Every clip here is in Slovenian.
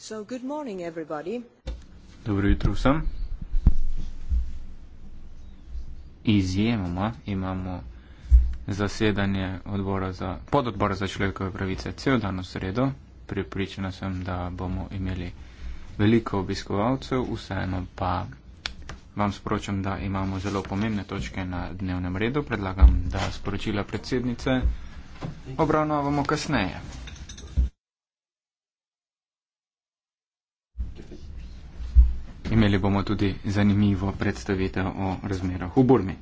So good morning everybody. Dobro jutro vsem. Izjemoma imamo zasedanje odbora za, pododbora za človekove pravice cel dan v sredo. Pripričana sem, da bomo imeli veliko obiskovalcev, vseeno pa vam sporočam, da imamo zelo pomembne točke na dnevnem redu. Predlagam, da sporočila predsednice obravnavamo kasneje. Imeli bomo tudi zanimivo predstavitev o razmerah v Burmi.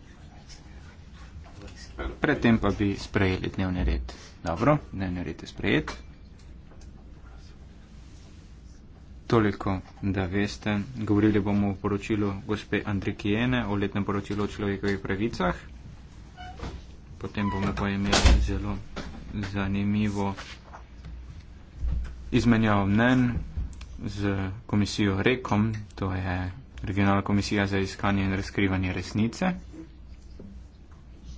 Predtem pa bi sprejeli dnevni red. Dobro, dnevni red je sprejet. Toliko, da veste. Govorili bomo o poročilu gospe Andrikijene, o letnem poročilu o človekovih pravicah. Potem bomo pa imeli zelo zanimivo izmenjavo mnen z komisijo REKOM, to je regionalna komisija za iskanje in razkrivanje resnice.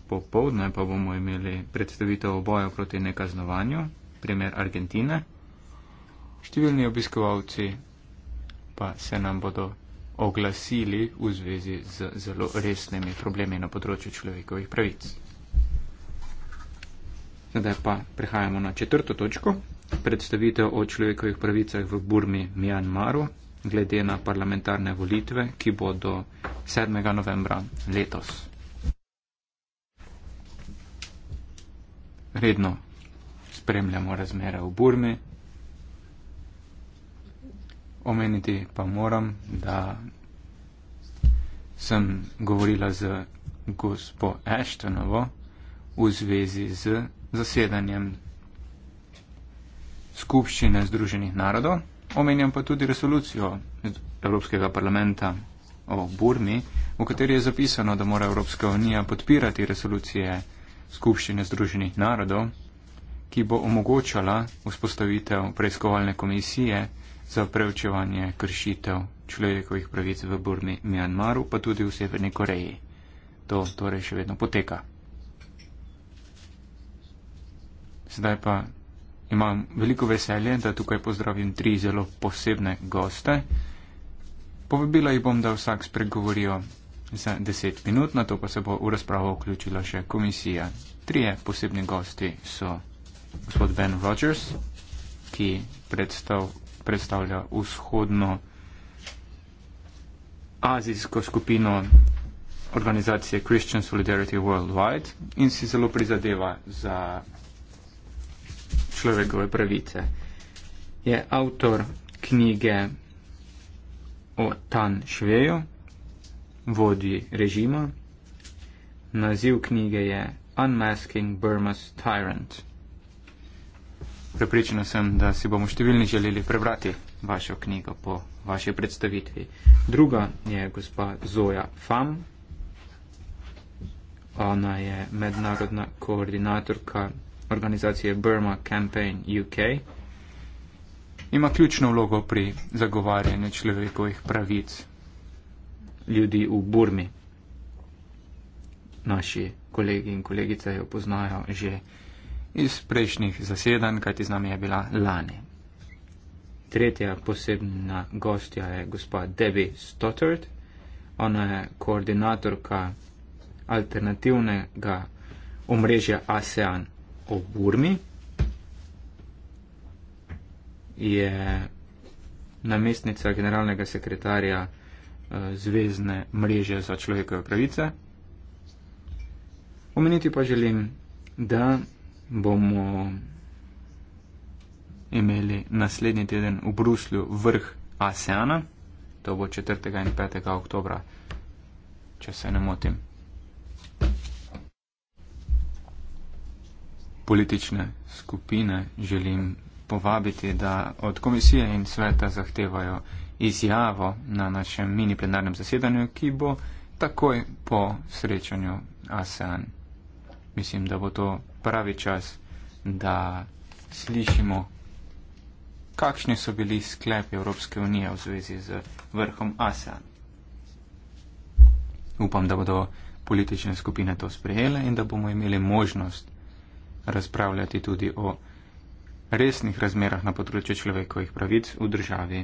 Popovdne pa bomo imeli predstavitev oboja proti nekaznovanju, primer Argentine. Številni obiskovalci pa se nam bodo oglasili v zvezi z zelo resnimi problemi na področju človekovih pravic. Zdaj pa prehajamo na četrto točko predstavitev o človekovih pravicah v Burmi, Mjanmaru, glede na parlamentarne volitve, ki bodo 7. novembra letos. Redno spremljamo razmere v Burmi. Omeniti pa moram, da sem govorila z gospo Eštenovo v zvezi z zasedanjem skupščine Združenih narodov, omenjam pa tudi resolucijo Evropskega parlamenta o Burmi, v kateri je zapisano, da mora Evropska unija podpirati resolucije skupščine Združenih narodov, ki bo omogočala vzpostavitev preiskovalne komisije za preučevanje kršitev človekovih pravic v Burmi, Mjanmaru, pa tudi v Severni Koreji. To torej še vedno poteka. Zdaj pa imam veliko veselje, da tukaj pozdravim tri zelo posebne goste. Povabila jih bom, da vsak spregovorijo za deset minut, na to pa se bo v razpravo vključila še komisija. Trije posebni gosti so gospod Ben Rogers, ki predstav, predstavlja vzhodno azijsko skupino organizacije Christian Solidarity Worldwide in si zelo prizadeva za človekove pravice. Je avtor knjige o Tan Šveju, vodi režima. Naziv knjige je Unmasking Burma's Tyrant. Prepričana sem, da si bomo številni želeli prebrati vašo knjigo po vaši predstavitvi. Druga je gospa Zoja Fam. Ona je mednarodna koordinatorka organizacije Burma Campaign UK, ima ključno vlogo pri zagovarjanju človekovih pravic ljudi v Burmi. Naši kolegi in kolegice jo poznajo že iz prejšnjih zasedanj, kajti z nami je bila lani. Tretja posebna gostja je gospa Debbie Stottert. Ona je koordinatorka alternativnega omrežja ASEAN o Burmi, je namestnica generalnega sekretarja eh, Zvezne mreže za človekove pravice. Omeniti pa želim, da bomo imeli naslednji teden v Bruslju vrh ASEANA, to bo 4. in 5. oktobra, če se ne motim. politične skupine želim povabiti, da od komisije in sveta zahtevajo izjavo na našem mini plenarnem zasedanju, ki bo takoj po srečanju ASEAN. Mislim, da bo to pravi čas, da slišimo, kakšni so bili sklepi Evropske unije v zvezi z vrhom ASEAN. Upam, da bodo politične skupine to sprejele in da bomo imeli možnost razpravljati tudi o resnih razmerah na področju človekovih pravic v državi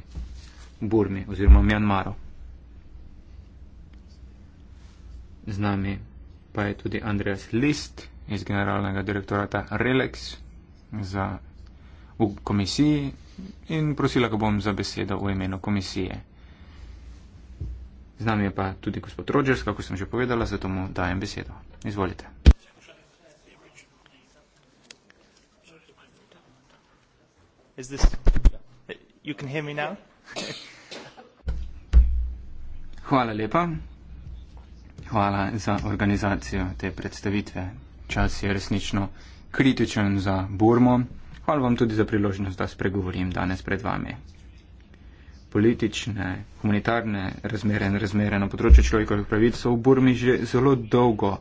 Burmi oziroma Mjanmaru. Z nami pa je tudi Andreas List iz generalnega direktorata Relex za, v komisiji in prosila ga bom za besedo v imenu komisije. Z nami je pa tudi gospod Rogers, kako sem že povedala, zato mu dajem besedo. Izvolite. Is this you can hear me now? Hvala lepa. Hvala za organizacijo te predstavitve. Čas je resnično kritičen za Burmo. Hvala vam tudi za priložnost, da spregovorim danes pred vami. Politične, humanitarne razmere in razmere na področju človekovih pravic so v Burmi že zelo dolgo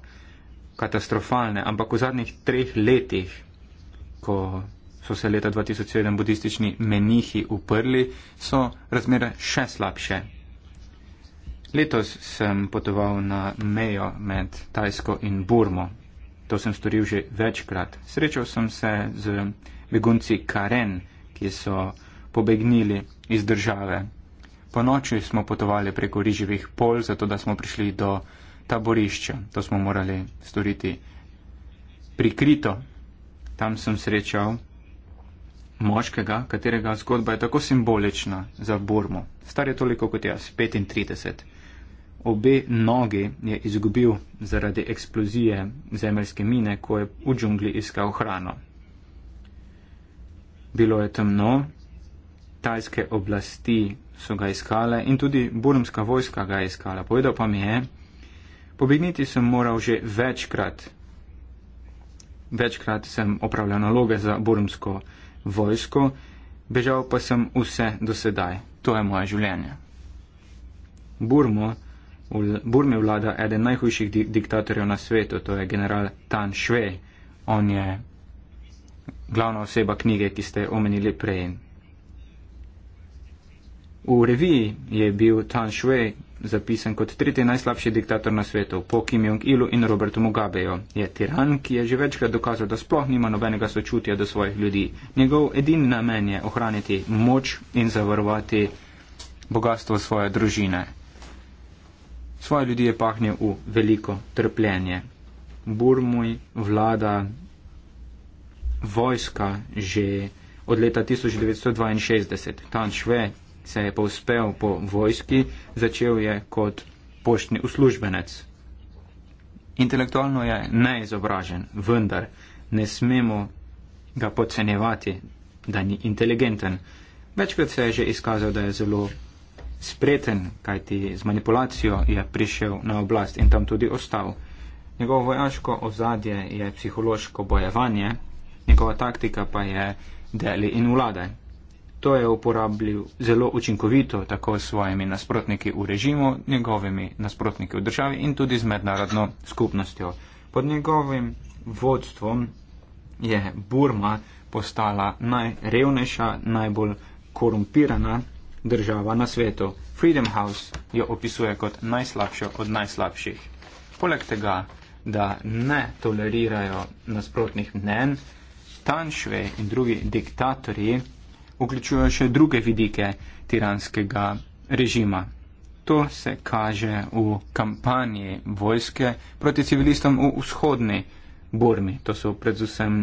katastrofalne, ampak v zadnjih treh letih, ko so se leta 2007 budistični menihi uprli, so razmere še slabše. Letos sem potoval na mejo med Tajsko in Burmo. To sem storil že večkrat. Srečal sem se z begunci Karen, ki so pobegnili iz države. Po noči smo potovali preko riževih pol, zato da smo prišli do taborišča. To smo morali storiti prikrito. Tam sem srečal moškega, katerega zgodba je tako simbolična za Burmo. Star je toliko kot jaz, 35. Obe nogi je izgubil zaradi eksplozije zemeljske mine, ko je v džungli iskal hrano. Bilo je temno, tajske oblasti so ga iskale in tudi burmska vojska ga je iskala. Povedal pa mi je, pobegniti sem moral že večkrat. Večkrat sem opravljal naloge za burmsko vojsko vojsko, bežal pa sem vse do sedaj. To je moje življenje. Burmo, v Burmi vlada eden najhujših di diktatorjev na svetu, to je general Tan Šve. On je glavna oseba knjige, ki ste omenili prej. V reviji je bil Tan Šve zapisan kot tretji najslabši diktator na svetu, po Kim Jong-ilu in Robertu Mugabeju. Je tiran, ki je že večkrat dokazal, da sploh nima nobenega sočutja do svojih ljudi. Njegov edini namen je ohraniti moč in zavarovati bogatstvo svoje družine. Svoje ljudi je pahnil v veliko trpljenje. Burmuj, vlada, vojska že od leta 1962, tam šve, se je povzpel po vojski, začel je kot poštni uslužbenec. Intelektualno je neizobražen, vendar ne smemo ga podcenjevati, da ni inteligenten. Večkrat se je že izkazal, da je zelo spreten, kajti z manipulacijo je prišel na oblast in tam tudi ostal. Njegovo vojaško ozadje je psihološko bojevanje, njegova taktika pa je deli in vlade to je uporabljal zelo učinkovito tako s svojimi nasprotniki v režimu, njegovimi nasprotniki v državi in tudi z mednarodno skupnostjo. Pod njegovim vodstvom je Burma postala najrevnejša, najbolj korumpirana država na svetu. Freedom House jo opisuje kot najslabšo od najslabših. Poleg tega, da ne tolerirajo nasprotnih mnen, Tanšve in drugi diktatorji vključujejo še druge vidike tiranskega režima. To se kaže v kampanji vojske proti civilistom v vzhodni Burmi, to so predvsem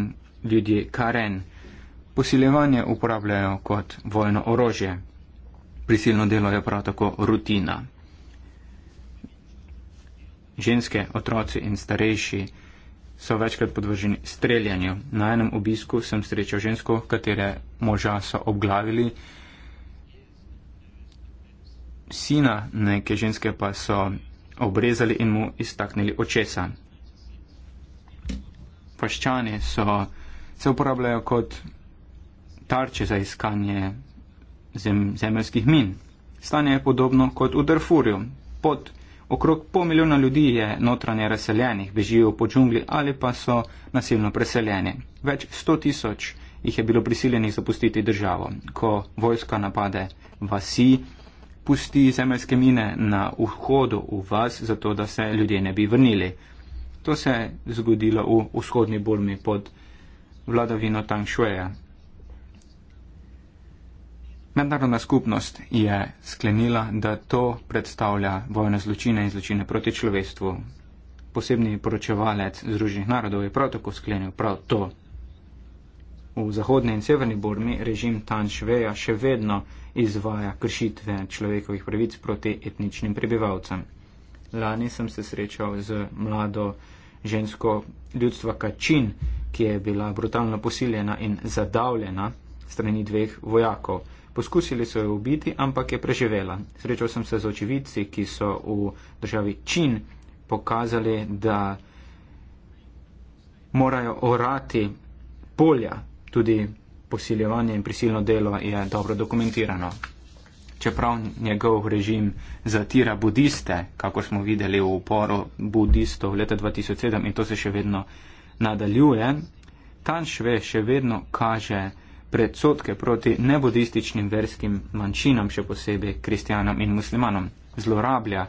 ljudje Karen. Posiljevanje uporabljajo kot vojno orožje. Prisilno delo je prav tako rutina. Ženske, otroci in starejši so večkrat podvrženi streljanju. Na enem obisku sem srečal žensko, katere moža so obglavili, sina neke ženske pa so obrezali in mu iztaknili očesa. Paščani so, se uporabljajo kot tarče za iskanje zem, zemeljskih min. Stanje je podobno kot v Darfurju. Pod Okrog pol milijona ljudi je notranje razseljenih, bežijo po džungli ali pa so nasilno preseljeni. Več sto tisoč jih je bilo prisiljenih zapustiti državo. Ko vojska napade vasi, pusti zemeljske mine na vhodu v vas, zato da se ljudje ne bi vrnili. To se je zgodilo v vzhodni Burmi pod vladavino Tang Shueja. Mednarodna skupnost je sklenila, da to predstavlja vojne zločine in zločine proti človeštvu. Posebni poročevalec Združenih narodov je prav tako sklenil prav to. V zahodni in severni Burmi režim Tan Šveja še vedno izvaja kršitve človekovih pravic proti etničnim prebivalcem. Lani sem se srečal z mlado žensko ljudstva Kačin, ki je bila brutalno posiljena in zadavljena strani dveh vojakov. Poskusili so jo ubiti, ampak je preživela. Srečal sem se z očividci, ki so v državi Čin pokazali, da morajo orati polja. Tudi posiljevanje in prisilno delo je dobro dokumentirano. Čeprav njegov režim zatira budiste, kako smo videli v uporu budistov leta 2007 in to se še vedno nadaljuje, Tanšve še vedno kaže, predsotke proti nebudističnim verskim manjšinam, še posebej kristijanom in muslimanom. Zlorablja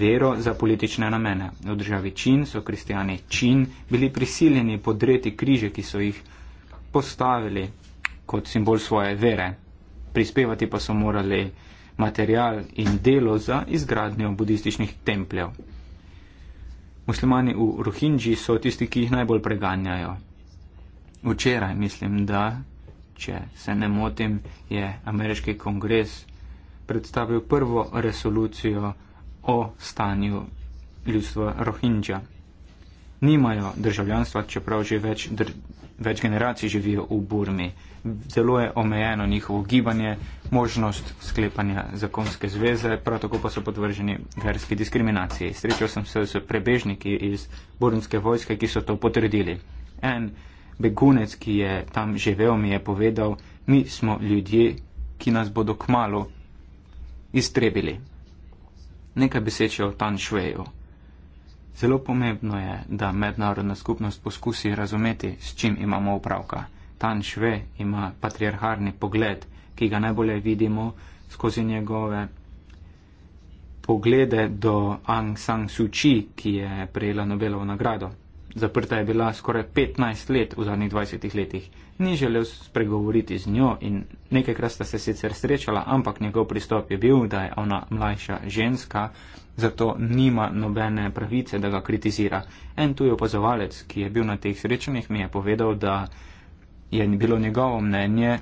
vero za politične namene. V državi Čin so kristijani Čin bili prisiljeni podreti križe, ki so jih postavili kot simbol svoje vere. Prispevati pa so morali material in delo za izgradnjo budističnih templjev. Muslimani v Rohingji so tisti, ki jih najbolj preganjajo. Včeraj mislim, da če se ne motim, je ameriški kongres predstavil prvo resolucijo o stanju ljudstva Rohingja. Nimajo državljanstva, čeprav že več, dr več generacij živijo v Burmi. Zelo je omejeno njihovo gibanje, možnost sklepanja zakonske zveze, prav tako pa so podvrženi verski diskriminaciji. Srečal sem se z prebežniki iz burmske vojske, ki so to potrdili. En begunec, ki je tam živel, mi je povedal, mi smo ljudje, ki nas bodo kmalo iztrebili. Nekaj besed še o Tan Šveju. Zelo pomembno je, da mednarodna skupnost poskusi razumeti, s čim imamo upravka. Tan Šve ima patriarharni pogled, ki ga najbolje vidimo skozi njegove poglede do Aung San Suu Kyi, ki je prejela Nobelovo nagrado. Zaprta je bila skoraj 15 let v zadnjih 20 letih. Ni želel spregovoriti z njo in nekajkrat sta se sicer srečala, ampak njegov pristop je bil, da je ona mlajša ženska, zato nima nobene pravice, da ga kritizira. En tuj opazovalec, ki je bil na teh srečanjih, mi je povedal, da je bilo njegovo mnenje,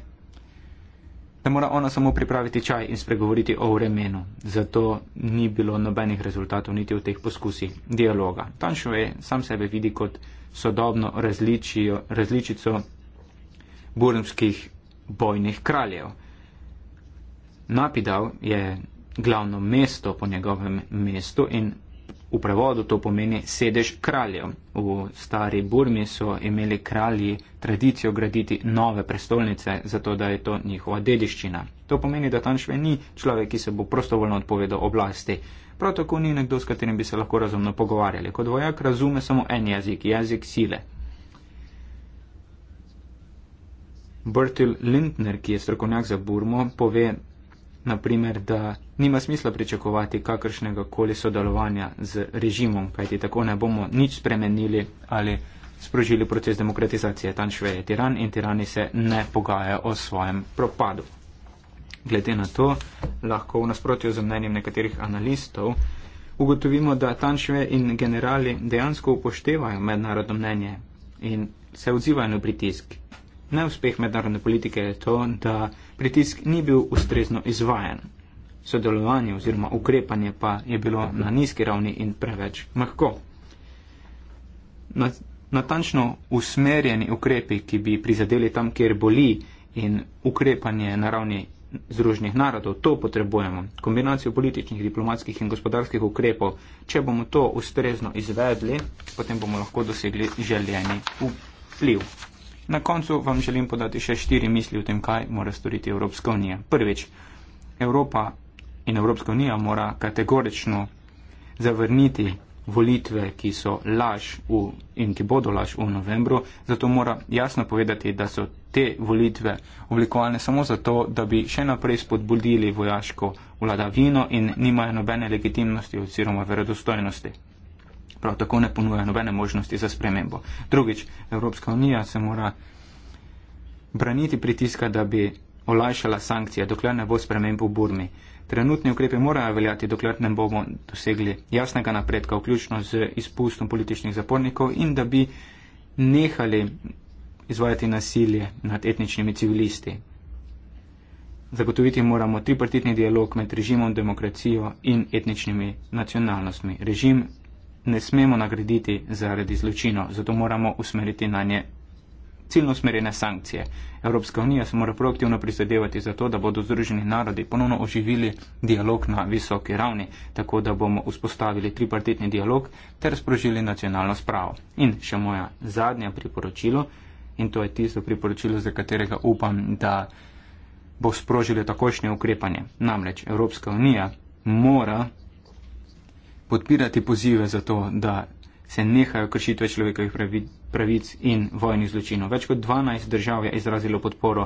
da mora ona samo pripraviti čaj in spregovoriti o vremenu. Zato ni bilo nobenih rezultatov niti v teh poskusih dialoga. Tanšove sam sebe vidi kot sodobno različijo, različico burmskih bojnih kraljev. Napidal je glavno mesto po njegovem mestu in V prevodu to pomeni sedež kraljev. V stari Burmi so imeli kralji tradicijo graditi nove prestolnice, zato da je to njihova dediščina. To pomeni, da tam še ni človek, ki se bo prostovoljno odpovedal oblasti. Prav tako ni nekdo, s katerim bi se lahko razumno pogovarjali. Kot vojak razume samo en jezik, jezik sile. Bertil Lindner, ki je strokovnjak za Burmo, pove, naprimer, da nima smisla pričakovati kakršnega koli sodelovanja z režimom, kajti tako ne bomo nič spremenili ali sprožili proces demokratizacije. Tam šve je tiran in tirani se ne pogajajo o svojem propadu. Glede na to, lahko v nasprotju z mnenjem nekaterih analistov ugotovimo, da Tanšve in generali dejansko upoštevajo mednarodno mnenje in se odzivajo na pritisk. Neuspeh mednarodne politike je to, da pritisk ni bil ustrezno izvajen. Sodelovanje oziroma ukrepanje pa je bilo na nizki ravni in preveč mehko. Natančno usmerjeni ukrepi, ki bi prizadeli tam, kjer boli in ukrepanje na ravni združnih narodov, to potrebujemo. Kombinacijo političnih, diplomatskih in gospodarskih ukrepov, če bomo to ustrezno izvedli, potem bomo lahko dosegli željeni vpliv. Na koncu vam želim podati še štiri misli o tem, kaj mora storiti Evropska unija. Prvič, Evropa in Evropska unija mora kategorično zavrniti volitve, ki so laž v, in ki bodo laž v novembru, zato mora jasno povedati, da so te volitve oblikovane samo zato, da bi še naprej spodbudili vojaško vladavino in nimajo nobene legitimnosti oziroma verodostojnosti prav tako ne ponuja nobene možnosti za spremembo. Drugič, Evropska unija se mora braniti pritiska, da bi olajšala sankcije, dokler ne bo sprememb v Burmi. Trenutni ukrepi morajo veljati, dokler ne bomo dosegli jasnega napredka, vključno z izpustom političnih zapornikov in da bi nehali izvajati nasilje nad etničnimi civilisti. Zagotoviti moramo tripartitni dialog med režimom, demokracijo in etničnimi nacionalnostmi. Režim ne smemo nagraditi zaradi zločinov, zato moramo usmeriti na nje ciljno usmerjene sankcije. Evropska unija se mora proaktivno prizadevati za to, da bodo združeni narodi ponovno oživili dialog na visoki ravni, tako da bomo vzpostavili tripartitni dialog ter sprožili nacionalno spravo. In še moja zadnja priporočilo, in to je tisto priporočilo, za katerega upam, da bo sprožilo takošnje ukrepanje. Namreč Evropska unija mora podpirati pozive za to, da se nehajo kršitve človekovih pravic in vojnih zločinov. Več kot 12 držav je izrazilo podporo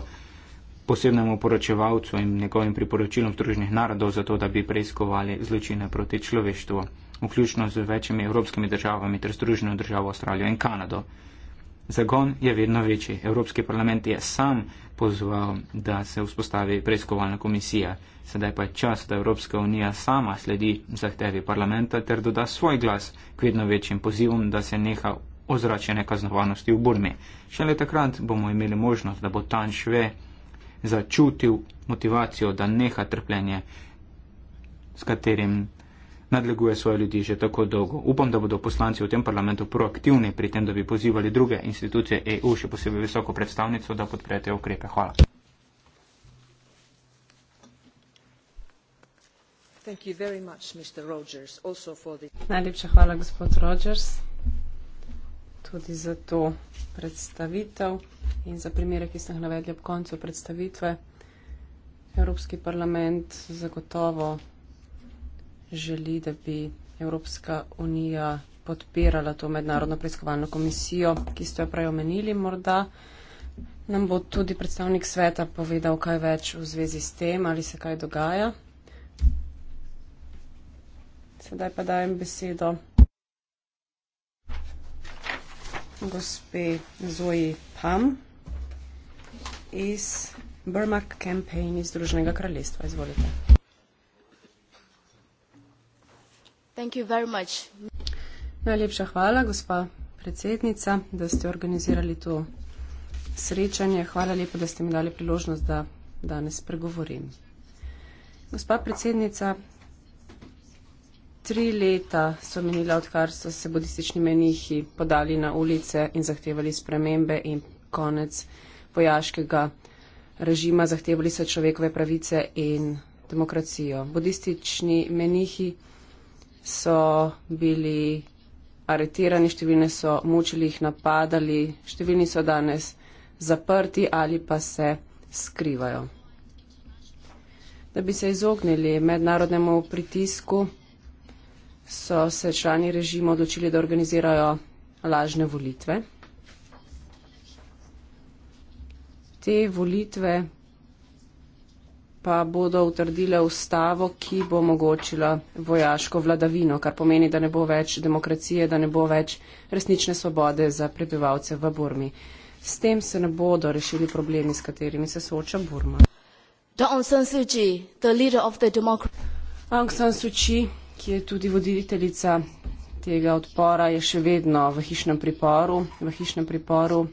posebnemu poročevalcu in njegovim priporočilom Združenih narodov za to, da bi preiskovali zločine proti človeštvu, vključno z večjimi evropskimi državami ter Združeno državo Avstralijo in Kanado. Zagon je vedno večji. Evropski parlament je sam pozval, da se vzpostavi preiskovalna komisija. Sedaj pa je čas, da Evropska unija sama sledi zahtevi parlamenta ter doda svoj glas k vedno večjim pozivom, da se neha ozračene kaznovanosti v Burmi. Šele takrat bomo imeli možnost, da bo Tan Šve začutil motivacijo, da neha trpljenje, s katerim nadleguje svoje ljudi že tako dolgo. Upam, da bodo poslanci v tem parlamentu proaktivni pri tem, da bi pozivali druge institucije EU, še posebej visoko predstavnico, da podprete ukrepe. Hvala. Much, Rogers, the... Najlepša hvala, gospod Rogers, tudi za to predstavitev in za primere, ki ste jih navedli ob koncu predstavitve. Evropski parlament zagotovo želi, da bi Evropska unija podpirala to mednarodno preiskovalno komisijo, ki ste jo prej omenili. Morda nam bo tudi predstavnik sveta povedal kaj več v zvezi s tem, ali se kaj dogaja. Sedaj pa dajem besedo gospe Zoji Pam iz Burma Campaign iz Združenega kraljestva. Izvolite. Najlepša hvala, gospa predsednica, da ste organizirali to srečanje. Hvala lepa, da ste mi dali priložnost, da danes pregovorim. Gospa predsednica, tri leta so minila, odkar so se budistični menihi podali na ulice in zahtevali spremembe in konec vojaškega režima, zahtevali so človekove pravice in demokracijo. Budistični menihi so bili aretirani, številne so mučili, jih napadali, številni so danes zaprti ali pa se skrivajo. Da bi se izognili mednarodnemu pritisku, so se člani režima odločili, da organizirajo lažne volitve. Te volitve pa bodo utrdile ustavo, ki bo omogočila vojaško vladavino, kar pomeni, da ne bo več demokracije, da ne bo več resnične svobode za prebivalce v Burmi. S tem se ne bodo rešili problemi, s katerimi se sooča Burma. Aung San Suu Kyi, ki je tudi voditeljica tega odpora, je še vedno v hišnem priporu. V hišnem priporu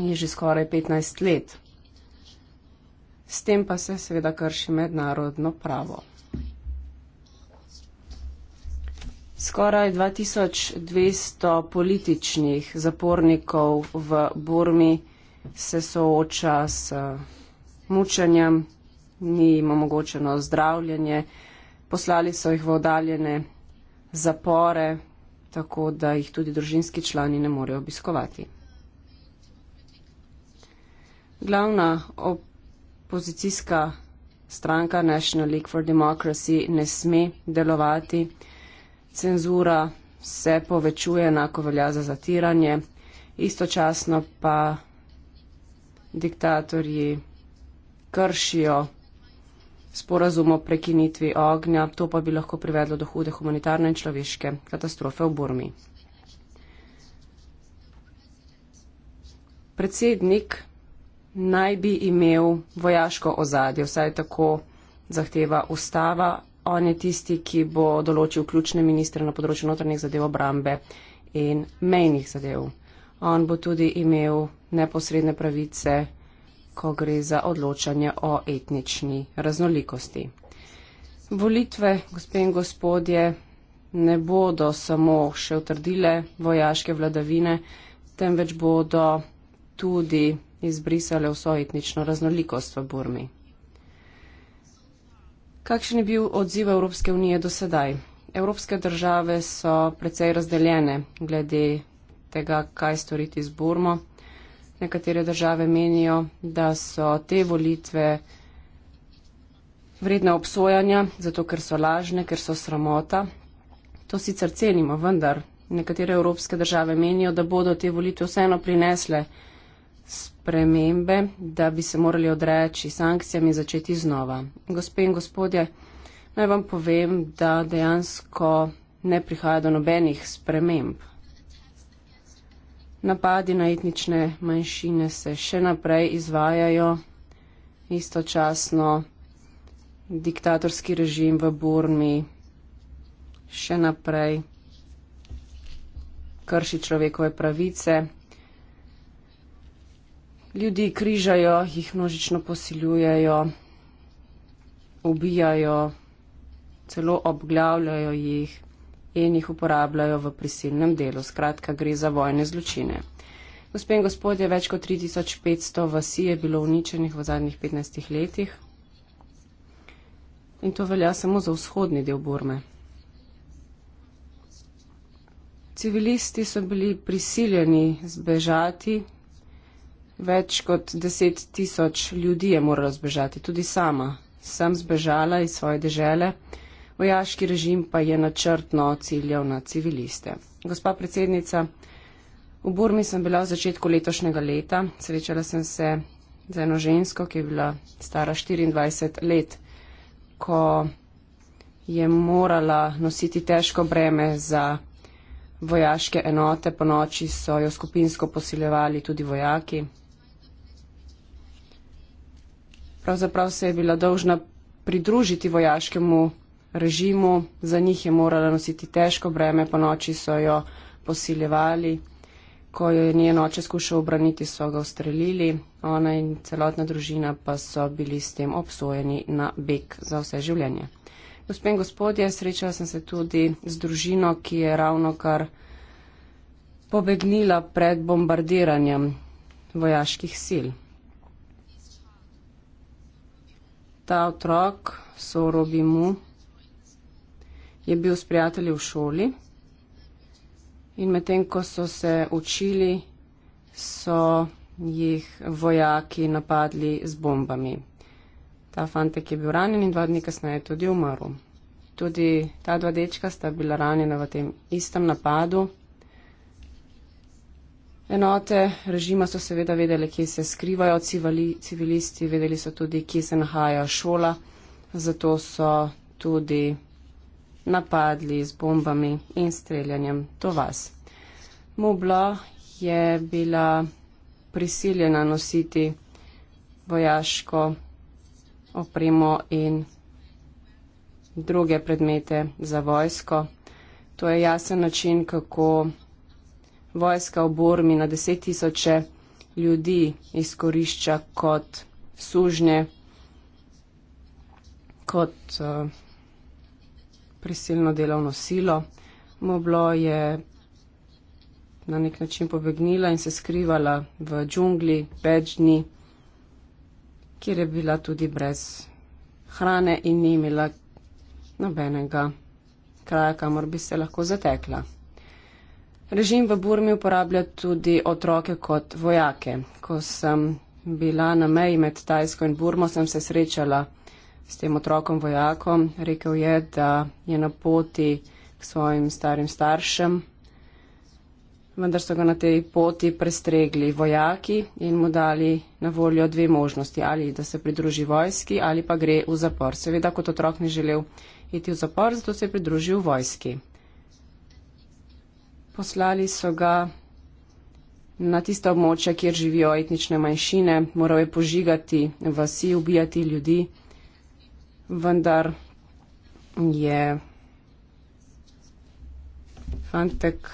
je že skoraj 15 let. S tem pa se seveda krši mednarodno pravo. Skoraj 2200 političnih zapornikov v Burmi se sooča s eh, mučenjem, ni jim omogočeno zdravljenje, poslali so jih v oddaljene zapore, tako da jih tudi družinski člani ne morejo obiskovati. Glavna ob opozicijska stranka National League for Democracy ne sme delovati. Cenzura se povečuje, enako velja za zatiranje. Istočasno pa diktatorji kršijo sporazum o prekinitvi ognja, to pa bi lahko privedlo do hude humanitarne in človeške katastrofe v Burmi. Predsednik naj bi imel vojaško ozadje, vsaj tako zahteva ustava. On je tisti, ki bo določil ključne ministre na področju notranjih zadev obrambe in mejnih zadev. On bo tudi imel neposredne pravice, ko gre za odločanje o etnični raznolikosti. Volitve, gospe in gospodje, ne bodo samo še utrdile vojaške vladavine, temveč bodo tudi izbrisale vso etnično raznolikost v Burmi. Kakšen je bil odziv Evropske unije do sedaj? Evropske države so precej razdeljene glede tega, kaj storiti z Burmo. Nekatere države menijo, da so te volitve vredne obsojanja, zato ker so lažne, ker so sramota. To sicer cenimo, vendar nekatere evropske države menijo, da bodo te volitve vseeno prinesle spremembe, da bi se morali odreči sankcijam in začeti znova. Gospe in gospodje, naj vam povem, da dejansko ne prihaja do nobenih sprememb. Napadi na etnične manjšine se še naprej izvajajo, istočasno diktatorski režim v Burmi še naprej krši človekove pravice ljudi križajo, jih množično posiljujejo, ubijajo, celo obglavljajo jih in jih uporabljajo v prisilnem delu. Skratka, gre za vojne zločine. Gospe in gospodje, več kot 3500 vasi je bilo uničenih v zadnjih 15 letih in to velja samo za vzhodni del Burme. Civilisti so bili prisiljeni zbežati Več kot deset tisoč ljudi je moralo zbežati, tudi sama. Sem zbežala iz svoje dežele, vojaški režim pa je načrtno ciljal na civiliste. Gospa predsednica, v Burmi sem bila v začetku letošnjega leta. Srečala sem se z eno žensko, ki je bila stara 24 let, ko je morala nositi težko breme za vojaške enote. Po noči so jo skupinsko posiljevali tudi vojaki pravzaprav se je bila dolžna pridružiti vojaškemu režimu, za njih je morala nositi težko breme, po noči so jo posiljevali, ko jo je njen oče skušal obraniti, so ga ustrelili, ona in celotna družina pa so bili s tem obsojeni na beg za vse življenje. Gospen gospodje, srečala sem se tudi z družino, ki je ravno kar pobegnila pred bombardiranjem vojaških sil. ta otrok, sorobi mu, je bil s prijatelji v šoli in medtem, ko so se učili, so jih vojaki napadli z bombami. Ta fantek je bil ranjen in dva dni kasneje tudi umrl. Tudi ta dva dečka sta bila ranjena v tem istem napadu enote režima so seveda vedeli, kje se skrivajo civali, civilisti, vedeli so tudi, kje se nahaja šola, zato so tudi napadli z bombami in streljanjem do vas. Mubla je bila prisiljena nositi vojaško opremo in druge predmete za vojsko. To je jasen način, kako vojska v Bormi na deset tisoče ljudi izkorišča kot sužnje, kot uh, prisilno delovno silo. Moblo je na nek način pobegnila in se skrivala v džungli Bežni, kjer je bila tudi brez hrane in ni imela nobenega kraja, kamor bi se lahko zatekla. Režim v Burmi uporablja tudi otroke kot vojake. Ko sem bila na meji med Tajsko in Burmo, sem se srečala s tem otrokom vojakom. Rekel je, da je na poti k svojim starim staršem, vendar so ga na tej poti prestregli vojaki in mu dali na voljo dve možnosti, ali da se pridruži vojski ali pa gre v zapor. Seveda, kot otrok ni želel iti v zapor, zato se je pridružil vojski poslali so ga na tista območja, kjer živijo etnične manjšine, moral je požigati vasi, ubijati ljudi, vendar je fantek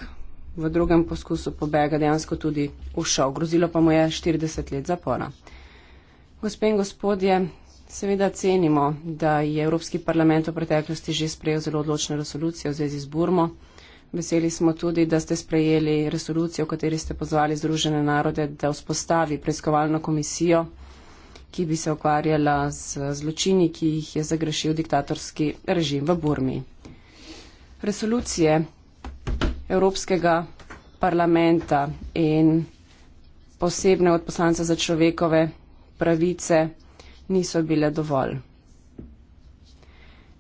v drugem poskusu pobega dejansko tudi ušel. Grozilo pa mu je 40 let zapora. Gospe in gospodje, seveda cenimo, da je Evropski parlament v preteklosti že sprejel zelo odločne resolucije v zvezi z Burmo. Veseli smo tudi, da ste sprejeli resolucijo, v kateri ste pozvali Združene narode, da vzpostavi preiskovalno komisijo, ki bi se ukvarjala z zločini, ki jih je zagrešil diktatorski režim v Burmi. Resolucije Evropskega parlamenta in posebne od poslanca za človekove pravice niso bile dovolj.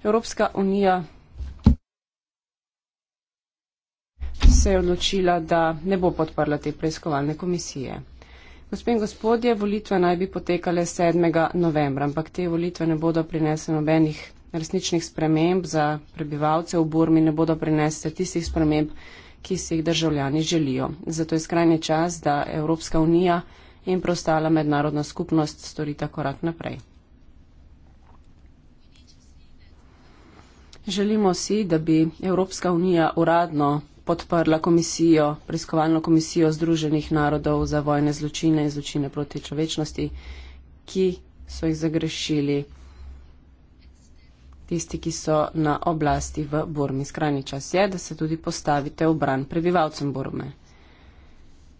Evropska unija se je odločila, da ne bo podprla te preiskovalne komisije. Gospe in gospodje, volitve naj bi potekale 7. novembra, ampak te volitve ne bodo prinesle nobenih resničnih sprememb za prebivalce v Burmi, ne bodo prinesle tistih sprememb, ki si jih državljani želijo. Zato je skrajni čas, da Evropska unija in prostala mednarodna skupnost storita korak naprej. Želimo si, da bi Evropska unija uradno podprla komisijo, preiskovalno komisijo Združenih narodov za vojne zločine in zločine proti človečnosti, ki so jih zagrešili tisti, ki so na oblasti v Burmi. Skrajni čas je, da se tudi postavite v bran prebivalcem Burme.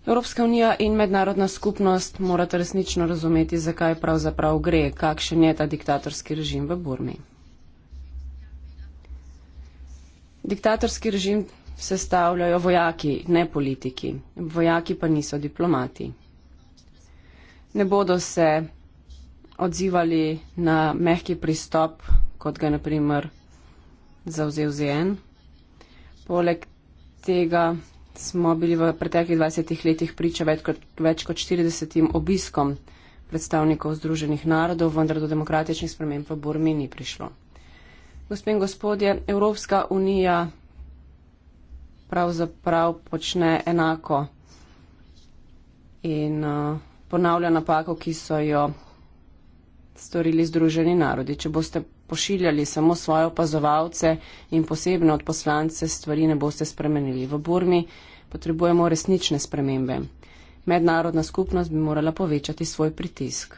Evropska unija in mednarodna skupnost morata resnično razumeti, zakaj pravzaprav gre, kakšen je ta diktatorski režim v Burmi. Diktatorski režim sestavljajo vojaki, ne politiki. Vojaki pa niso diplomati. Ne bodo se odzivali na mehki pristop, kot ga naprimer zauzev ZN. Poleg tega smo bili v preteklih 20 letih priča več kot, več kot 40 obiskom predstavnikov Združenih narodov, vendar do demokratičnih sprememb v Burmi ni prišlo. Gospod in gospodje, Evropska unija pravzaprav počne enako in uh, ponavlja napako, ki so jo storili Združeni narodi. Če boste pošiljali samo svoje opazovalce in posebno od poslance stvari ne boste spremenili. V Burmi potrebujemo resnične spremembe. Mednarodna skupnost bi morala povečati svoj pritisk.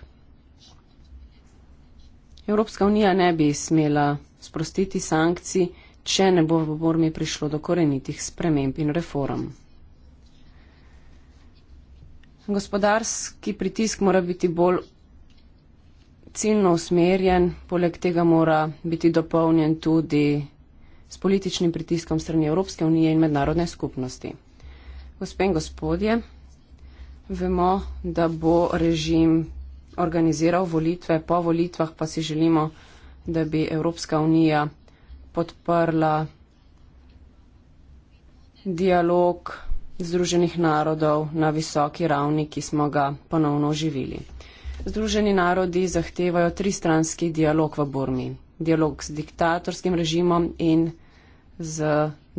Evropska unija ne bi smela sprostiti sankcij, če ne bo v Burmi prišlo do korenitih sprememb in reform. Gospodarski pritisk mora biti bolj ciljno usmerjen, poleg tega mora biti dopolnjen tudi s političnim pritiskom strani Evropske unije in mednarodne skupnosti. Gospe in gospodje, vemo, da bo režim organiziral volitve, po volitvah pa si želimo, da bi Evropska unija podprla dialog Združenih narodov na visoki ravni, ki smo ga ponovno oživili. Združeni narodi zahtevajo tristranski dialog v Burmi. Dialog s diktatorskim režimom in z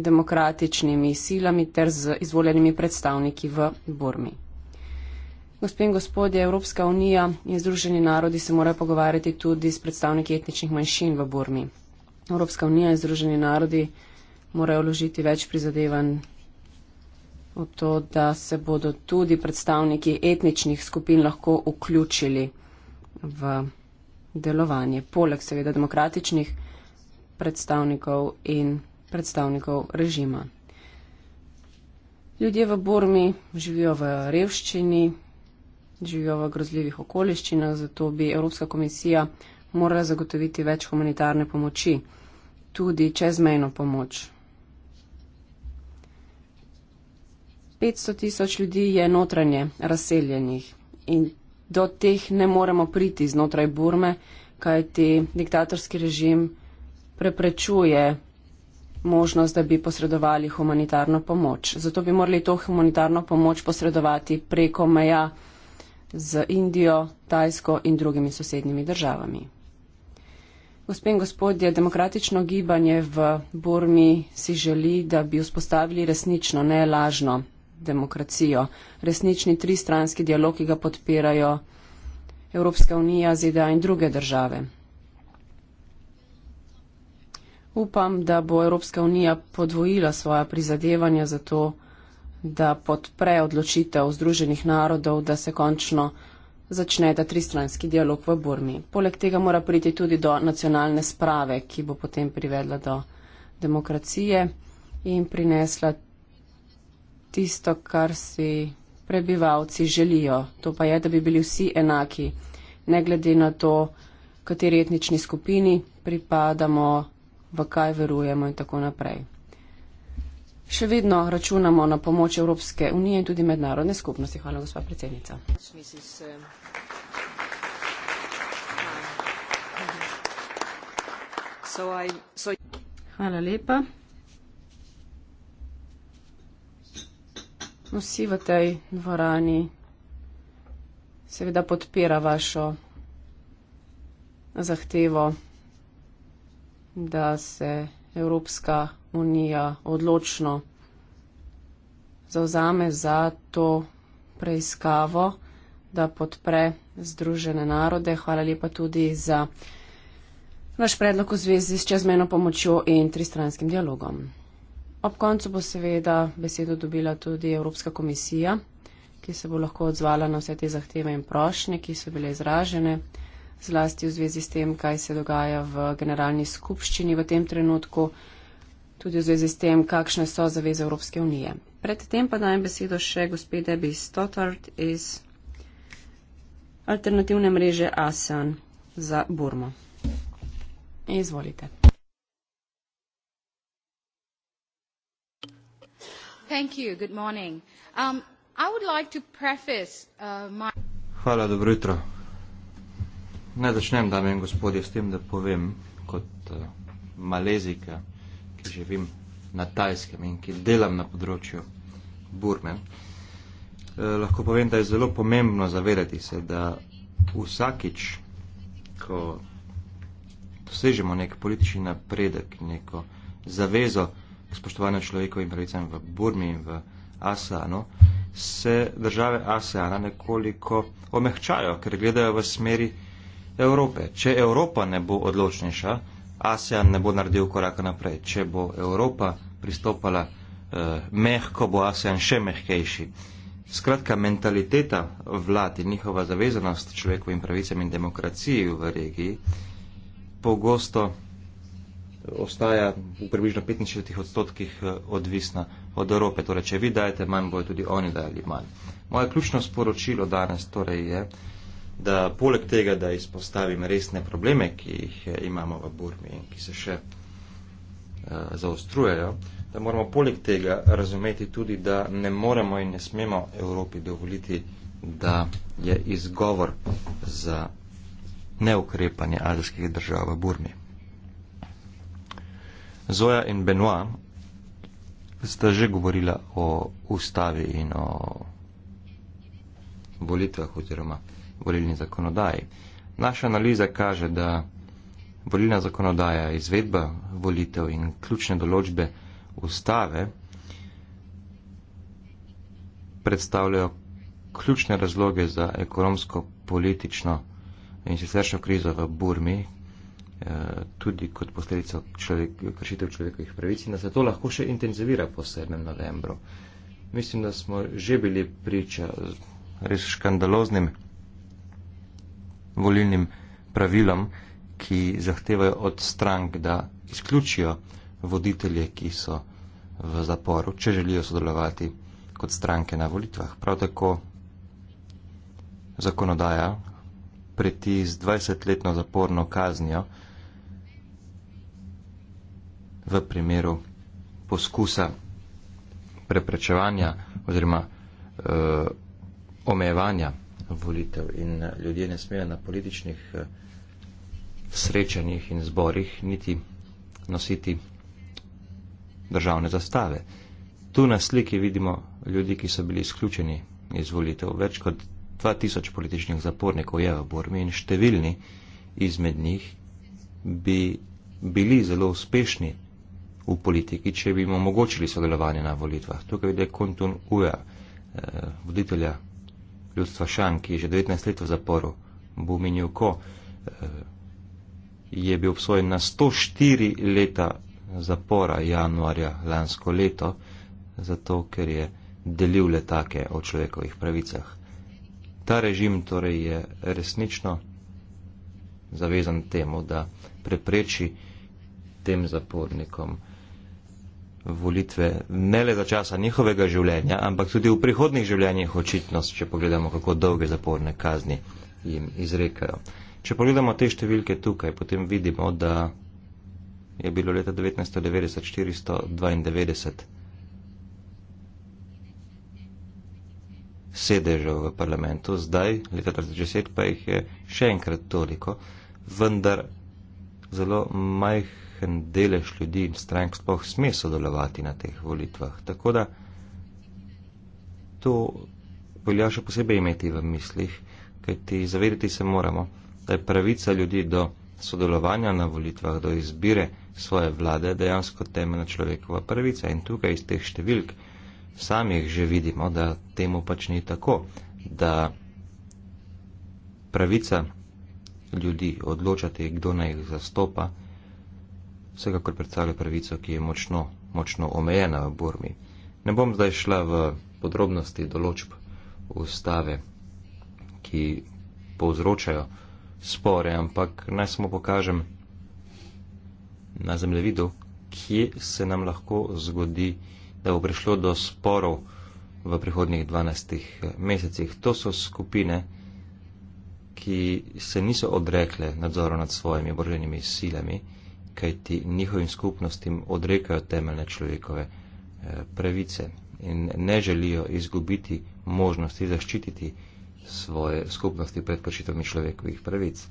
demokratičnimi silami ter z izvoljenimi predstavniki v Burmi. Gospod in gospodje, Evropska unija in Združeni narodi se morajo pogovarjati tudi s predstavniki etničnih manjšin v Burmi. Evropska unija in Združeni narodi morajo vložiti več prizadevanj v to, da se bodo tudi predstavniki etničnih skupin lahko vključili v delovanje, poleg seveda demokratičnih predstavnikov in predstavnikov režima. Ljudje v Burmi živijo v revščini, živijo v grozljivih okoliščinah, zato bi Evropska komisija morala zagotoviti več humanitarne pomoči tudi čezmejno pomoč. 500 tisoč ljudi je notranje razseljenih in do teh ne moremo priti znotraj Burme, kajti diktatorski režim preprečuje možnost, da bi posredovali humanitarno pomoč. Zato bi morali to humanitarno pomoč posredovati preko meja z Indijo, Tajsko in drugimi sosednjimi državami. Gospe in gospodje, demokratično gibanje v Burmi si želi, da bi vzpostavili resnično, ne lažno demokracijo. Resnični tristranski dialog, ki ga podpirajo Evropska unija, ZDA in druge države. Upam, da bo Evropska unija podvojila svoja prizadevanja za to, da podpre odločitev Združenih narodov, da se končno začne ta tristranski dialog v Burmi. Poleg tega mora priti tudi do nacionalne sprave, ki bo potem privedla do demokracije in prinesla tisto, kar si prebivalci želijo. To pa je, da bi bili vsi enaki, ne glede na to, kateri etnični skupini pripadamo, v kaj verujemo in tako naprej še vedno računamo na pomoč Evropske unije in tudi mednarodne skupnosti. Hvala, gospa predsednica. Hvala lepa. Vsi v tej dvorani seveda podpira vašo zahtevo, da se Evropska unija odločno zauzame za to preiskavo, da podpre Združene narode. Hvala lepa tudi za naš predlog v zvezi s čezmeno pomočjo in tristranskim dialogom. Ob koncu bo seveda besedo dobila tudi Evropska komisija, ki se bo lahko odzvala na vse te zahteve in prošnje, ki so bile izražene zlasti v zvezi s tem, kaj se dogaja v generalni skupščini v tem trenutku, tudi v zvezi s tem, kakšne so zaveze Evropske unije. Predtem pa dajem besedo še gospe Debbie Stothard iz alternativne mreže ASEAN za Burmo. Izvolite. Thank you. Good morning. Um, I would like to preface uh, my. Hvala, dobro jutro. Naj začnem, dame in gospodje, s tem, da povem kot uh, eh, malezika, ki živim na tajskem in ki delam na področju Burme. Eh, lahko povem, da je zelo pomembno zavedati se, da vsakič, ko dosežemo nek politični napredek, neko zavezo k spoštovanju človekovim pravicam v Burmi in v ASEANu, se države ASEANa nekoliko omehčajo, ker gledajo v smeri Evrope. Če Evropa ne bo odločnejša, ASEAN ne bo naredil koraka naprej. Če bo Evropa pristopala eh, mehko, bo ASEAN še mehkejši. Skratka, mentaliteta vlad in njihova zavezanost človekovim pravicam in demokraciji v regiji pogosto ostaja v približno 65 odstotkih eh, odvisna od Evrope. Torej, če vi dajete manj, bojo tudi oni dali manj. Moje ključno sporočilo danes torej je, da poleg tega, da izpostavim resne probleme, ki jih eh, imamo v Burmi in ki se še eh, zaostrujejo, da moramo poleg tega razumeti tudi, da ne moremo in ne smemo Evropi dovoliti, da je izgovor za neukrepanje azijskih držav v Burmi. Zoja in Benoit sta že govorila o ustavi in o volitvah oziroma volilni zakonodaji. Naša analiza kaže, da volilna zakonodaja, izvedba volitev in ključne določbe ustave predstavljajo ključne razloge za ekonomsko, politično in siceršno krizo v Burmi, eh, tudi kot posledico človek, kršitev človekovih pravic in da se to lahko še intenzivira po 7. novembru. Mislim, da smo že bili priča res škandaloznim volilnim pravilom, ki zahtevajo od strank, da izključijo voditelje, ki so v zaporu, če želijo sodelovati kot stranke na volitvah. Prav tako zakonodaja preti z 20-letno zaporno kaznijo v primeru poskusa preprečevanja oziroma eh, omejevanja volitev in ljudje ne smejo na političnih eh, srečanjih in zborih niti nositi državne zastave. Tu na sliki vidimo ljudi, ki so bili izključeni iz volitev. Več kot 2000 političnih zapornikov je v Burmi in številni izmed njih bi bili zelo uspešni v politiki, če bi jim omogočili sodelovanje na volitvah. Tukaj vidi Kontun Uja, eh, voditelja ljudstva Šan, ki je že 19 let v zaporu, Buminju Ko, eh, je bil obsojen na 104 leta zapora januarja lansko leto, zato ker je delil letake o človekovih pravicah. Ta režim torej je resnično zavezan temu, da prepreči tem zapornikom volitve, ne le za časa njihovega življenja, ampak tudi v prihodnih življenjih očitnost, če pogledamo, kako dolge zaporne kazni jim izrekajo. Če pogledamo te številke tukaj, potem vidimo, da je bilo leta 1990 492 sedežev v parlamentu, zdaj, leta 2010, pa jih je še enkrat toliko, vendar zelo majhno majhen delež ljudi in strank sploh sme sodelovati na teh volitvah. Tako da to velja še posebej imeti v mislih, kajti zavedati se moramo, da je pravica ljudi do sodelovanja na volitvah, do izbire svoje vlade dejansko temeljna človekova pravica. In tukaj iz teh številk samih že vidimo, da temu pač ni tako, da pravica ljudi odločati, kdo naj jih zastopa, vsekakor predstavlja pravico, ki je močno, močno omejena v Burmi. Ne bom zdaj šla v podrobnosti določb ustave, ki povzročajo spore, ampak naj samo pokažem na zemljevidu, kje se nam lahko zgodi, da bo prišlo do sporov v prihodnjih 12 mesecih. To so skupine, ki se niso odrekle nadzoru nad svojimi oboroženimi silami kaj ti njihovim skupnostim odrekajo temeljne človekove eh, pravice in ne želijo izgubiti možnosti zaščititi svoje skupnosti pred kršitvami človekovih pravic.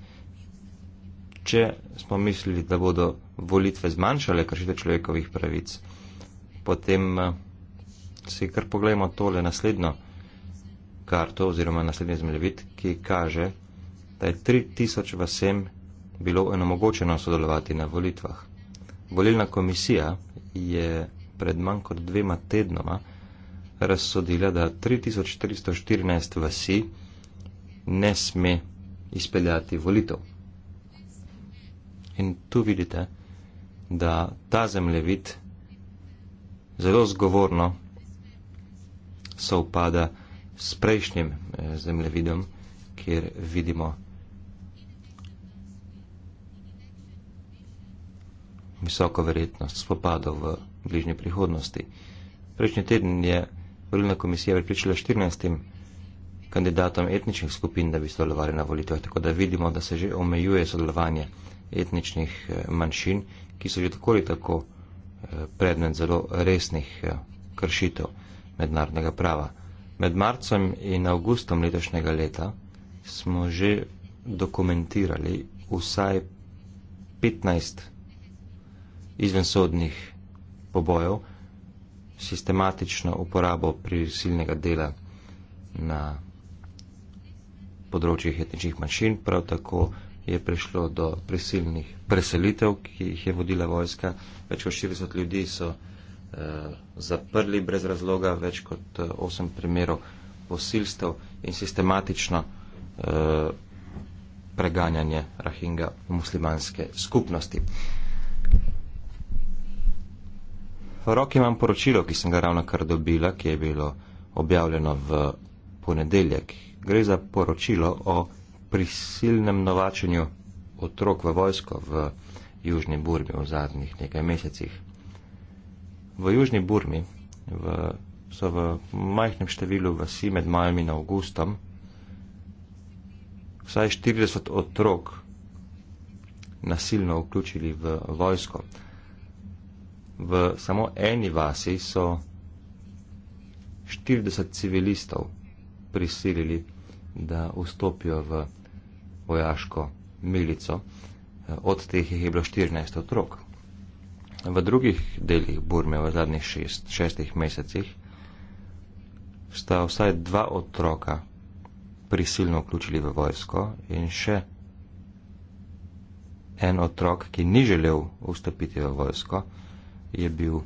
Če smo mislili, da bodo volitve zmanjšale kršitve človekovih pravic, potem eh, si kar pogledamo tole naslednjo karto oziroma naslednji zmljevit, ki kaže, da je 3000 vasem bilo enomogočeno sodelovati na volitvah. Volilna komisija je pred manj kot dvema tednoma razsodila, da 3414 vasi ne sme izpeljati volitev. In tu vidite, da ta zemljevid zelo zgovorno sovpada s prejšnjim eh, zemljevidom, kjer vidimo, visoko verjetnost spopadov v bližnji prihodnosti. Prejšnji teden je volilna komisija pripričala 14 kandidatom etničnih skupin, da bi sodelovali na volitvah, tako da vidimo, da se že omejuje sodelovanje etničnih eh, manjšin, ki so že tako ali tako eh, predmet zelo resnih eh, kršitev mednarodnega prava. Med marcem in avgustom letošnjega leta smo že dokumentirali vsaj 15 izvensodnih pobojev, sistematično uporabo prisilnega dela na področjih etničnih manjšin, prav tako je prišlo do prisilnih preselitev, ki jih je vodila vojska. Več kot 40 ljudi so eh, zaprli brez razloga, več kot 8 eh, primerov posilstev in sistematično eh, preganjanje Rahinga muslimanske skupnosti. Eh, V roki imam poročilo, ki sem ga ravno kar dobila, ki je bilo objavljeno v ponedeljek. Gre za poročilo o prisilnem novačenju otrok v vojsko v Južni Burmi v zadnjih nekaj mesecih. V Južni Burmi v, so v majhnem številu vasi med majem in avgustom vsaj 40 otrok nasilno vključili v vojsko v samo eni vasi so 40 civilistov prisilili, da vstopijo v vojaško milico. Od teh je bilo 14 otrok. V drugih delih Burme v zadnjih šest, šestih mesecih sta vsaj dva otroka prisilno vključili v vojsko in še en otrok, ki ni želel vstopiti v vojsko, je bil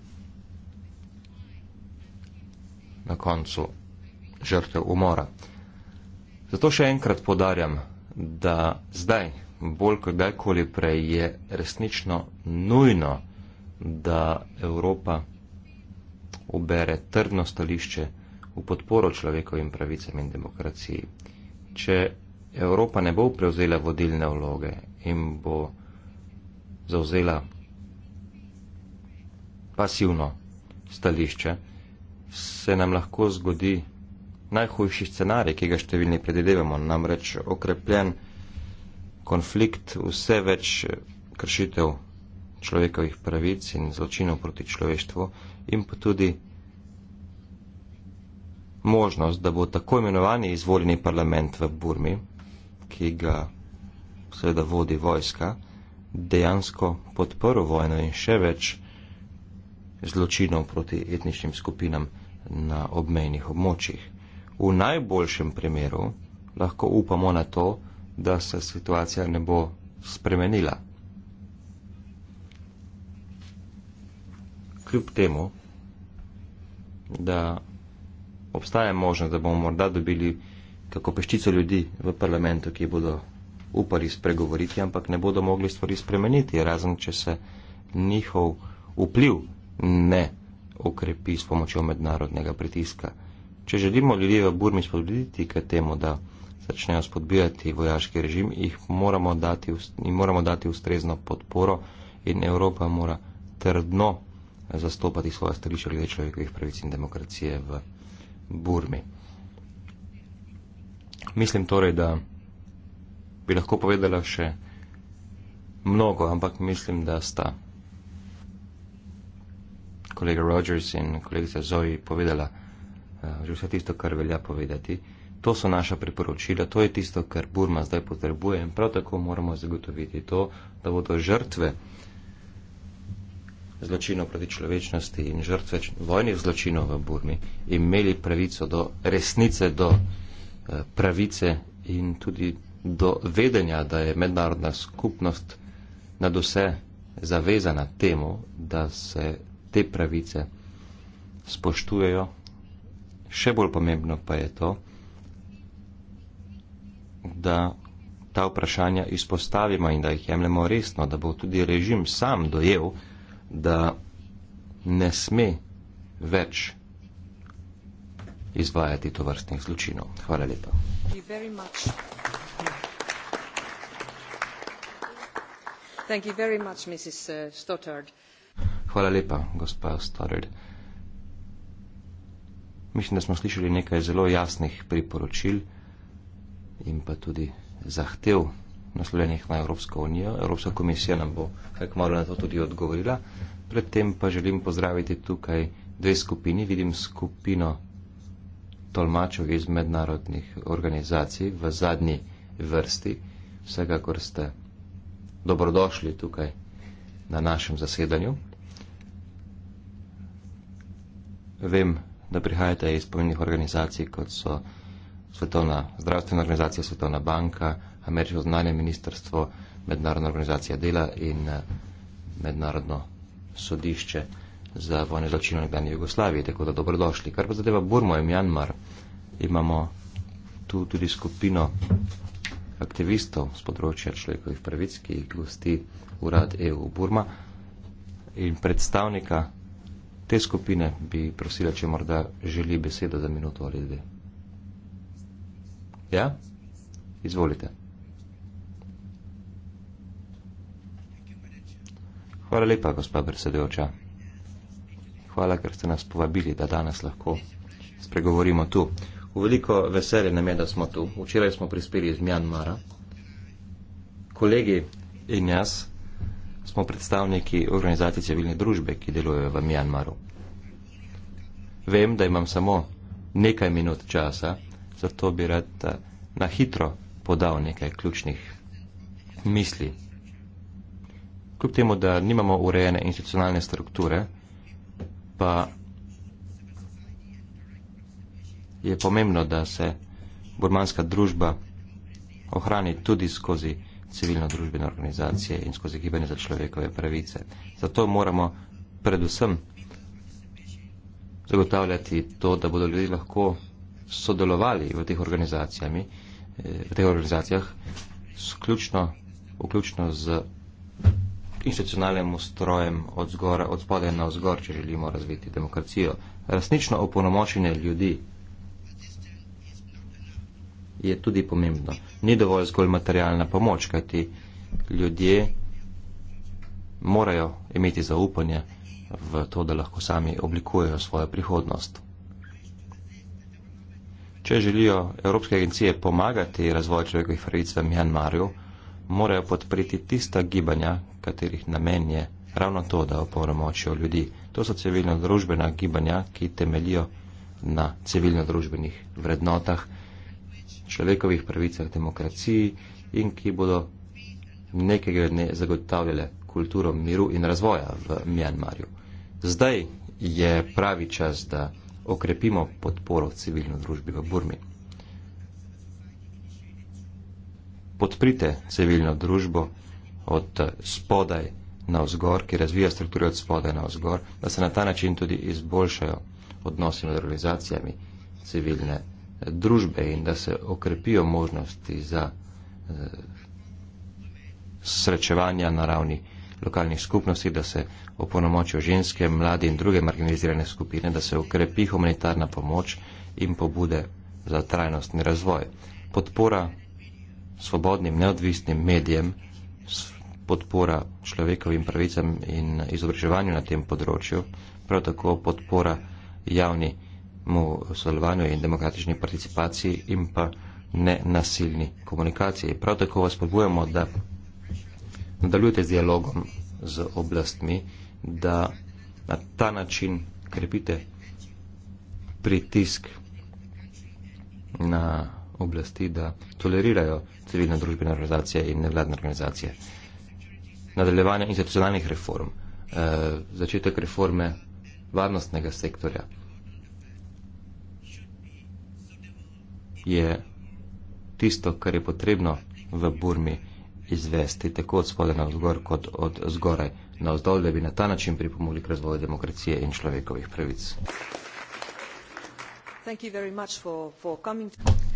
na koncu žrtev umora. Zato še enkrat podarjam, da zdaj, bolj kot kdajkoli prej, je resnično nujno, da Evropa obere trdno stališče v podporo človekovim pravicam in demokraciji. Če Evropa ne bo prevzela vodilne vloge in bo zauzela pasivno stališče, se nam lahko zgodi najhujši scenarij, ki ga številni predvidevamo, namreč okrepljen konflikt, vse več kršitev človekovih pravic in zločinov proti človeštvu in pa tudi možnost, da bo tako imenovani izvoljeni parlament v Burmi, ki ga seveda vodi vojska, dejansko podprl vojno in še več zločinov proti etničnim skupinam na obmejnih območjih. V najboljšem primeru lahko upamo na to, da se situacija ne bo spremenila. Kljub temu, da obstaja možnost, da bomo morda dobili kako peščico ljudi v parlamentu, ki bodo upali spregovoriti, ampak ne bodo mogli stvari spremeniti, razen če se njihov vpliv ne okrepi s pomočjo mednarodnega pritiska. Če želimo ljudi v Burmi spodbuditi k temu, da začnejo spodbijati vojaški režim, jih moramo dati, jim moramo dati ustrezno podporo in Evropa mora trdno zastopati svoje stališče glede človekovih pravic in demokracije v Burmi. Mislim torej, da bi lahko povedala še mnogo, ampak mislim, da sta kolega Rogers in kolegica Zoji povedala eh, že vse tisto, kar velja povedati. To so naša priporočila, to je tisto, kar Burma zdaj potrebuje in prav tako moramo zagotoviti to, da bodo žrtve zločinov proti človečnosti in žrtve vojnih zločinov v Burmi imeli pravico do resnice, do eh, pravice in tudi do vedenja, da je mednarodna skupnost nad vse zavezana temu, da se te pravice spoštujejo, še bolj pomembno pa je to, da ta vprašanja izpostavimo in da jih jemljemo resno, da bo tudi režim sam dojel, da ne sme več izvajati to vrstnih zločinov. Hvala lepa. Thank you very much, Mrs. Uh, Stottard. Hvala lepa, gospa Stoddard. Mislim, da smo slišali nekaj zelo jasnih priporočil in pa tudi zahtev naslovljenih na Evropsko unijo. Evropska komisija nam bo kaj malo na to tudi odgovorila. Predtem pa želim pozdraviti tukaj dve skupini. Vidim skupino tolmačev iz mednarodnih organizacij v zadnji vrsti. Vsekakor ste dobrodošli tukaj na našem zasedanju. vem, da prihajate iz pomembnih organizacij, kot so Svetovna zdravstvena organizacija, Svetovna banka, Američko znanje ministrstvo, Mednarodna organizacija dela in eh, Mednarodno sodišče za vojne zločine v nekdanji Jugoslaviji, tako da dobrodošli. Kar pa zadeva Burmo in Mjanmar, imamo tu tudi skupino aktivistov z področja človekovih pravic, ki gosti urad EU Burma in predstavnika te skupine bi prosila, če morda želi besedo za minuto ali dve. Ja? Izvolite. Hvala lepa, gospa predsedujoča. Hvala, ker ste nas povabili, da danes lahko spregovorimo tu. V veliko veselje nam je, da smo tu. Včeraj smo prispeli iz Mjanmara. Kolegi in jaz smo predstavniki organizacije civilne družbe, ki delujejo v Mjanmaru. Vem, da imam samo nekaj minut časa, zato bi rad eh, na hitro podal nekaj ključnih misli. Kljub temu, da nimamo urejene institucionalne strukture, pa je pomembno, da se burmanska družba ohrani tudi skozi civilno-družbene organizacije in skozi gibanje za človekove pravice. Zato moramo predvsem zagotavljati to, da bodo ljudi lahko sodelovali v teh, eh, v teh organizacijah, sključno, vključno z institucionalnim ustrojem od, zgora, od spodaj na vzgor, če želimo razviti demokracijo. Resnično opolnomočenje ljudi je tudi pomembno ni dovolj zgolj materialna pomoč, kajti ljudje morajo imeti zaupanje v to, da lahko sami oblikujejo svojo prihodnost. Če želijo Evropske agencije pomagati razvoju človekovih pravic v Mjanmarju, morajo podpreti tista gibanja, katerih namen je ravno to, da opolnomočijo ljudi. To so civilno-družbena gibanja, ki temelijo na civilno-družbenih vrednotah človekovih pravicah, demokraciji in ki bodo nekega dne zagotavljale kulturo miru in razvoja v Mjanmarju. Zdaj je pravi čas, da okrepimo podporo civilno družbi v Burmi. Podprite civilno družbo od spodaj na vzgor, ki razvija strukture od spodaj na vzgor, da se na ta način tudi izboljšajo odnosi med organizacijami civilne družbe in da se okrepijo možnosti za eh, srečevanja na ravni lokalnih skupnosti, da se opolnomočijo ženske, mlade in druge marginalizirane skupine, da se okrepi humanitarna pomoč in pobude za trajnostni razvoj. Podpora svobodnim, neodvisnim medijem, podpora človekovim pravicam in izobraževanju na tem področju, prav tako podpora javni mu sodelovanju in demokratični participaciji in pa nenasilni komunikaciji. Prav tako vas podbujamo, da nadaljujete z dialogom z oblastmi, da na ta način krepite pritisk na oblasti, da tolerirajo civilne družbene organizacije in nevladne organizacije. Nadaljevanje institucionalnih reform, eh, začetek reforme varnostnega sektorja, je tisto, kar je potrebno v Burmi izvesti, tako od spode na vzgor, kot od zgoraj na vzdol, da bi na ta način pripomogli k razvoju demokracije in človekovih pravic.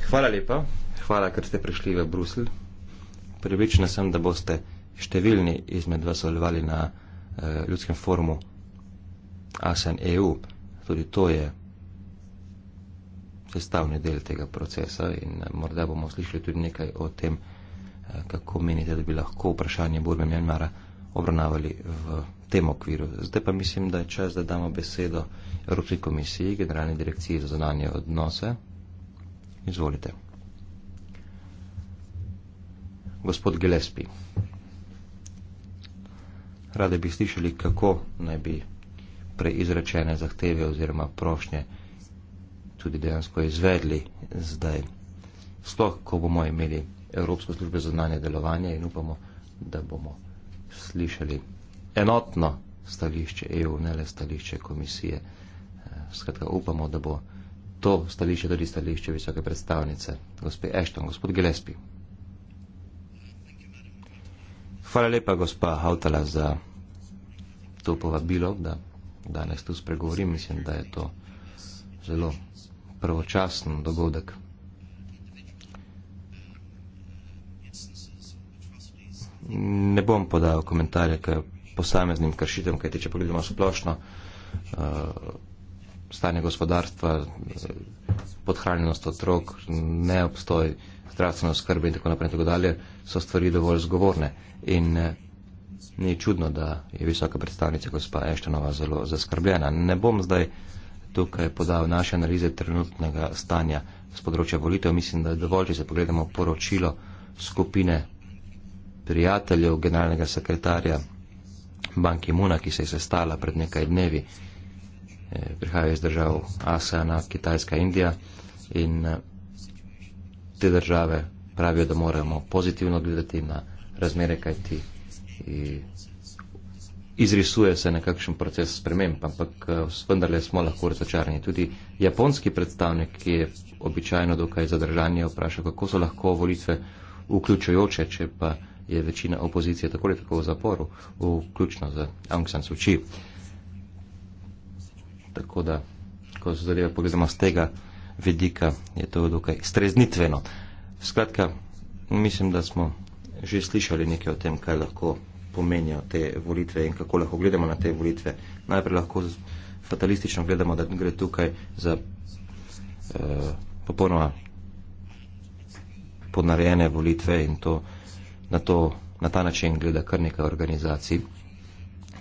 Hvala lepa, hvala, ker ste prišli v Bruselj. Pripričana sem, da boste številni izmed vas sodelovali na eh, ljudskem forumu ASEN EU. Tudi to je sestavni del tega procesa in eh, morda bomo slišali tudi nekaj o tem, eh, kako menite, da bi lahko vprašanje borbe Mjanmara obravnavali v tem okviru. Zdaj pa mislim, da je čas, da damo besedo Evropski komisiji, Generalni direkciji za zunanje odnose. Izvolite. Gospod Gillespi, rade bi slišali, kako naj bi preizrečene zahteve oziroma prošnje tudi dejansko izvedli zdaj. Sploh, ko bomo imeli Evropsko službo za znanje delovanja in upamo, da bomo slišali enotno stališče EU, ne le stališče komisije. Eh, skratka, upamo, da bo to stališče tudi stališče visoke predstavnice, gospe Ešton, gospod Gillespi. Hvala lepa, gospa Hautala, za to povabilo, da danes tu spregovorim. Mislim, da je to zelo pravočasen dogodek. Ne bom podal komentarje k posameznim kršitem, kajti če pogledamo splošno eh, stanje gospodarstva, eh, podhranjenost otrok, neobstoj zdravstvene oskrbe in tako naprej in tako dalje, so stvari dovolj zgovorne. In eh, ni čudno, da je visoka predstavnica gospa Eštenova zelo zaskrbljena. Ne bom zdaj tukaj podal naše analize trenutnega stanja z področja volitev. Mislim, da je dovolj, če se pogledamo poročilo skupine prijateljev generalnega sekretarja Banki Muna, ki se je sestala pred nekaj dnevi. Eh, prihajajo iz držav ASEANA, Kitajska, Indija in eh, te države pravijo, da moramo pozitivno gledati na razmere, kajti eh, izrisuje se nekakšen proces sprememb, ampak eh, vendarle smo lahko razočarani. Tudi japonski predstavnik, ki je običajno dokaj zadržan, je vprašal, kako so lahko volitve vključujoče, če pa je večina opozicije tako ali tako v zaporu, vključno z Aung San Suu Kyi. Tako da, ko se zadeve pogledamo z tega vidika, je to dokaj streznitveno. Skratka, mislim, da smo že slišali nekaj o tem, kaj lahko pomenijo te volitve in kako lahko gledamo na te volitve. Najprej lahko fatalistično gledamo, da gre tukaj za eh, popolnoma podnarejene volitve in to na, to na ta način gleda kar nekaj organizacij.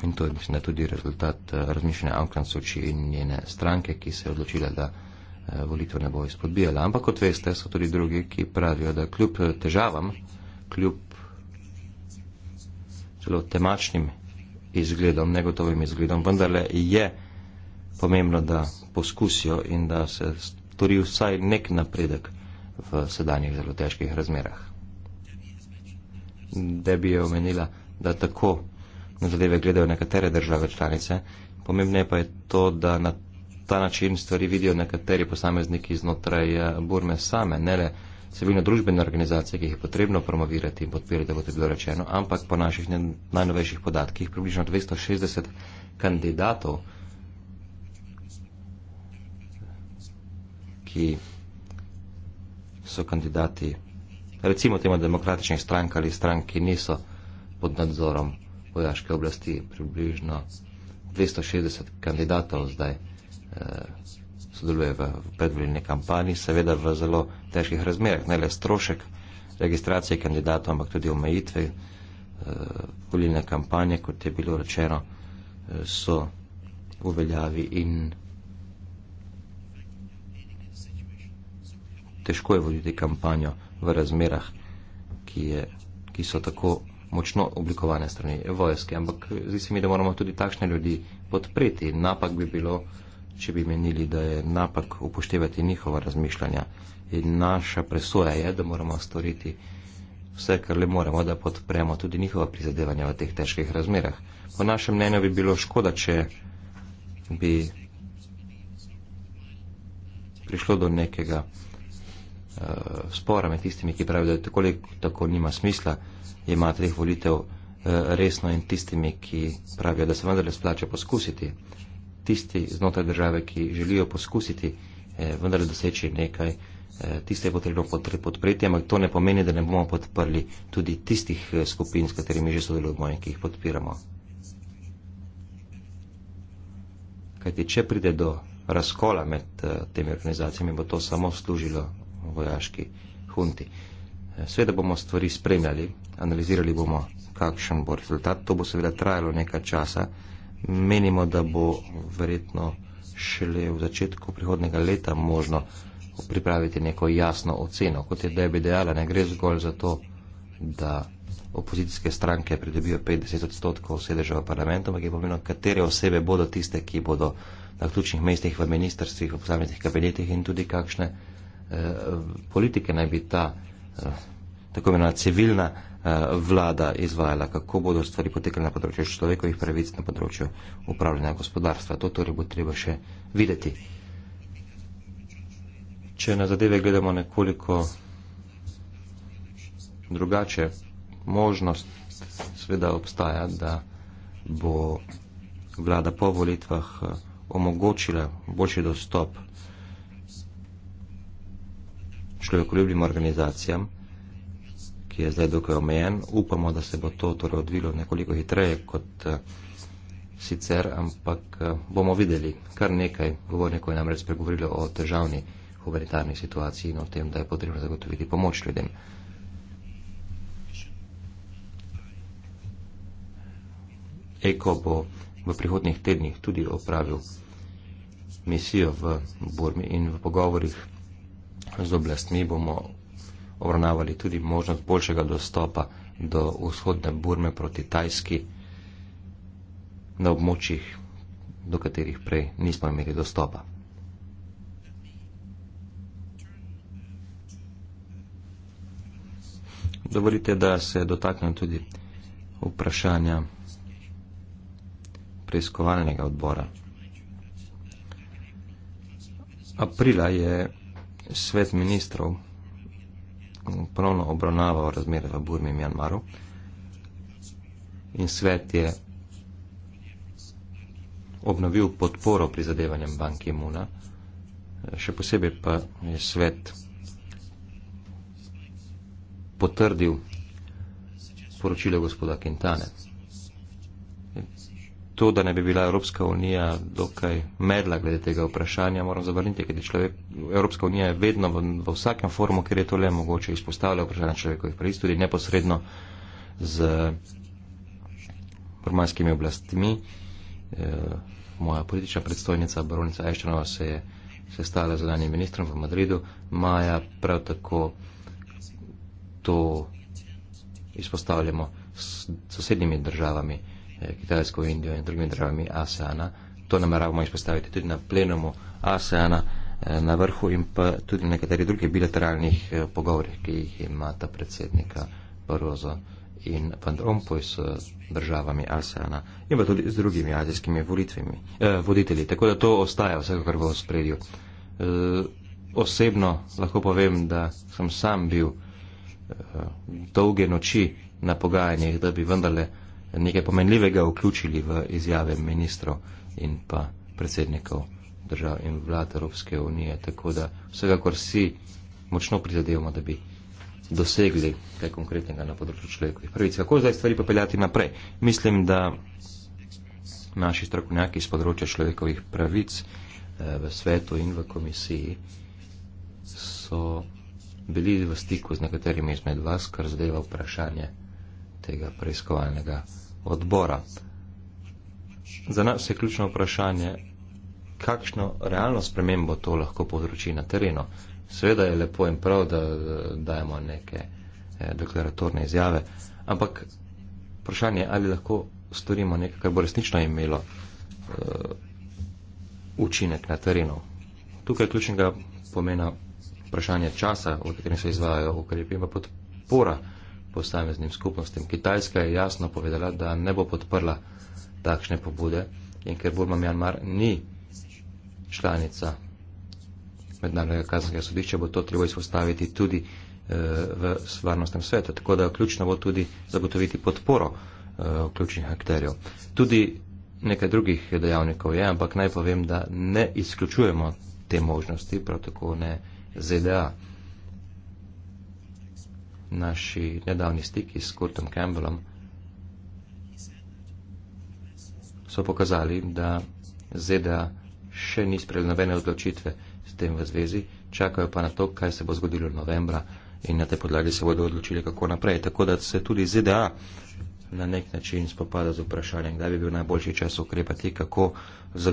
In to je mislim, tudi rezultat eh, razmišljanja Ankran Soči in njene stranke, ki se je odločila, da eh, volitev ne bo izpodbijala. Ampak kot veste, so tudi drugi, ki pravijo, da kljub eh, težavam, kljub zelo temačnim izgledom, negotovim izgledom, vendarle je pomembno, da poskusijo in da se stori vsaj nek napredek v sedanjih zelo težkih razmerah. Da bi je omenila, da tako na zadeve gledajo nekatere države članice, pomembne pa je to, da na ta način stvari vidijo nekateri posamezniki znotraj eh, Burme same, ne le civilno-družbene organizacije, ki jih je potrebno promovirati in podpirati, da bo to bilo rečeno, ampak po naših najnovejših podatkih približno 260 kandidatov, ki so kandidati recimo temo demokratičnih strank ali strank, ki niso pod nadzorom vojaške oblasti, približno 260 kandidatov zdaj. Eh, sodeluje v, v predvoljeni kampanji, seveda v zelo težkih razmerah. Ne le strošek registracije kandidatov, ampak tudi omejitve eh, volilne kampanje, kot je bilo rečeno, eh, so uveljavi in težko je voditi kampanjo v razmerah, ki, je, ki so tako močno oblikovane strani vojske. Ampak zdi se mi, da moramo tudi takšne ljudi podpreti. Napak bi bilo če bi menili, da je napak upoštevati njihova razmišljanja. In naša presoja je, da moramo storiti vse, kar le moramo, da podpremo tudi njihova prizadevanja v teh težkih razmerah. Po našem mnenju bi bilo škoda, če bi prišlo do nekega uh, spora med tistimi, ki pravijo, da je tako, tako nima smisla imati teh volitev uh, resno in tistimi, ki pravijo, da se vendarle splača poskusiti tisti znotraj države, ki želijo poskusiti eh, vendar doseči nekaj, eh, tiste je potrebno podpreti, ampak to ne pomeni, da ne bomo podprli tudi tistih eh, skupin, s katerimi že sodelujemo in ki jih podpiramo. Kajti, če pride do razkola med eh, temi organizacijami, bo to samo služilo vojaški hunti. Eh, Sveda bomo stvari spremljali, analizirali bomo, kakšen bo rezultat. To bo seveda trajalo nekaj časa menimo, da bo verjetno šele v začetku prihodnega leta možno pripraviti neko jasno oceno. Kot je Debi dejala, ne gre zgolj za to, da opozicijske stranke pridobijo 50 odstotkov sedeža v parlamentu, ampak je pomenilo, katere osebe bodo tiste, ki bodo na ključnih mestih v ministrstvih, v posameznih kabinetih in tudi kakšne eh, politike naj bi ta eh, tako imenovana civilna Eh, vlada izvajala, kako bodo stvari potekali na področju človekovih pravic, na področju upravljanja gospodarstva. To torej bo treba še videti. Če na zadeve gledamo nekoliko drugače, možnost sveda obstaja, da bo vlada po volitvah eh, omogočila boljši dostop človekoljubnim organizacijam, ki je zdaj dokaj omejen. Upamo, da se bo to torej odvilo nekoliko hitreje kot uh, sicer, ampak uh, bomo videli kar nekaj. Govornikov je namreč spregovorilo o državni humanitarni situaciji in o tem, da je potrebno zagotoviti pomoč ljudem. Eko bo v prihodnih tednih tudi opravil misijo v Burmi in v pogovorih z oblastmi bomo obravnavali tudi možnost boljšega dostopa do vzhodne Burme proti Tajski na območjih, do katerih prej nismo imeli dostopa. Dovolite, da se dotaknem tudi vprašanja preiskovalnega odbora. Aprila je svet ministrov ponovno obravnaval razmere v Burmi in Mjanmaru. In svet je obnovil podporo prizadevanjem banke Muna, še posebej pa je svet potrdil poročilo gospoda Kentane to, da ne bi bila Evropska unija dokaj medla glede tega vprašanja, moram zavrniti, ker človek, Evropska unija je vedno v, v vsakem formu, kjer je to le mogoče izpostavljala vprašanje človekovih pravic, tudi neposredno z romanskimi oblastmi. E, moja politična predstojnica Baronica Ešternova se je sestala z zadanjim ministrom v Madridu, maja prav tako to izpostavljamo s sosednjimi državami. Китайско, Индия и другими държавами АСЕАНА. То намерава изпоставите тъй на пленумо АСЕАНА на върху им па тъй на катери други билатерални поговори, ки имата председника Барозо и Ван Ромпой с държавами АСЕАНА. Има тъй с другими азийскими волитвими, водители. Така да то остая всяко какво спредио. Осебно, лахо повем да съм сам бил дълги ночи на погаяния, да би вендале да nekaj pomenljivega vključili v izjave ministrov in pa predsednikov držav in vlad Evropske unije. Tako da vsekakor si močno prizadevamo, da bi dosegli kaj konkretnega na področju človekovih pravic. Kako zdaj stvari popeljati naprej? Mislim, da naši strokovnjaki iz področja človekovih pravic eh, v svetu in v komisiji so bili v stiku z nekaterimi izmed vas, kar zadeva vprašanje tega preiskovalnega odbora. Za nas je ključno vprašanje, kakšno realno spremembo to lahko povzroči na terenu. Sveda je lepo in prav, da dajemo neke eh, deklaratorne izjave, ampak vprašanje je, ali lahko storimo nekaj, kar bo resnično imelo uh, učinek na terenu. Tukaj ključnega pomena vprašanje časa, v katerem se izvajajo ukrepi, pa podpora posameznim skupnostim. Kitajska je jasno povedala, da ne bo podprla takšne pobude in ker Burma Mjanmar ni članica mednarodnega kazanskega sodišča, bo to treba izpostaviti tudi eh, v varnostnem svetu. Tako da ključno bo tudi zagotoviti podporo eh, ključnih akterjev. Tudi nekaj drugih dejavnikov je, ampak naj povem, da ne izključujemo te možnosti, prav tako ne ZDA naši nedavni stiki s Kurtom Campbellom so pokazali, da ZDA še ni sprejel nobene odločitve s tem v zvezi, čakajo pa na to, kaj se bo zgodilo v novembra in na tej podlagi se bodo odločili, kako naprej. Tako da se tudi ZDA na nek način spopada z vprašanjem, kdaj bi bil najboljši čas ukrepati, kako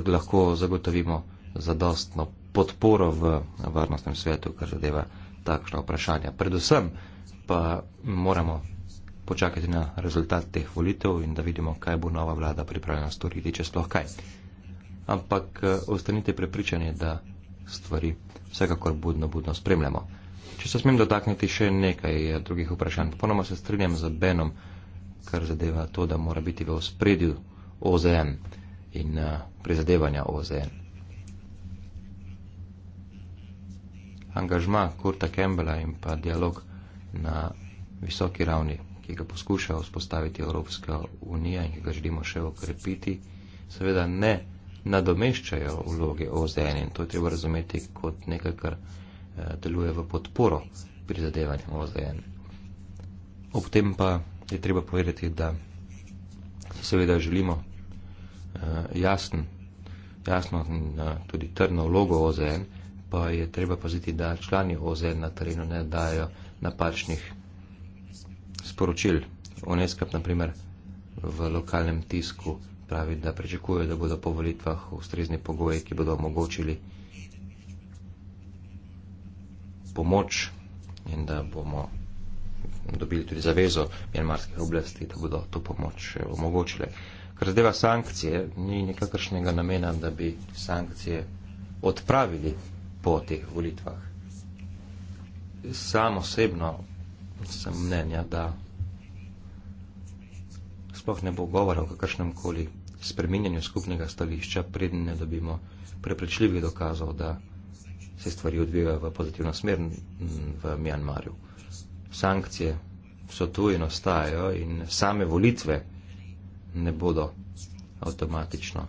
lahko zagotovimo zadostno podporo v varnostnem svetu, kar zadeva takšno vprašanje. Predvsem, pa moramo počakati na rezultat teh volitev in da vidimo, kaj bo nova vlada pripravljena storiti, če sploh kaj. Ampak eh, ostanite prepričani, da stvari vsekakor budno budno spremljamo. Če se smem dotakniti še nekaj eh, drugih vprašanj, ponoma se strinjam z Benom, kar zadeva to, da mora biti v ospredju OZN in eh, prizadevanja OZN. Angažma Kurta Kembla in pa dialog na visoki ravni, ki ga poskuša vzpostaviti Evropska unija in ki ga želimo še okrepiti, seveda ne nadomeščajo vloge OZN in to je treba razumeti kot nekaj, kar eh, deluje v podporo prizadevanjem OZN. Ob tem pa je treba povedati, da seveda želimo eh, jasn, jasno in eh, tudi trdno vlogo OZN, pa je treba paziti, da člani OZN na terenu ne dajo napačnih sporočil. UNESCO, na primer, v lokalnem tisku pravi, da pričakuje, da bodo po volitvah ustrezni pogoji, ki bodo omogočili pomoč in da bomo dobili tudi zavezo mjenmarskih oblasti, da bodo to pomoč omogočile. Kar zdeva sankcije, ni nekakršnega namena, da bi sankcije odpravili po teh volitvah sam osebno sem mnenja, da sploh ne bo govora o kakršnem koli spreminjanju skupnega stališča, preden ne dobimo preprečljivih dokazov, da se stvari odvijajo v pozitivno smer v Mjanmarju. Sankcije so tu in ostajajo in same volitve ne bodo avtomatično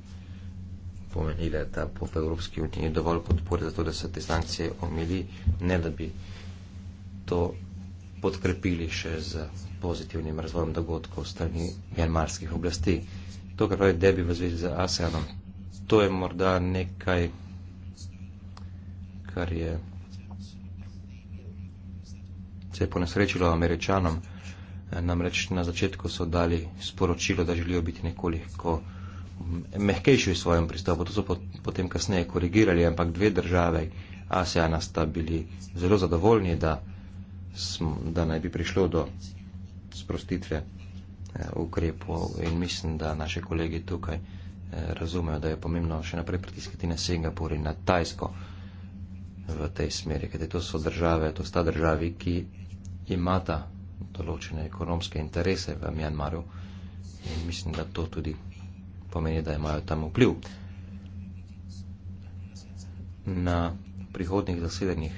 pomenile, da bo v Evropski uniji dovolj podpore za to, da se te sankcije omili, ne da bi to podkrepili še z pozitivnim razvojem dogodkov strani mjermarskih oblasti. To, kar pravi Debi v zvezi z ASEANom, to je morda nekaj, kar je se je ponesrečilo američanom. Namreč na začetku so dali sporočilo, da želijo biti nekoliko mehkejši v svojem pristopu. To so potem kasneje korigirali, ampak dve države ASEANa sta bili zelo zadovoljni, da da naj bi prišlo do sprostitve eh, ukrepov in mislim, da naše kolegi tukaj eh, razumejo, da je pomembno še naprej pritiskati na Singapur in na Tajsko v tej smeri, ker to so države, to sta državi, ki imata določene ekonomske interese v Mjanmaru in mislim, da to tudi pomeni, da imajo tam vpliv. Na prihodnih zasedanjih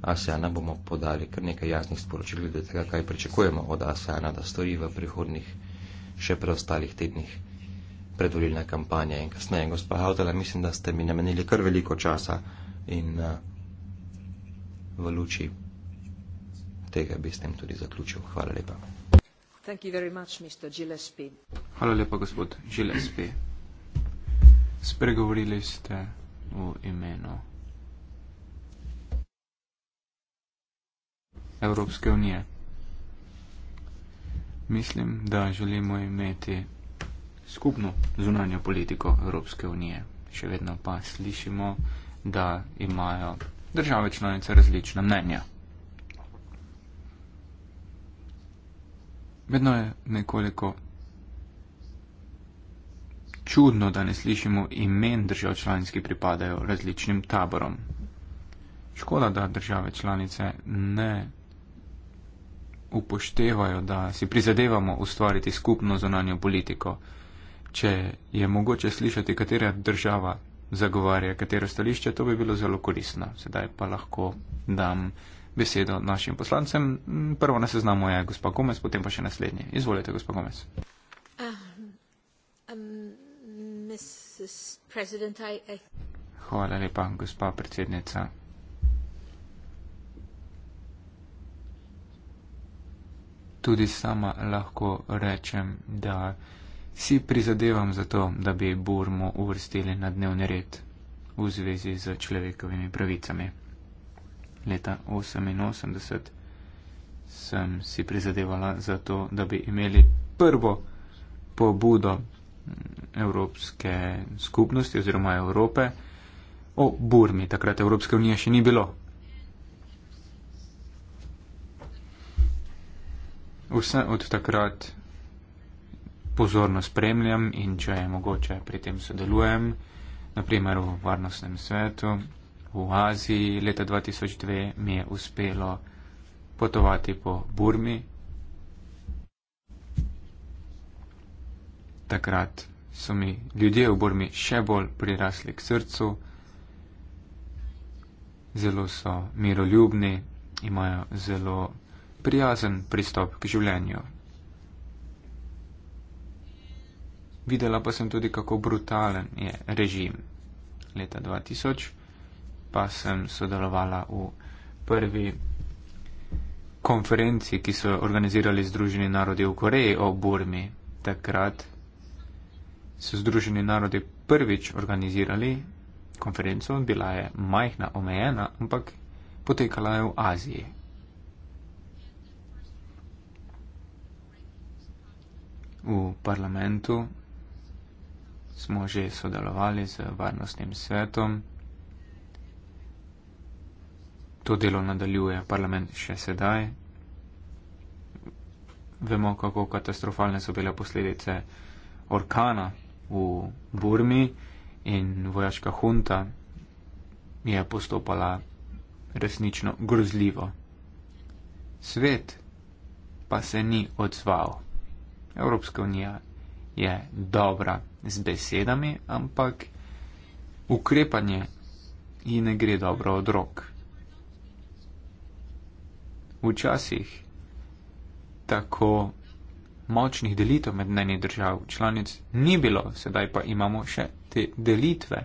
ASEAN-a, bomo podali kar nekaj jasnih sporočil glede tega, kaj pričakujemo od ASEAN-a, da stori v prihodnih še preostalih tednih predvoljena kampanja in kasneje. Gospa Hautela, mislim, da ste mi namenili kar veliko časa in uh, v luči tega bi s tem tudi zaključil. Hvala lepa. Thank you very much, Mr. Gillespie. Hvala lepa, gospod Gillespie. Spregovorili ste v imenu. Evropske unije. Mislim, da želimo imeti skupno zunanjo politiko Evropske unije. Še vedno pa slišimo, da imajo države članice različna mnenja. Vedno je nekoliko čudno, da ne slišimo imen držav članic, ki pripadajo različnim taborom. Škoda, da države članice ne upoštevajo, da si prizadevamo ustvariti skupno zonanjo politiko. Če je mogoče slišati, katera država zagovarja katero stališče, to bi bilo zelo korisno. Sedaj pa lahko dam besedo našim poslancem. Prvo na seznamu je gospa Gomez, potem pa še naslednji. Izvolite, gospa Gomez. Um, um, Hvala lepa, gospa predsednica. tudi sama lahko rečem, da si prizadevam za to, da bi Burmo uvrstili na dnevni red v zvezi z človekovimi pravicami. Leta 1988 sem si prizadevala za to, da bi imeli prvo pobudo Evropske skupnosti oziroma Evrope o Burmi. Takrat Evropske unije še ni bilo, vse od takrat pozorno spremljam in če je mogoče pri tem sodelujem, naprimer v varnostnem svetu, v Aziji leta 2002 mi je uspelo potovati po Burmi. Takrat so mi ljudje v Burmi še bolj prirasli k srcu, zelo so miroljubni, imajo zelo prijazen pristop k življenju. Videla pa sem tudi, kako brutalen je režim. Leta 2000 pa sem sodelovala v prvi konferenci, ki so organizirali Združeni narodi v Koreji o Burmi. Takrat so Združeni narodi prvič organizirali konferenco, bila je majhna, omejena, ampak potekala je v Aziji. v parlamentu, smo že sodelovali z varnostnim svetom. To delo nadaljuje parlament še sedaj. Vemo, kako katastrofalne so bile posledice orkana v Burmi in vojaška hunta je postopala resnično grozljivo. Svet pa se ni odzval. Evropska unija je dobra z besedami, ampak ukrepanje ji ne gre dobro od rok. Včasih tako močnih delitev med njeni držav članic ni bilo, sedaj pa imamo še te delitve.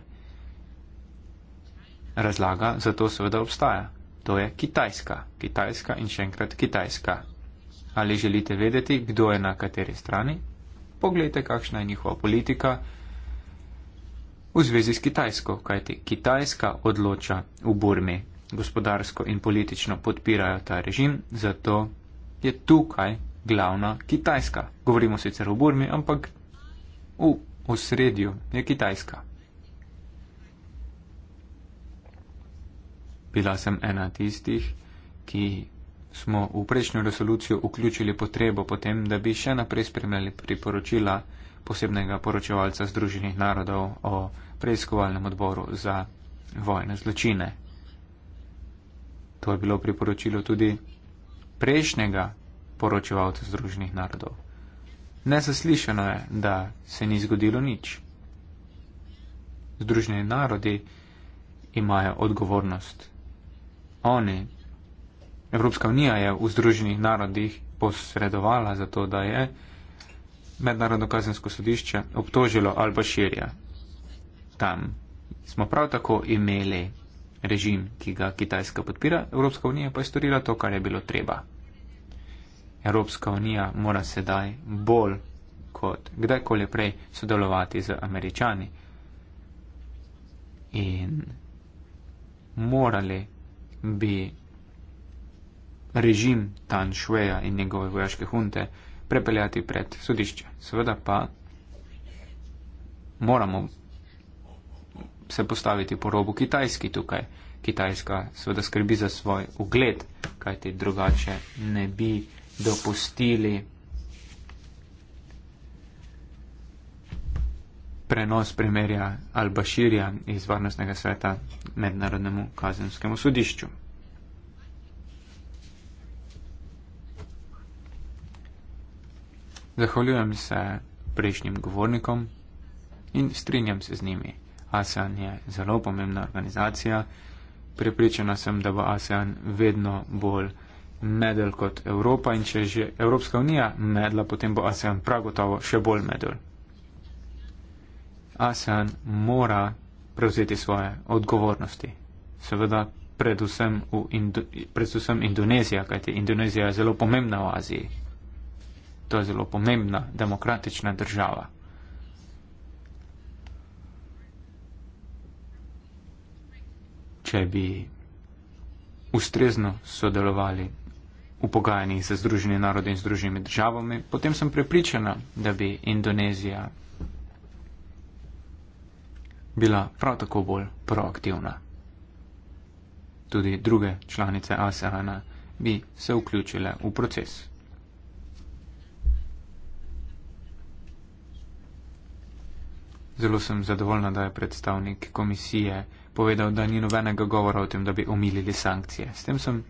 Razlaga za to seveda obstaja. To je Kitajska. Kitajska in še enkrat Kitajska. Ali želite vedeti, kdo je na kateri strani? Poglejte, kakšna je njihova politika v zvezi s Kitajsko, kajti Kitajska odloča v Burmi. Gospodarsko in politično podpirajo ta režim, zato je tukaj glavna Kitajska. Govorimo sicer o Burmi, ampak v osredju je Kitajska. Bila sem ena tistih, ki smo v prejšnjo resolucijo vključili potrebo potem, da bi še naprej spremljali priporočila posebnega poročevalca Združenih narodov o preiskovalnem odboru za vojne zločine. To je bilo priporočilo tudi prejšnjega poročevalca Združenih narodov. Nezaslišano je, da se ni zgodilo nič. Združeni narodi imajo odgovornost. Oni Evropska unija je v Združenih narodih posredovala za to, da je Mednarodno kazensko sodišče obtožilo Alba Širja. Tam smo prav tako imeli režim, ki ga Kitajska podpira, Evropska unija pa je storila to, kar je bilo treba. Evropska unija mora sedaj bolj kot kdajkoli prej sodelovati z američani in morali bi režim Tan Šveja in njegove vojaške hunte prepeljati pred sodišče. Seveda pa moramo se postaviti po robu Kitajski tukaj. Kitajska seveda skrbi za svoj ugled, kajti drugače ne bi dopustili prenos premjera Albaširja iz Varnostnega sveta mednarodnemu kazenskemu sodišču. Zahvaljujem se prejšnjim govornikom in strinjam se z njimi. ASEAN je zelo pomembna organizacija. Prepričana sem, da bo ASEAN vedno bolj medel kot Evropa in če že Evropska unija medla, potem bo ASEAN prav gotovo še bolj medel. ASEAN mora prevzeti svoje odgovornosti. Seveda predvsem, Indo predvsem Indonezija, kajti Indonezija je zelo pomembna v Aziji to je zelo pomembna demokratična država. Če bi ustrezno sodelovali v pogajanjih za Združenje narode in Združenimi državami, potem sem prepričana, da bi Indonezija bila prav tako bolj proaktivna. Tudi druge članice ASEAN-a bi se vključile v proces. Zelo sem zadovoljna, da je predstavnik komisije povedal, da ni nobenega govora o tem, da bi omilili sankcije. S tem sem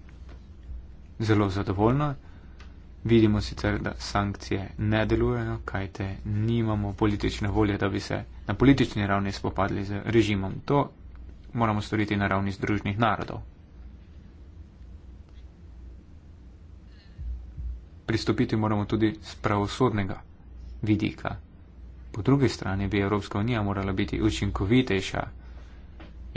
zelo zadovoljna. Vidimo sicer, da sankcije ne delujejo, kajte nimamo politične volje, da bi se na politični ravni spopadli z režimom. To moramo storiti na ravni združnih narodov. Pristopiti moramo tudi z pravosodnega vidika. Po drugi strani bi Evropska unija morala biti učinkovitejša,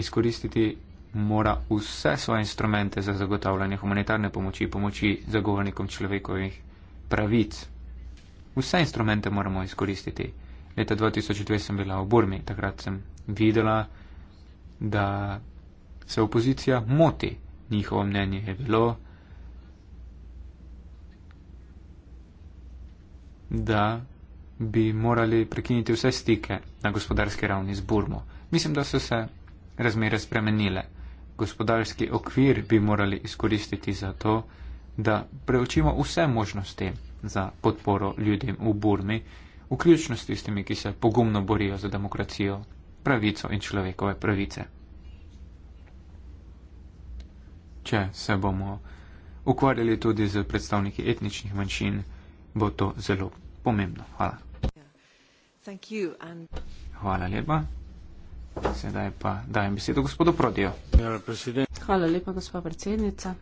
izkoristiti mora vse svoje instrumente za zagotavljanje humanitarne pomoči, pomoči zagovornikom človekovih pravic. Vse instrumente moramo izkoristiti. Leta 2002 sem bila v Burmi, takrat sem videla, da se opozicija moti. Njihovo mnenje je bilo, da bi morali prekiniti vse stike na gospodarski ravni z Burmo. Mislim, da so se razmere spremenile. Gospodarski okvir bi morali izkoristiti za to, da preučimo vse možnosti za podporo ljudem v Burmi, vključno s tistimi, ki se pogumno borijo za demokracijo, pravico in človekove pravice. Če se bomo ukvarjali tudi z predstavniki etničnih manjšin, bo to zelo pomembno. Hvala. Hvala lepa. Sedaj pa dajem besedo gospodu Prodijo. Hvala lepa, gospod predsednica.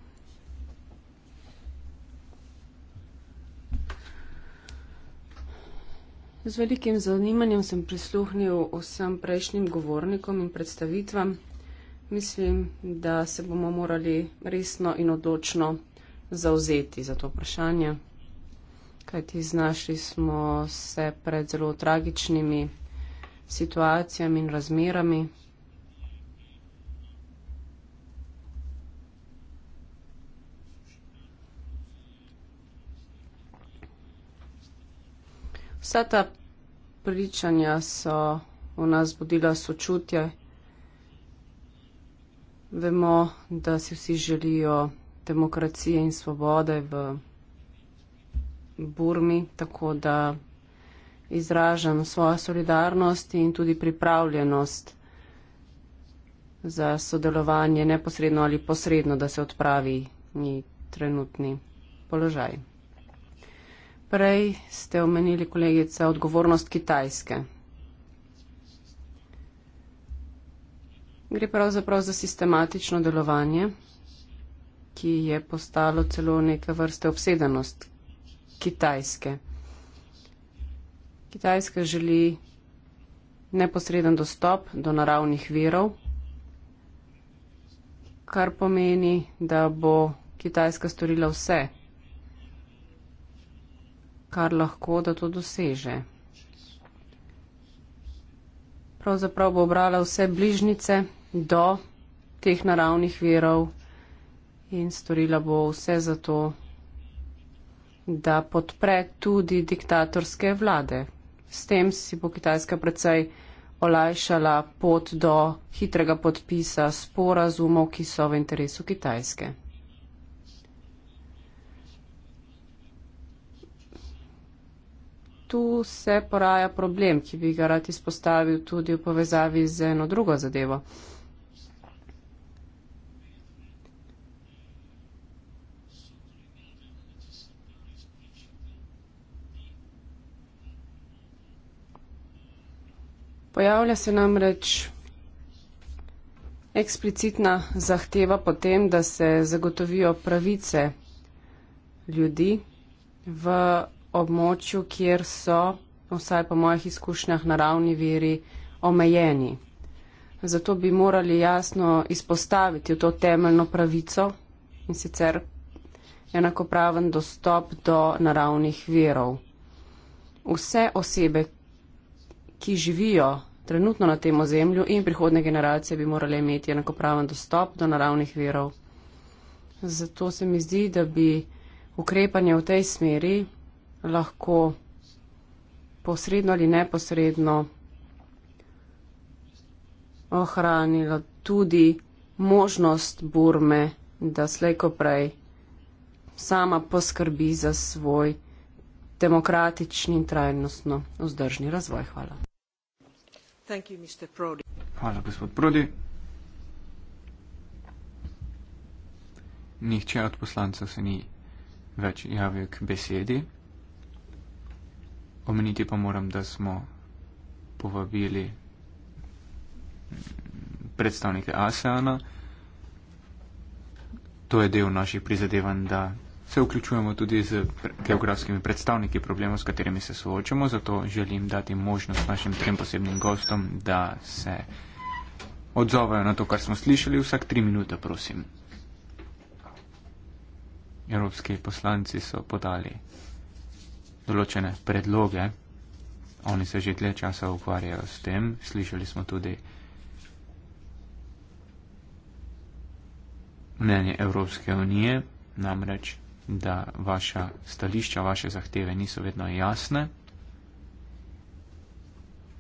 Z velikim zanimanjem sem prisluhnil vsem prejšnjim govornikom in predstavitvam. Mislim, da se bomo morali resno in odločno zauzeti za to vprašanje. Kajti znašli smo se pred zelo tragičnimi situacijami in razmerami. Vsa ta pričanja so v nas budila sočutje. Vemo, da si vsi želijo demokracije in svobode v Burmi, tako da izražam svojo solidarnost in tudi pripravljenost za sodelovanje neposredno ali posredno, da se odpravi ni trenutni položaj. Prej ste omenili, kolegica, odgovornost Kitajske. Gre pravzaprav za sistematično delovanje, ki je postalo celo neke vrste obsedenost Kitajske. Kitajska želi neposreden dostop do naravnih virov, kar pomeni, da bo Kitajska storila vse, kar lahko, da to doseže. Pravzaprav bo obrala vse bližnjice do teh naravnih virov in storila bo vse za to, da bo da podpre tudi diktatorske vlade. S tem si bo Kitajska precej olajšala pot do hitrega podpisa sporazumov, ki so v interesu Kitajske. Tu se poraja problem, ki bi ga rad izpostavil tudi v povezavi z eno drugo zadevo. Pojavlja se namreč eksplicitna zahteva potem, da se zagotovijo pravice ljudi v območju, kjer so, vsaj po mojih izkušnjah, naravni viri omejeni. Zato bi morali jasno izpostaviti to temeljno pravico in sicer enakopraven dostop do naravnih virov. Vse osebe, ki živijo trenutno na tem ozemlju in prihodne generacije bi morali imeti enakopraven dostop do naravnih verov. Zato se mi zdi, da bi ukrepanje v tej smeri lahko posredno ali neposredno ohranilo tudi možnost Burme, da slejko prej sama poskrbi za svoj demokratični in trajnostno vzdržni razvoj. Hvala. Thank you, Mr. Prodi. Hvala, gospod Prodi. Nihče od poslancev se ni več javil k besedi. Omeniti pa moram, da smo povabili predstavnike ASEANA. To je del naših prizadevanj, da se vključujemo tudi z geografskimi predstavniki problemov, s katerimi se soočamo, zato želim dati možnost našim trem posebnim gostom, da se odzovajo na to, kar smo slišali. Vsak tri minute, prosim. Evropski poslanci so podali določene predloge. Oni se že dlje časa ukvarjajo s tem. Slišali smo tudi mnenje Evropske unije, namreč da vaša stališča, vaše zahteve niso vedno jasne.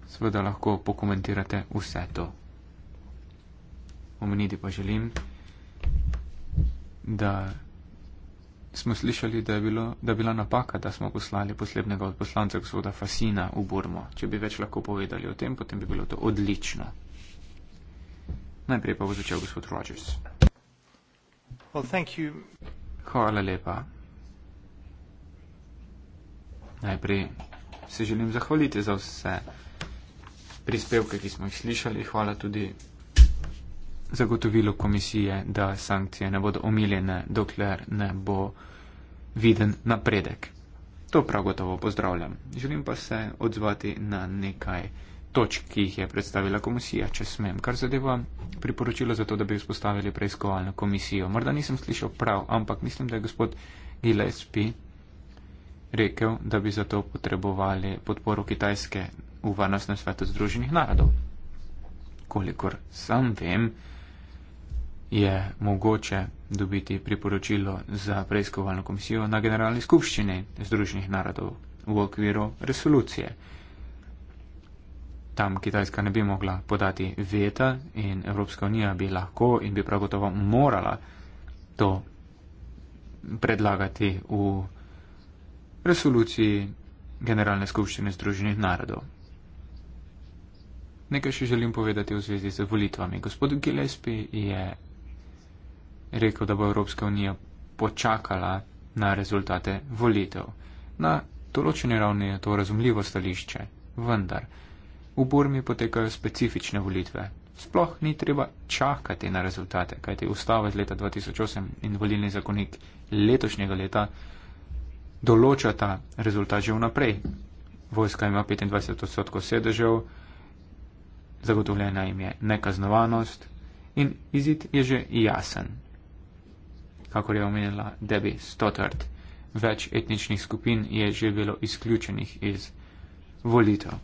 Seveda lahko pokomentirate vse to. Omeniti pa želim, da smo slišali, da je, bilo, da je bila napaka, da smo poslali posebnega odposlanca gospoda Fasina v Burmo. Če bi več lahko povedali o tem, potem bi bilo to odlično. Najprej pa bo začel gospod Rogers. Well, thank you. Hvala lepa. Najprej se želim zahvaliti za vse prispevke, ki smo jih slišali. Hvala tudi zagotovilo komisije, da sankcije ne bodo omiljene, dokler ne bo viden napredek. To prav gotovo pozdravljam. Želim pa se odzvati na nekaj točk, ki jih je predstavila komisija, če smem, kar zadeva priporočilo za to, da bi vzpostavili preiskovalno komisijo. Morda nisem slišal prav, ampak mislim, da je gospod Gillespi rekel, da bi zato potrebovali podporo Kitajske v varnostnem svetu Združenih narodov. Kolikor sam vem, je mogoče dobiti priporočilo za preiskovalno komisijo na Generalni skupščini Združenih narodov v okviru resolucije tam Kitajska ne bi mogla podati veta in Evropska unija bi lahko in bi prav gotovo morala to predlagati v resoluciji Generalne skupščine Združenih narodov. Nekaj še želim povedati v zvezi z volitvami. Gospod Gillespie je rekel, da bo Evropska unija počakala na rezultate volitev. Na določeni ravni je to razumljivo stališče, vendar. V Burmi potekajo specifične volitve. Sploh ni treba čakati na rezultate, kajti ustava iz leta 2008 in volilni zakonik letošnjega leta določa ta rezultat že vnaprej. Vojska ima 25 odstotkov sedežev, zagotovljena jim je nekaznovanost in izid je že jasen. Kakor je omenila Debbie Stotard, več etničnih skupin je že bilo izključenih iz volitev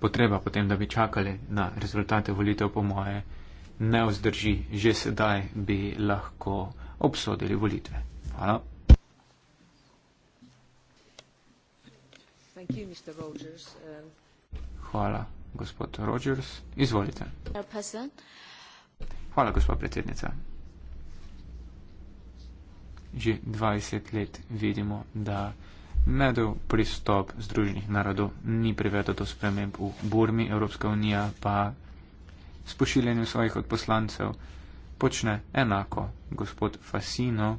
potreba potem, da bi čakali na rezultate volitev, po moje, ne vzdrži. Že sedaj bi lahko obsodili volitve. Hvala. Um, Hvala, gospod Rogers. Izvolite. Hvala, gospa predsednica. Že 20 let vidimo, da medel pristop Združenih narodov ni privedel do sprememb v Burmi, Evropska unija pa s pošiljanjem svojih odposlancev počne enako. Gospod Fasino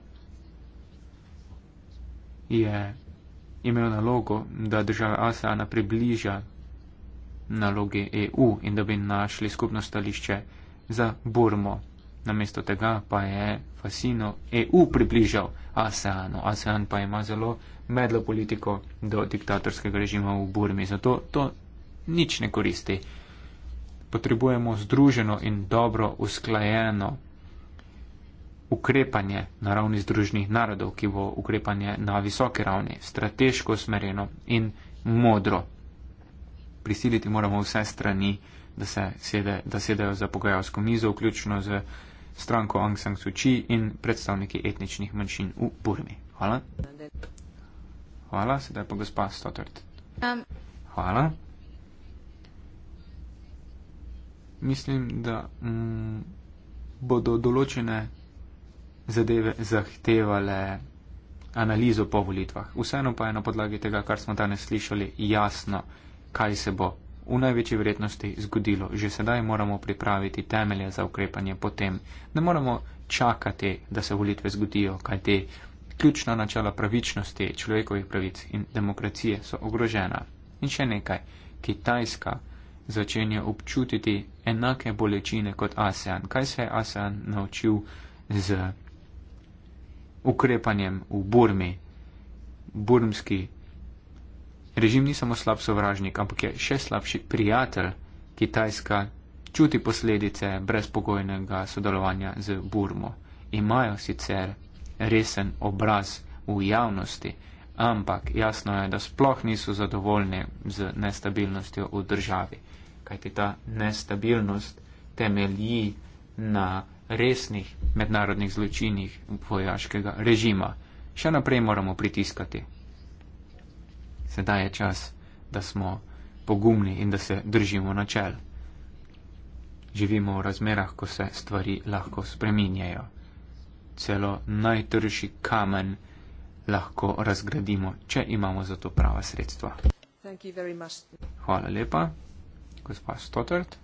je imel nalogo, da države ASEANA približa nalogi EU in da bi našli skupno stališče za Burmo. Namesto tega pa je Fasino EU približal. ASEANu. ASEAN pa ima zelo medlo politiko do diktatorskega režima v Burmi, zato to nič ne koristi. Potrebujemo združeno in dobro usklajeno ukrepanje na ravni združnih narodov, ki bo ukrepanje na visoki ravni, strateško usmerjeno in modro. Prisiliti moramo vse strani, da, se sede, da sedajo za pogajalsko mizo, vključno z stranko Aung San Suu Kyi in predstavniki etničnih manjšin v Burmi. Hvala. Hvala, sedaj pa gospa Stotard. Um. Hvala. Mislim, da m, mm, bodo določene zadeve zahtevale analizo po volitvah. Vseeno pa je na podlagi tega, kar smo danes slišali, jasno, kaj se bo v največji vrednosti zgodilo. Že sedaj moramo pripraviti temelje za ukrepanje potem. Ne moramo čakati, da se volitve zgodijo, kaj te ključna načela pravičnosti, človekovih pravic in demokracije so ogrožena. In še nekaj, Kitajska začenja občutiti enake bolečine kot ASEAN. Kaj se je ASEAN naučil z ukrepanjem v Burmi? Burmski Režim ni samo slab sovražnik, ampak je še slabši prijatelj Kitajska, čuti posledice brezpogojnega sodelovanja z Burmo. Imajo sicer resen obraz v javnosti, ampak jasno je, da sploh niso zadovoljni z nestabilnostjo v državi, kajti ta nestabilnost temelji na resnih mednarodnih zločinih vojaškega režima. Še naprej moramo pritiskati sedaj je čas, da smo pogumni in da se držimo načel. Živimo v razmerah, ko se stvari lahko spreminjajo. Celo najtrši kamen lahko razgradimo, če imamo za to prava sredstva. Hvala lepa, gospa Stotrd.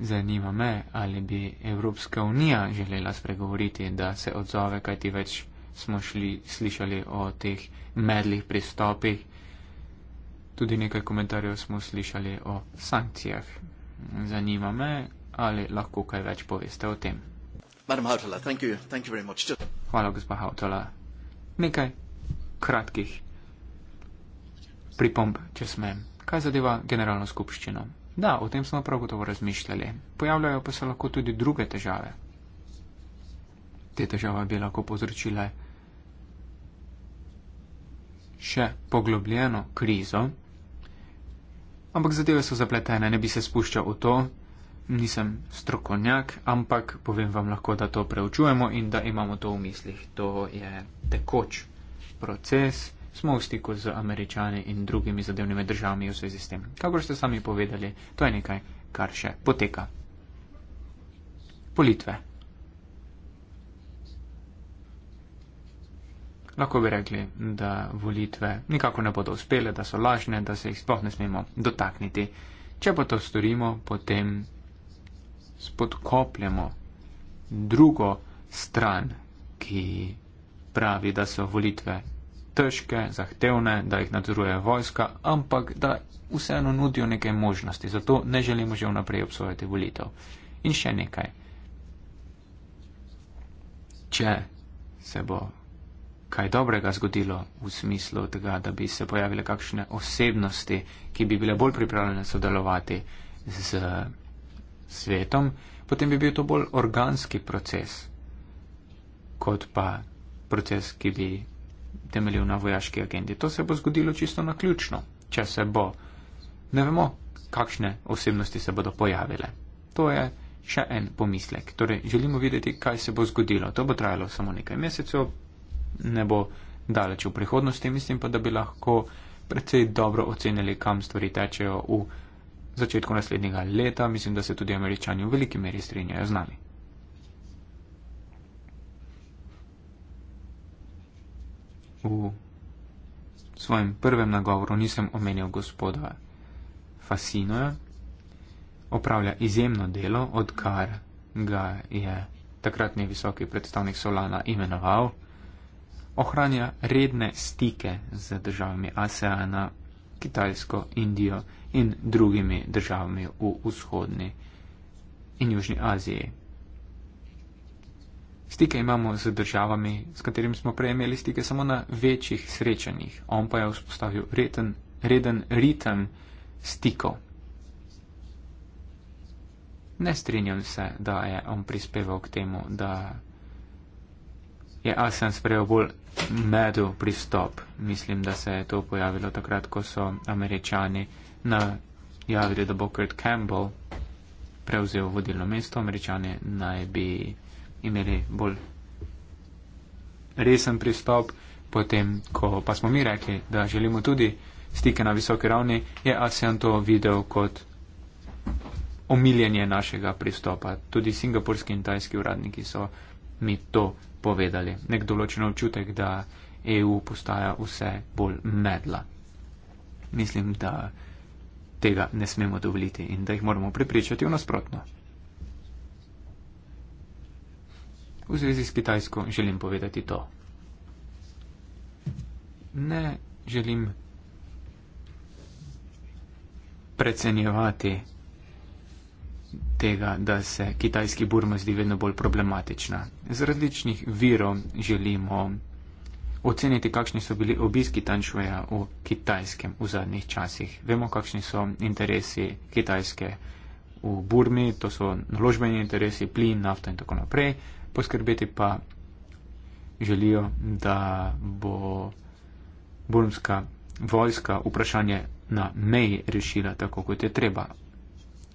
Zanima me, ali bi Evropska unija želela spregovoriti, da se odzove, kajti več smo šli, slišali o teh medlih pristopih. Tudi nekaj komentarjev smo slišali o sankcijah. Zanima me, ali lahko kaj več poveste o tem. Hautala, thank you. Thank you Hvala, gospa Hautala. Nekaj kratkih pripomb, če smem. Kaj zadeva generalno skupščino? Da, o tem smo prav gotovo razmišljali. Pojavljajo pa se lahko tudi druge težave. Te težave bi lahko povzročile še poglobljeno krizo. Ampak zadeve so zapletene, ne bi se spuščal v to, nisem strokovnjak, ampak povem vam lahko, da to preučujemo in da imamo to v mislih. To je tekoč proces, smo v stiku z američani in drugimi zadevnimi državami v zvezi s tem. Kako ste sami povedali, to je nekaj, kar še poteka. Politve. lahko bi rekli, da volitve nikako ne bodo uspele, da so lažne, da se jih sploh ne smemo dotakniti. Če pa to storimo, potem spodkopljamo drugo stran, ki pravi, da so volitve težke, zahtevne, da jih nadzoruje vojska, ampak da vseeno nudijo nekaj možnosti. Zato ne želimo že vnaprej obsojati volitev. In še nekaj. Če se bo kaj dobrega zgodilo v smislu tega, da bi se pojavile kakšne osebnosti, ki bi bile bolj pripravljene sodelovati z svetom, potem bi bil to bolj organski proces, kot pa proces, ki bi temeljil na vojaški agendi. To se bo zgodilo čisto na ključno, če se bo. Ne vemo, kakšne osebnosti se bodo pojavile. To je še en pomislek. Torej, želimo videti, kaj se bo zgodilo. To bo trajalo samo nekaj mesecev, ne bo daleč v prihodnosti, mislim pa, da bi lahko predvsej dobro ocenili, kam stvari tečejo v začetku naslednjega leta. Mislim, da se tudi američani v veliki meri strinjajo z nami. V svojem prvem nagovoru nisem omenil gospoda Fasinoja. Opravlja izjemno delo, odkar ga je takratni visoki predstavnik Solana imenoval ohranja redne stike z državami ASEANA, Kitajsko, Indijo in drugimi državami v vzhodni in južni Aziji. Stike imamo z državami, s katerimi smo prej imeli stike samo na večjih srečanjih, on pa je vzpostavil reden, reden ritem stikov. Ne strinjam se, da je on prispeval k temu, da je ASEAN sprejel bolj medu pristop. Mislim, da se je to pojavilo takrat, ko so američani najavili, da bo Kurt Campbell prevzel vodilno mesto. Američani naj bi imeli bolj resen pristop. Potem, ko pa smo mi rekli, da želimo tudi stike na visoki ravni, je ASEAN to videl kot omiljenje našega pristopa. Tudi singapurski in tajski uradniki so mi to povedali nek določen občutek, da EU postaja vse bolj medla. Mislim, da tega ne smemo dovoliti in da jih moramo prepričati v nasprotno. V zvezi s Kitajsko želim povedati to. Ne želim precenjevati tega, da se kitajski Burma zdi vedno bolj problematična. Z različnih virov želimo oceniti, kakšni so bili obiski Tanšveja v kitajskem v zadnjih časih. Vemo, kakšni so interesi kitajske v Burmi, to so naložbeni interesi, plin, nafta in tako naprej. Poskrbeti pa želijo, da bo burmska vojska vprašanje na meji rešila tako, kot je treba.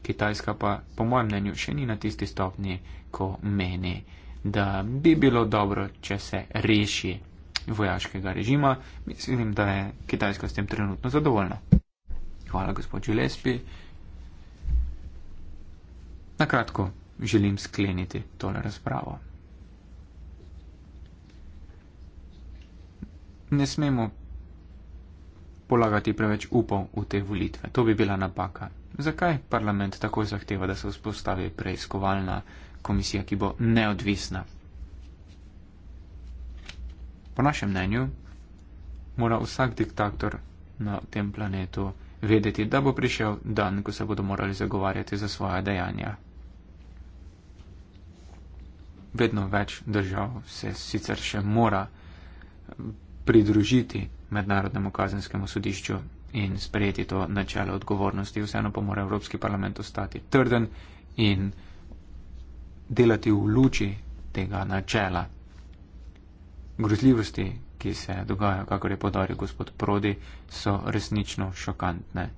Kitajska pa, po mojem mnenju, še ni na tisti stopni, ko meni, da bi bilo dobro, če se reši vojaškega režima. Mislim, da je Kitajska s tem trenutno zadovoljna. Hvala, gospod Gillespie. Na kratko želim skleniti tole razpravo. Ne smemo polagati preveč upov v te volitve. To bi bila napaka. Zakaj parlament tako zahteva, da se vzpostavi preiskovalna komisija, ki bo neodvisna? Po našem mnenju mora vsak diktator na tem planetu vedeti, da bo prišel dan, ko se bodo morali zagovarjati za svoje dejanja. Vedno več držav se sicer še mora pridružiti mednarodnemu kazenskemu sodišču, in sprejeti to načelo odgovornosti. Vseeno pa mora Evropski parlament ostati trden in delati v luči tega načela grozljivosti, ki se dogajajo, kakor je podaril gospod Prodi, so resnično šokantne.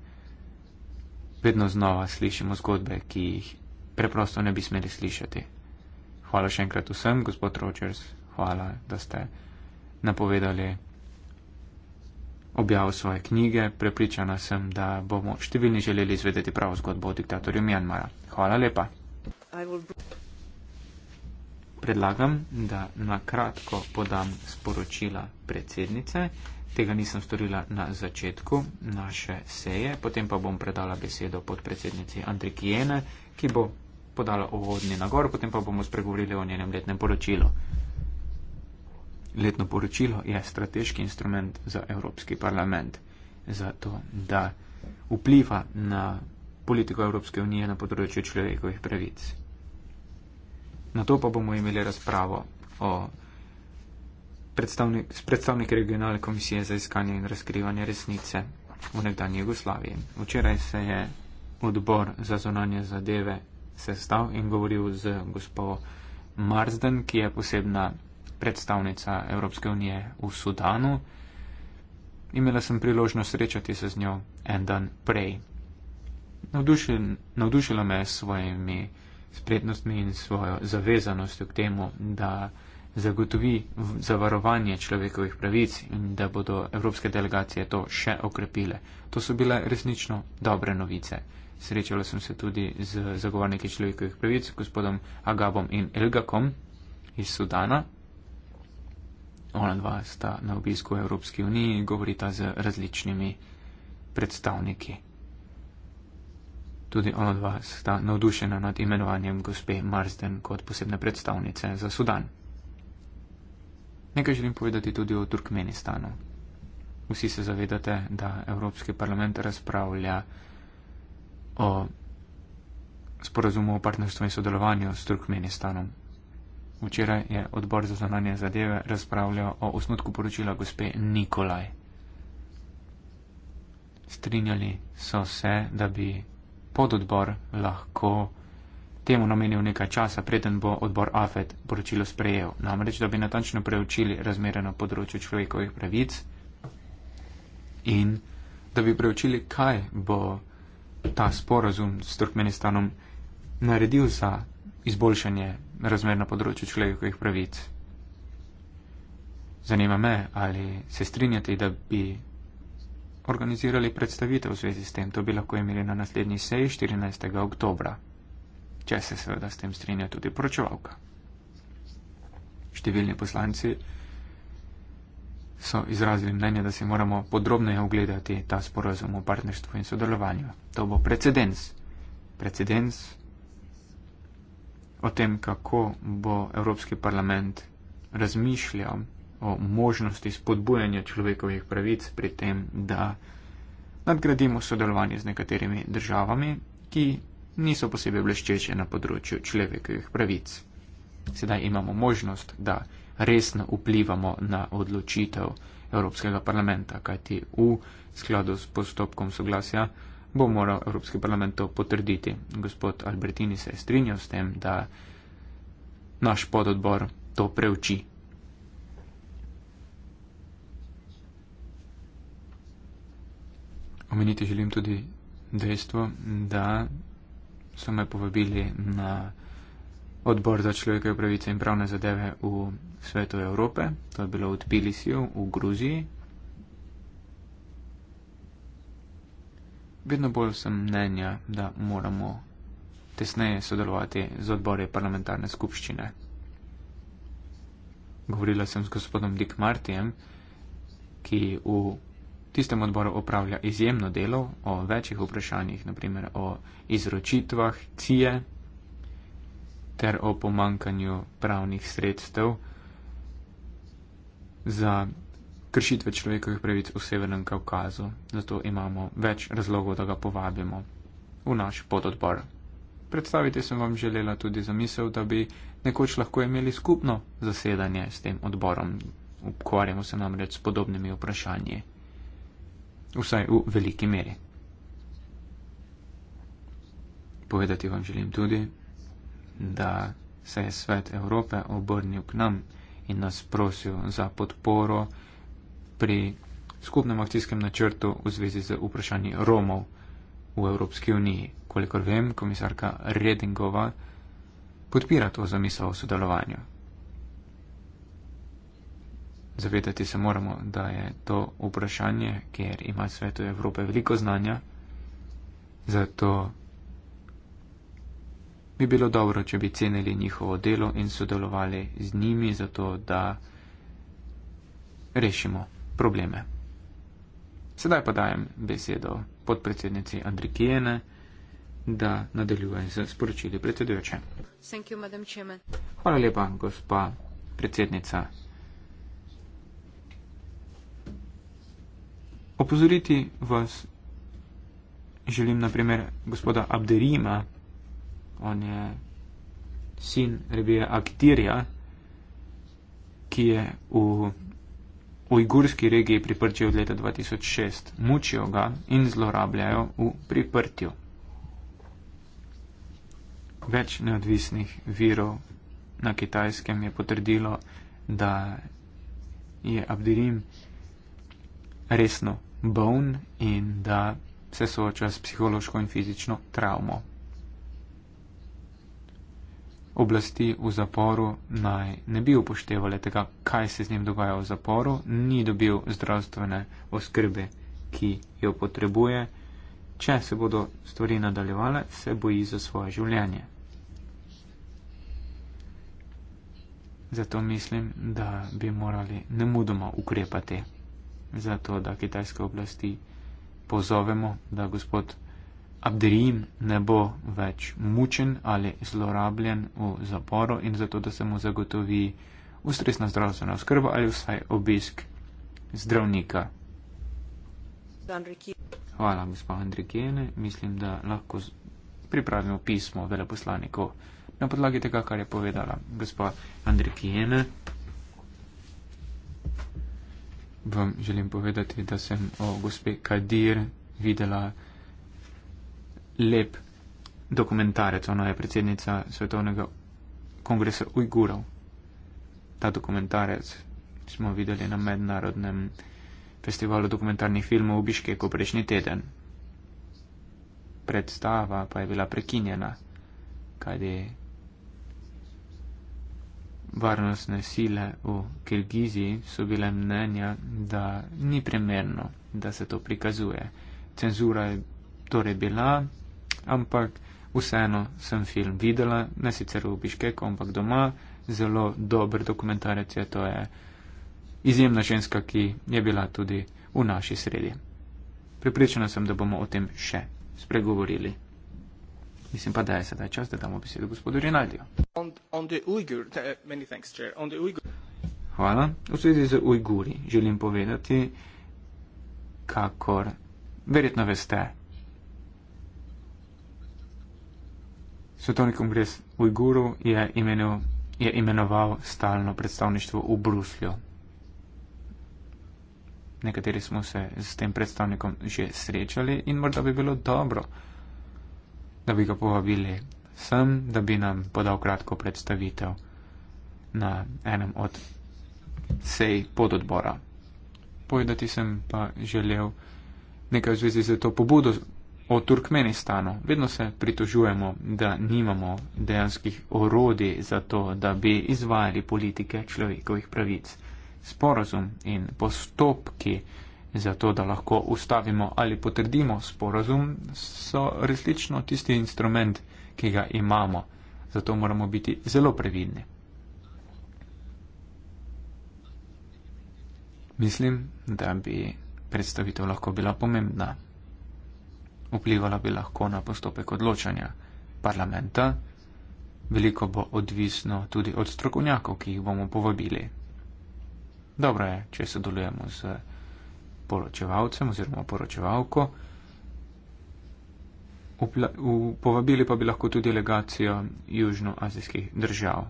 Vedno znova slišimo zgodbe, ki jih preprosto ne bi smeli slišati. Hvala še enkrat vsem, gospod Rogers, hvala, da ste napovedali objav svoje knjige. Prepričana sem, da bomo številni želeli izvedeti pravo zgodbo o diktatorju Mjanmara. Hvala lepa. Predlagam, da na kratko podam sporočila predsednice. Tega nisem storila na začetku naše seje, potem pa bom predala besedo podpredsednici Andrikijene, ki bo podala uvodni nagor, potem pa bomo spregovorili o njenem letnem poročilu letno poročilo je strateški instrument za Evropski parlament, zato da vpliva na politiko Evropske unije na področju človekovih pravic. Na to pa bomo imeli razpravo o predstavnik, s predstavniki regionalne komisije za iskanje in razkrivanje resnice v nekdanji Jugoslaviji. Včeraj se je odbor za zonanje zadeve sestav in govoril z gospo Marsden, ki je posebna predstavnica Evropske unije v Sudanu. Imela sem priložnost srečati se z njo en dan prej. Navdušil, navdušila me je s svojimi spretnostmi in svojo zavezanostjo k temu, da zagotovi zavarovanje človekovih pravic in da bodo evropske delegacije to še okrepile. To so bile resnično dobre novice. Srečala sem se tudi z zagovorniki človekovih pravic, gospodom Agabom in Elgakom iz Sudana, ona dva sta na obisku v Evropski uniji in govorita z različnimi predstavniki. Tudi ona dva sta navdušena nad imenovanjem gospe Marsden kot posebne predstavnice za Sudan. Nekaj želim povedati tudi o Turkmenistanu. Vsi se zavedate, da Evropski parlament razpravlja o sporazumu o partnerstvu in sodelovanju s Turkmenistanom. Včeraj je odbor za zananje zadeve razpravljal o osnutku poročila gospe Nikolaj. Strinjali so se, da bi pododbor lahko temu namenil nekaj časa, preden bo odbor AFED poročilo sprejel. Namreč, da bi natančno preučili razmere na področju človekovih pravic in da bi preučili, kaj bo ta sporazum s Turkmenistanom naredil za izboljšanje razmer na področju človekovih pravic. Zanima me, ali se strinjate, da bi organizirali predstavitev v zvezi s tem. To bi lahko imeli na naslednji seji 14. oktobra, če se seveda s tem strinja tudi poročevalka. Številni poslanci so izrazili mnenje, da si moramo podrobneje ogledati ta sporozum o partnerstvu in sodelovanju. To bo precedens. Precedens o tem, kako bo Evropski parlament razmišljal o možnosti spodbujanja človekovih pravic pri tem, da nadgradimo sodelovanje z nekaterimi državami, ki niso posebej bleščeče na področju človekovih pravic. Sedaj imamo možnost, da resno vplivamo na odločitev Evropskega parlamenta, kajti v skladu s postopkom soglasja bo moral Evropski parlament to potrditi. Gospod Albertini se je strinjal s tem, da naš pododbor to preuči. Omeniti želim tudi dejstvo, da so me povabili na odbor za človekove pravice in pravne zadeve v svetu Evrope. To je bilo v Tbilisiju, v Gruziji, vedno bolj sem mnenja, da moramo tesneje sodelovati z odbori parlamentarne skupščine. Govorila sem z gospodom Dick Martijem, ki v tistem odboru opravlja izjemno delo o večjih vprašanjih, naprimer o izročitvah CIE ter o pomankanju pravnih sredstev za kršitve človekovih pravic v Severnem Kaukazu, zato imamo več razlogov, da ga povabimo v naš pododbor. Predstaviti sem vam želela tudi zamisel, da bi nekoč lahko imeli skupno zasedanje s tem odborom. Ukvarjamo se namreč s podobnimi vprašanji. Vsaj v veliki meri. Povedati vam želim tudi, da se je svet Evrope obrnil k nam in nas prosil za podporo pri skupnem akcijskem načrtu v zvezi z vprašanji Romov v Evropski uniji. Kolikor vem, komisarka Redingova podpira to zamisel o sodelovanju. Zavedati se moramo, da je to vprašanje, kjer ima svetu Evrope veliko znanja, zato bi bilo dobro, če bi cenili njihovo delo in sodelovali z njimi, zato da rešimo probleme. Sedaj pa dajem besedo podpredsednici Andrikijene, da nadaljuje z sporočili predsedujoče. Hvala lepa, gospa predsednica. Opozoriti vas želim na primer gospoda Abderima, on je sin Rebija Aktirja, ki je v ujgurski regiji priprčijo od leta 2006, mučijo ga in zlorabljajo v priprtju. Več neodvisnih virov na kitajskem je potrdilo, da je Abdirim resno bovn in da se sooča s psihološko in fizično travmo oblasti v zaporu naj ne bi upoštevali tega, kaj se z njim dogaja v zaporu, ni dobil zdravstvene oskrbe, ki jo potrebuje. Če se bodo stvari nadaljevale, se boji za svoje življenje. Zato mislim, da bi morali nemudoma ukrepati, zato da kitajske oblasti pozovemo, da gospod Abderin ne bo več mučen ali zlorabljen v zaporu in zato, da se mu zagotovi ustresna zdravstvena oskrba ali vsaj obisk zdravnika. Hvala, gospod Andrikene. Mislim, da lahko pripravimo pismo veleposlaniku na podlagi tega, kar je povedala gospod Andrikene. Vam želim povedati, da sem o gospe Kadir videla lep dokumentarec. Ona je predsednica svetovnega kongresa Ujgurov. Ta dokumentarec smo videli na mednarodnem festivalu dokumentarnih filmov v Biškeku prejšnji teden. Predstava pa je bila prekinjena, kajdi varnostne sile v Kirgiziji so bile mnenja, da ni primerno, da se to prikazuje. Cenzura je torej bila, ampak vseeno sem film videla, ne sicer v Biškeku, ampak doma. Zelo dober dokumentarec je, to je izjemna ženska, ki je bila tudi v naši sredi. Pripričana sem, da bomo o tem še spregovorili. Mislim pa, da je sedaj čas, da damo besedo gospodu Rinaldiju. Uh, Hvala. V zvezi z Ujguri želim povedati, kakor verjetno veste, Svetovni kongres Ujgurov je, je imenoval stalno predstavništvo v Bruslju. Nekateri smo se s tem predstavnikom že srečali in morda bi bilo dobro, da bi ga povabili sem, da bi nam podal kratko predstavitev na enem od sej pododbora. Povedati sem pa želel nekaj v zvezi z to pobudo o Turkmenistanu. Vedno se pritožujemo, da nimamo dejanskih orodij za to, da bi izvajali politike človekovih pravic. Sporazum in postopki za to, da lahko ustavimo ali potrdimo sporazum, so resnično tisti instrument, ki ga imamo. Zato moramo biti zelo previdni. Mislim, da bi predstavitev lahko bila pomembna vplivala bi lahko na postopek odločanja parlamenta, veliko bo odvisno tudi od strokovnjakov, ki jih bomo povabili. Dobro je, če sodelujemo z poročevalcem oziroma poročevalko, povabili pa bi lahko tudi delegacijo južnoazijskih držav.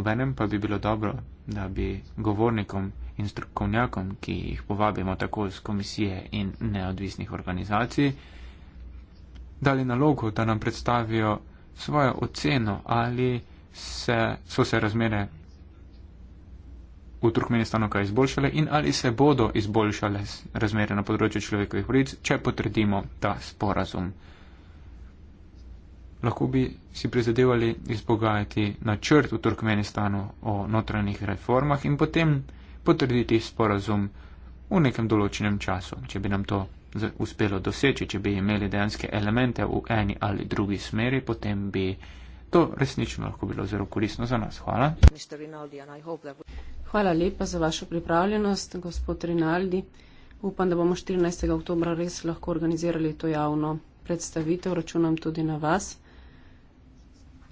Obenem pa bi bilo dobro, da bi govornikom in strokovnjakom, ki jih povabimo tako iz komisije in neodvisnih organizacij, dali nalogo, da nam predstavijo svojo oceno, ali se, so se razmere v Turkmenistanu kaj izboljšale in ali se bodo izboljšale razmere na področju človekovih pravic, če potrdimo ta sporazum. Lahko bi si prizadevali izpogajati načrt v Turkmenistanu o notranjih reformah in potem potrditi sporazum v nekem določenem času, če bi nam to uspelo doseči, če bi imeli dejanske elemente v eni ali drugi smeri, potem bi to resnično lahko bilo zelo korisno za nas. Hvala. Hvala lepa za vašo pripravljenost, gospod Rinaldi. Upam, da bomo 14. oktober res lahko organizirali to javno predstavitev. Računam tudi na vas.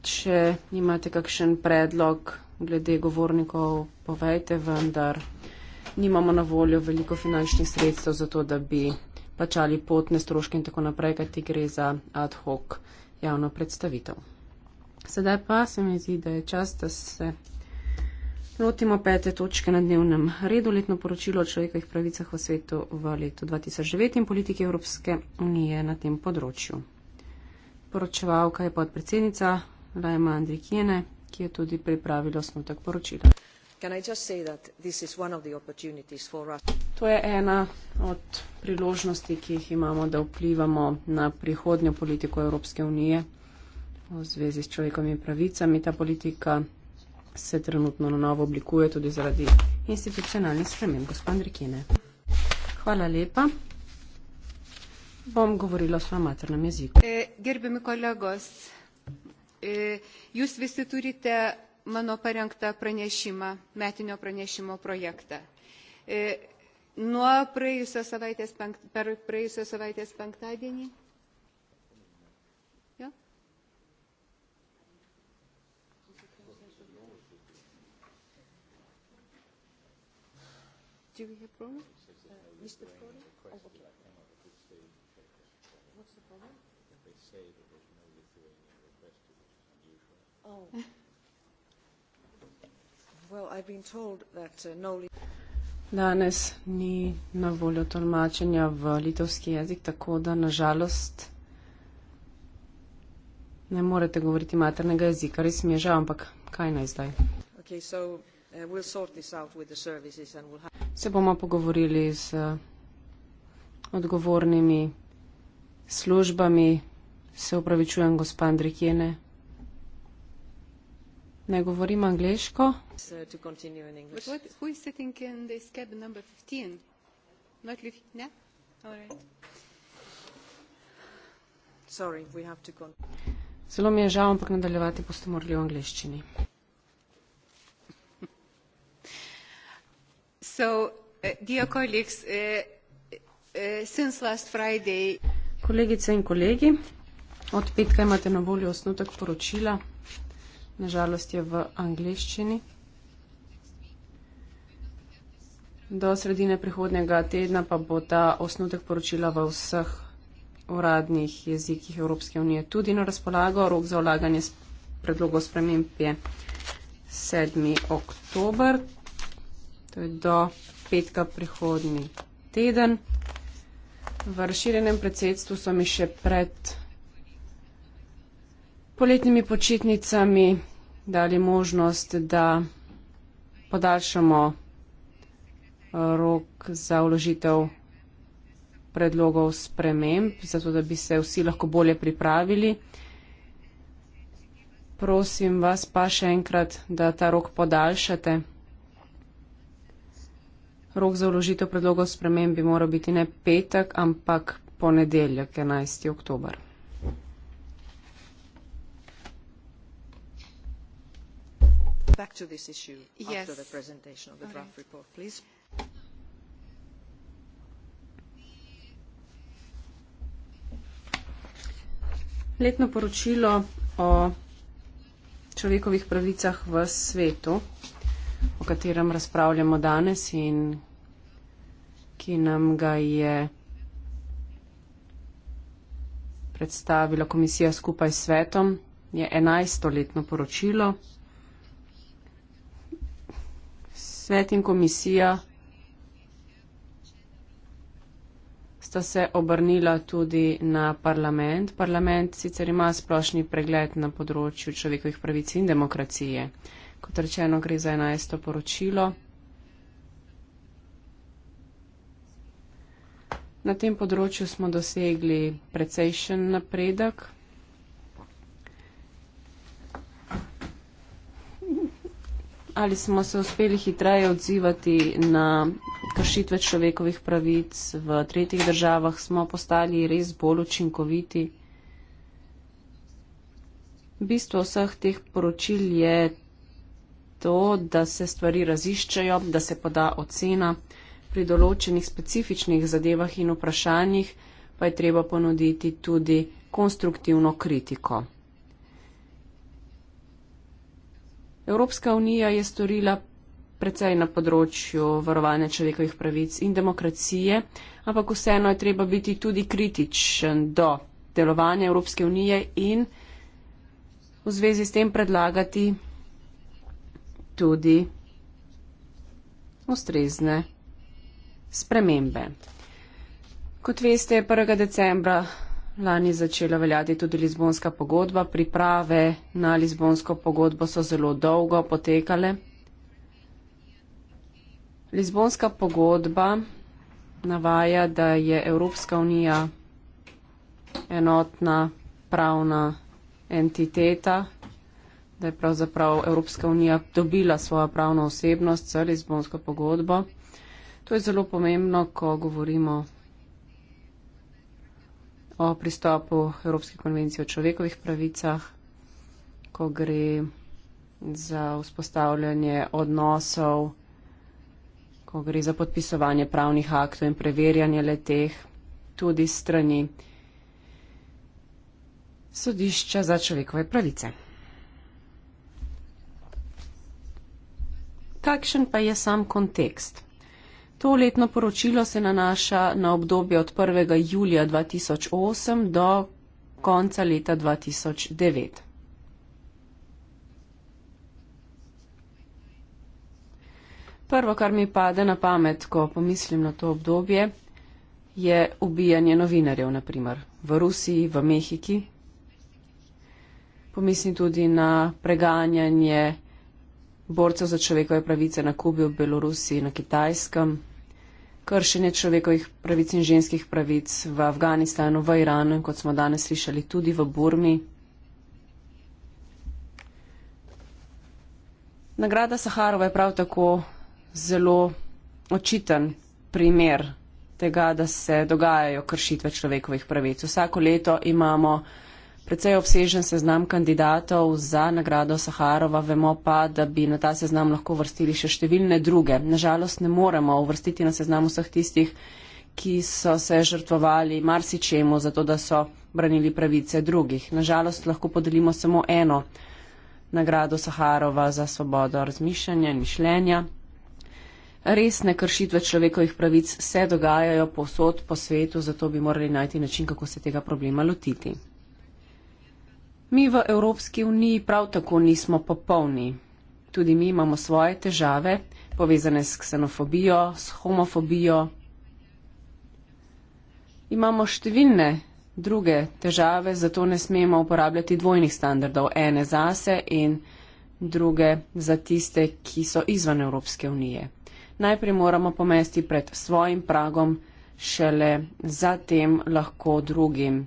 Če imate kakšen predlog, glede govornikov povejte, vendar nimamo na voljo veliko finančnih sredstev za to, da bi plačali potne stroške in tako naprej, kaj ti gre za ad hoc javno predstavitev. Sedaj pa se mi zdi, da je čas, da se lotimo pete točke na dnevnem redu, letno poročilo o človekovih pravicah v svetu v letu 2009 in politike Evropske unije na tem področju. Poročevalka je podpredsednica Lajma Andrikjene ki je tudi pripravila osnutek poročila. To je ena od priložnosti, ki jih imamo, da vplivamo na prihodnjo politiko Evropske unije v zvezi s človekovimi pravicami. Ta politika se trenutno na novo oblikuje tudi zaradi institucionalnih sprememb. Gospod Andrikine. Hvala lepa. Bom govorila o svojem maternem jeziku. E, gerbimi kolegos. E, jūs visi turite mano parengtą pranešimą, metinio pranešimo projektą. E, nuo praėjusios savaitės, praėjusio savaitės penktadienį. Do you have a problem? Uh, Mr. Oh. Well, I've been told that uh, no Danes ni na voljo tolmačenja v litovski jezik, tako da nažalost ne morete govoriti maternega jezika. Res mi je žal, ampak kaj naj zdaj? Okay, so, uh, we'll sort this out with the services and we'll have... Se bomo pogovorili z uh, odgovornimi službami. Se upravičujem, gospod Andrikjene ne govorim angliško. Zelo mi je žal, ampak nadaljevati boste morali v angliščini. So, eh, dear colleagues, uh, uh, since last Friday... Kolegice in kolegi, od petka imate na voljo osnutek poročila. Na žalost je v angliščini. Do sredine prihodnega tedna pa bo ta osnutek poročila v vseh uradnih jezikih Evropske unije tudi na razpolago. Rok za vlaganje predlogov sprememb je 7. oktober, to je do petka prihodni teden. V razširjenem predsedstvu so mi še pred poletnimi počitnicami dali možnost, da podaljšamo eh, rok za uložitev predlogov sprememb, zato da bi se vsi lahko bolje pripravili. Prosim vas pa še enkrat, da ta rok podaljšate. Rok za uložitev predlogov sprememb bi moral biti ne petek, ampak ponedeljek, 11. oktober. back to this issue yes. after the presentation of the All draft right. report, please. Letno poročilo o človekovih pravicah v svetu, o katerem razpravljamo danes in ki nam ga je predstavila komisija skupaj s svetom, je enajstoletno poročilo. svet in komisija sta se obrnila tudi na parlament. Parlament sicer ima splošni pregled na področju človekovih pravic in demokracije. Kot rečeno, gre za 11. poročilo. Na tem področju smo dosegli precejšen napredek. ali smo se uspeli hitreje odzivati na kršitve človekovih pravic v tretjih državah, smo postali res bolj učinkoviti. Bistvo vseh teh poročil je to, da se stvari raziščajo, da se poda ocena pri določenih specifičnih zadevah in vprašanjih pa je treba ponuditi tudi konstruktivno kritiko. Evropska unija je storila precej na področju varovanja človekovih pravic in demokracije, ampak vseeno je treba biti tudi kritičen do delovanja Evropske unije in v zvezi s tem predlagati tudi ustrezne spremembe. Kot veste, 1. decembra Lani začela veljati tudi Lizbonska pogodba. Priprave na Lizbonsko pogodbo so zelo dolgo potekale. Lizbonska pogodba navaja, da je Evropska unija enotna pravna entiteta, da je pravzaprav Evropska unija dobila svojo pravno osebnost z Lizbonsko pogodbo. To je zelo pomembno, ko govorimo o pristopu Evropske konvencije o človekovih pravicah, ko gre za vzpostavljanje odnosov, ko gre za podpisovanje pravnih aktov in preverjanje le teh tudi strani sodišča za človekove pravice. Kakšen pa je sam kontekst? To letno poročilo se nanaša na obdobje od 1. julija 2008 do konca leta 2009. Prvo, kar mi pade na pamet, ko pomislim na to obdobje, je ubijanje novinarjev, naprimer v Rusiji, v Mehiki. Pomislim tudi na preganjanje borcev za človekove pravice na Kubi, v Belorusiji, na Kitajskem, kršenje človekovih pravic in ženskih pravic v Afganistanu, v Iranu in kot smo danes slišali tudi v Burmi. Nagrada Saharova je prav tako zelo očiten primer tega, da se dogajajo kršitve človekovih pravic. Vsako leto imamo precej obsežen seznam kandidatov za nagrado Saharova, vemo pa, da bi na ta seznam lahko vrstili še številne druge. Nažalost ne moremo uvrstiti na seznam vseh tistih, ki so se žrtvovali marsičemu za to, da so branili pravice drugih. Nažalost lahko podelimo samo eno nagrado Saharova za svobodo razmišljanja in mišljenja. Resne kršitve človekovih pravic se dogajajo posod po svetu, zato bi morali najti način, kako se tega problema lotiti. Mi v Evropski uniji prav tako nismo popolni. Tudi mi imamo svoje težave, povezane s ksenofobijo, s homofobijo. Imamo številne druge težave, zato ne smemo uporabljati dvojnih standardov, ene zase in druge za tiste, ki so izvan Evropske unije. Najprej moramo pomesti pred svojim pragom, šele zatem lahko drugim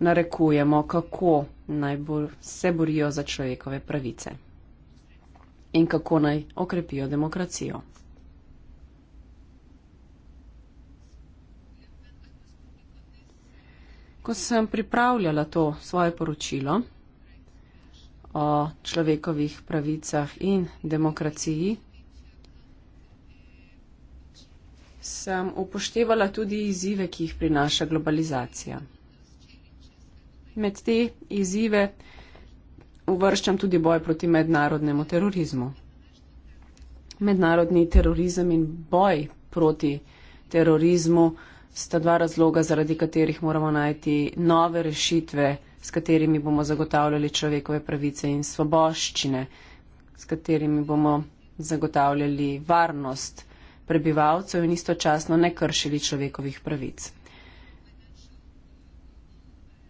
narekujemo, kako najbolj se borijo za človekove pravice in kako naj okrepijo demokracijo. Ko sem pripravljala to svoje poročilo o človekovih pravicah in demokraciji, sem upoštevala tudi izzive, ki jih prinaša globalizacija med te izzive uvrščam tudi boj proti mednarodnemu terorizmu. Mednarodni terorizem in boj proti terorizmu sta dva razloga, zaradi katerih moramo najti nove rešitve, s katerimi bomo zagotavljali človekove pravice in svoboščine, s katerimi bomo zagotavljali varnost prebivalcev in istočasno ne kršili človekovih pravic.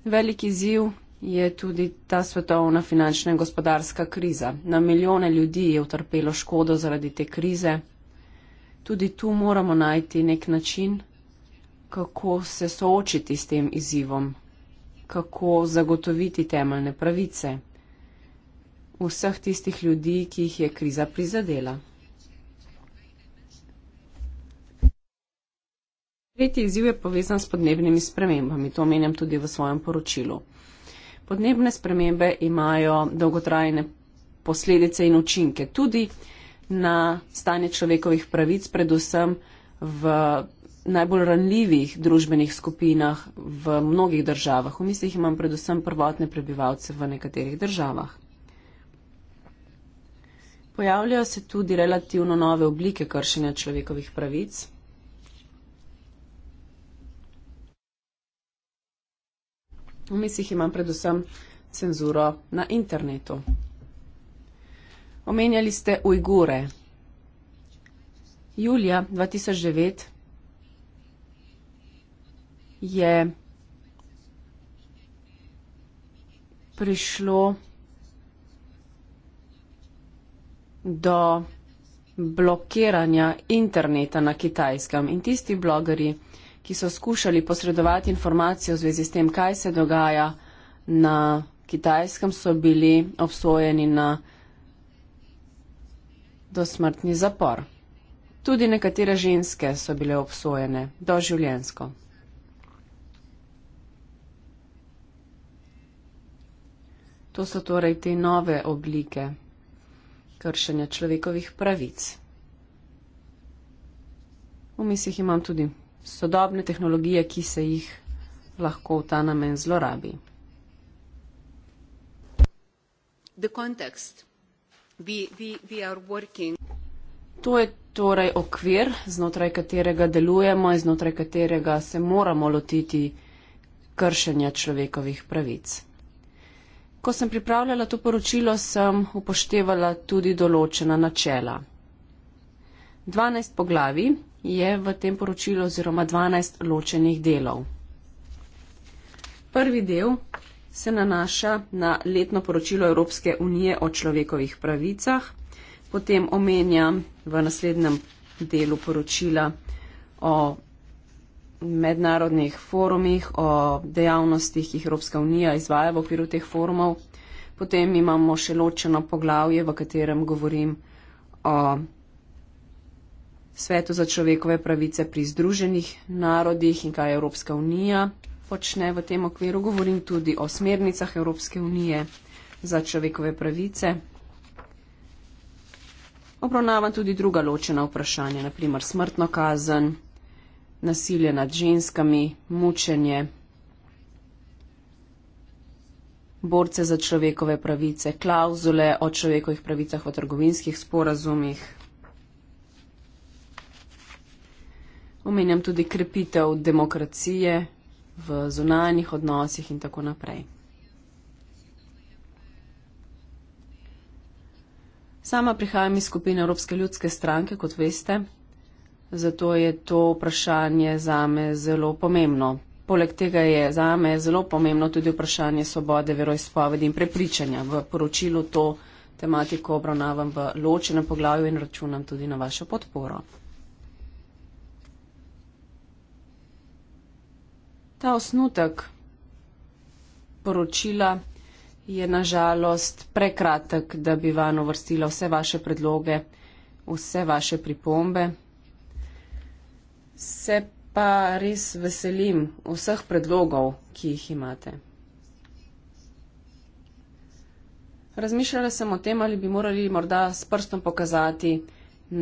Velik izziv je tudi ta svetovna finančna in gospodarska kriza. Na milijone ljudi je utrpelo škodo zaradi te krize. Tudi tu moramo najti nek način, kako se soočiti s tem izzivom, kako zagotoviti temeljne pravice vseh tistih ljudi, ki jih je kriza prizadela. Tretji izziv je povezan s podnebnimi spremembami, to omenjam tudi v svojem poročilu. Podnebne spremembe imajo dolgotrajne posledice in učinke tudi na stanje človekovih pravic, predvsem v najbolj ranljivih družbenih skupinah v mnogih državah. V mislih imam predvsem prvotne prebivalce v nekaterih državah. Pojavljajo se tudi relativno nove oblike kršenja človekovih pravic. V mislih imam predvsem cenzuro na internetu. Omenjali ste Ujgure. Julija 2009 je prišlo do blokiranja interneta na kitajskem in tisti blogeri, ki so skušali posredovati informacijo v zvezi s tem, kaj se dogaja na kitajskem, so bili obsojeni na dosmrtni zapor. Tudi nekatere ženske so bile obsojene doživljensko. To so torej te nove oblike kršenja človekovih pravic. V mislih imam tudi sodobne tehnologije, ki se jih lahko v ta namen zlorabi. To je torej okvir, znotraj katerega delujemo in znotraj katerega se moramo lotiti kršenja človekovih pravic. Ko sem pripravljala to poročilo, sem upoštevala tudi določena načela. 12 poglavij je v tem poročilu oziroma 12 ločenih delov. Prvi del se nanaša na letno poročilo Evropske unije o človekovih pravicah, potem omenja v naslednjem delu poročila o mednarodnih forumih, o dejavnostih, ki jih Evropska unija izvaja v okviru teh forumov. Potem imamo še ločeno poglavje, v katerem govorim o svetu za človekove pravice pri Združenih narodih in kaj Evropska unija počne v tem okviru. Govorim tudi o smernicah Evropske unije za človekove pravice. Obravnavam tudi druga ločena vprašanja, naprimer smrtno kazen, nasilje nad ženskami, mučenje, borce za človekove pravice, klauzule o človekovih pravicah v trgovinskih sporazumih. Omenjam tudi krepitev demokracije v zunanjih odnosih in tako naprej. Sama prihajam iz skupine Evropske ljudske stranke, kot veste, zato je to vprašanje zame zelo pomembno. Poleg tega je zame zelo pomembno tudi vprašanje svobode veroizpovedi in prepričanja. V poročilu to tematiko obravnavam v ločenem poglavju in računam tudi na vašo podporo. Ta osnutek poročila je nažalost prekratek, da bi vano vrstila vse vaše predloge, vse vaše pripombe. Se pa res veselim vseh predlogov, ki jih imate. Razmišljala sem o tem, ali bi morali morda s prstom pokazati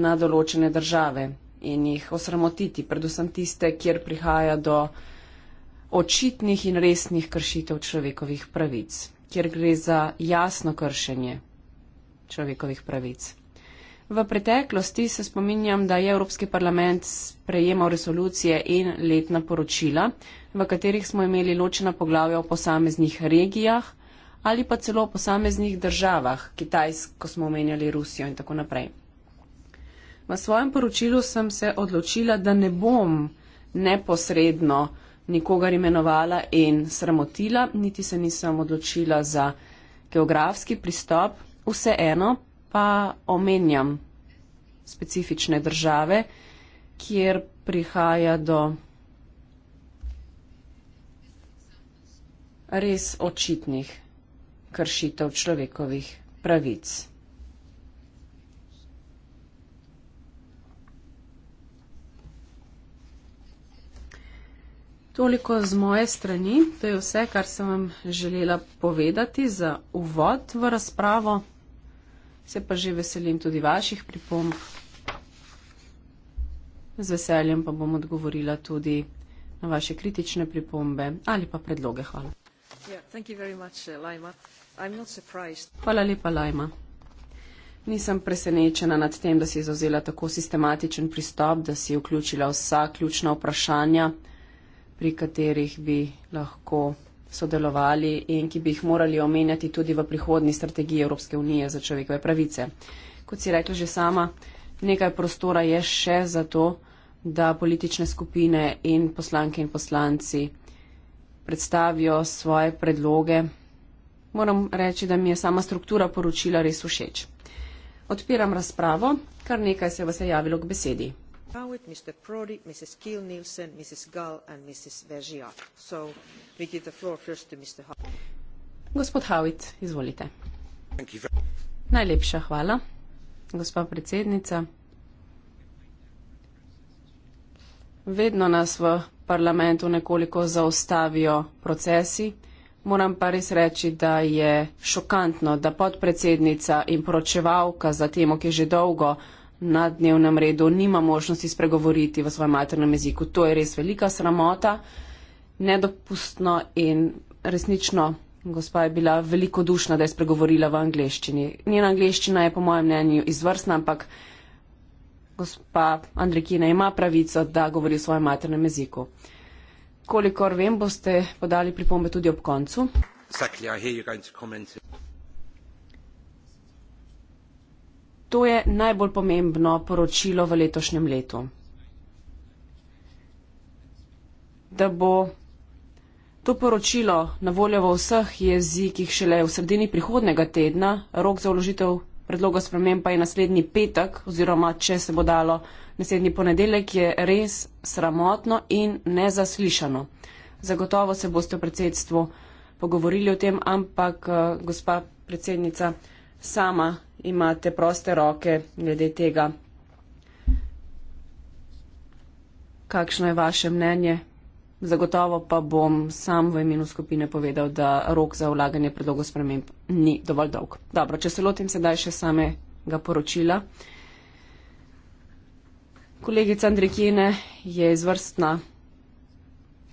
na določene države in jih osramotiti, predvsem tiste, kjer prihaja do očitnih in resnih kršitev človekovih pravic, kjer gre za jasno kršenje človekovih pravic. V preteklosti se spominjam, da je Evropski parlament sprejemal resolucije in letna poročila, v katerih smo imeli ločena poglavja o posameznih regijah ali pa celo o posameznih državah, Kitajsko smo omenjali Rusijo in tako naprej. V svojem poročilu sem se odločila, da ne bom neposredno nikogar imenovala in sramotila, niti se nisem odločila za geografski pristop. Vseeno pa omenjam specifične države, kjer prihaja do res očitnih kršitev človekovih pravic. Toliko z moje strani, to je vse, kar sem vam želela povedati za uvod v razpravo. Se pa že veselim tudi vaših pripomb. Z veseljem pa bom odgovorila tudi na vaše kritične pripombe ali pa predloge. Hvala. Uh, Hvala lepa, Lajma. Nisem presenečena nad tem, da si izozela tako sistematičen pristop, da si vključila vsa ključna vprašanja pri katerih bi lahko sodelovali in ki bi jih morali omenjati tudi v prihodni strategiji Evropske unije za človekove pravice. Kot si rekla že sama, nekaj prostora je še za to, da politične skupine in poslanke in poslanci predstavijo svoje predloge. Moram reči, da mi je sama struktura poročila res všeč. Odpiram razpravo, kar nekaj se vas je javilo k besedi. Howitt, Mr. Prodi, Mrs. Kiel Nielsen, Mrs. Gall and Mrs. Vergia. So we give the floor first to Mr. Howitt. Gospod Howitt, izvolite. Najlepša hvala, gospa predsednica. Vedno nas v parlamentu nekoliko zaustavijo procesi. Moram pa res reči, da je šokantno, da podpredsednica in poročevalka za temo, ki je že dolgo na dnevnem redu, nima možnosti spregovoriti v svojem maternem jeziku. To je res velika sramota, nedopustno in resnično. Gospa je bila veliko dušna, da je spregovorila v angleščini. Njena angleščina je po mojem mnenju izvrstna, ampak gospa Andrikina ima pravico, da govori v svojem maternem jeziku. Kolikor vem, boste podali pripombe tudi ob koncu. Exactly, To je najbolj pomembno poročilo v letošnjem letu. Da bo to poročilo na voljo v vseh jezikih šele v sredini prihodnega tedna, rok za vložitev predloga sprememb pa je naslednji petek oziroma, če se bo dalo, naslednji ponedeljek, je res sramotno in nezaslišano. Zagotovo se boste v predsedstvu pogovorili o tem, ampak eh, gospa predsednica sama imate proste roke glede tega. Kakšno je vaše mnenje? Zagotovo pa bom sam v imenu skupine povedal, da rok za vlaganje predlogov sprememb ni dovolj dolg. Dobro, če se lotim sedaj še samega poročila. Kolegica Andrikine je izvrstna.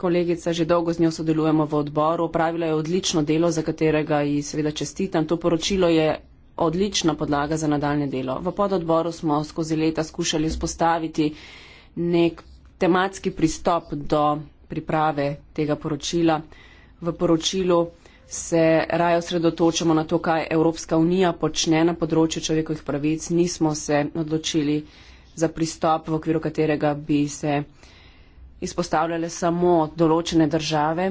Kolegica, že dolgo z njo sodelujemo v odboru, opravila je odlično delo, za katerega ji seveda čestitam. To poročilo je odlična podlaga za nadaljne delo. V pododboru smo skozi leta skušali vzpostaviti nek tematski pristop do priprave tega poročila. V poročilu se raje osredotočamo na to, kaj Evropska unija počne na področju človekovih pravic. Nismo se odločili za pristop, v okviru katerega bi se izpostavljale samo določene države.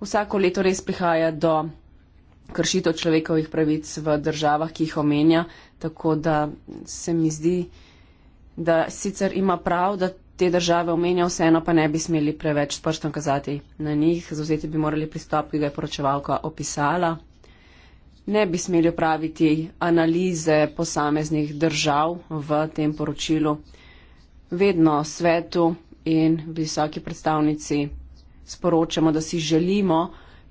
Vsako leto res prihaja do kršitev človekovih pravic v državah, ki jih omenja. Tako da se mi zdi, da sicer ima prav, da te države omenja, vseeno pa ne bi smeli preveč s prstom kazati na njih, zauzeti bi morali pristop, ki ga je poročevalka opisala. Ne bi smeli opraviti analize posameznih držav v tem poročilu. Vedno svetu in visoki predstavnici sporočamo, da si želimo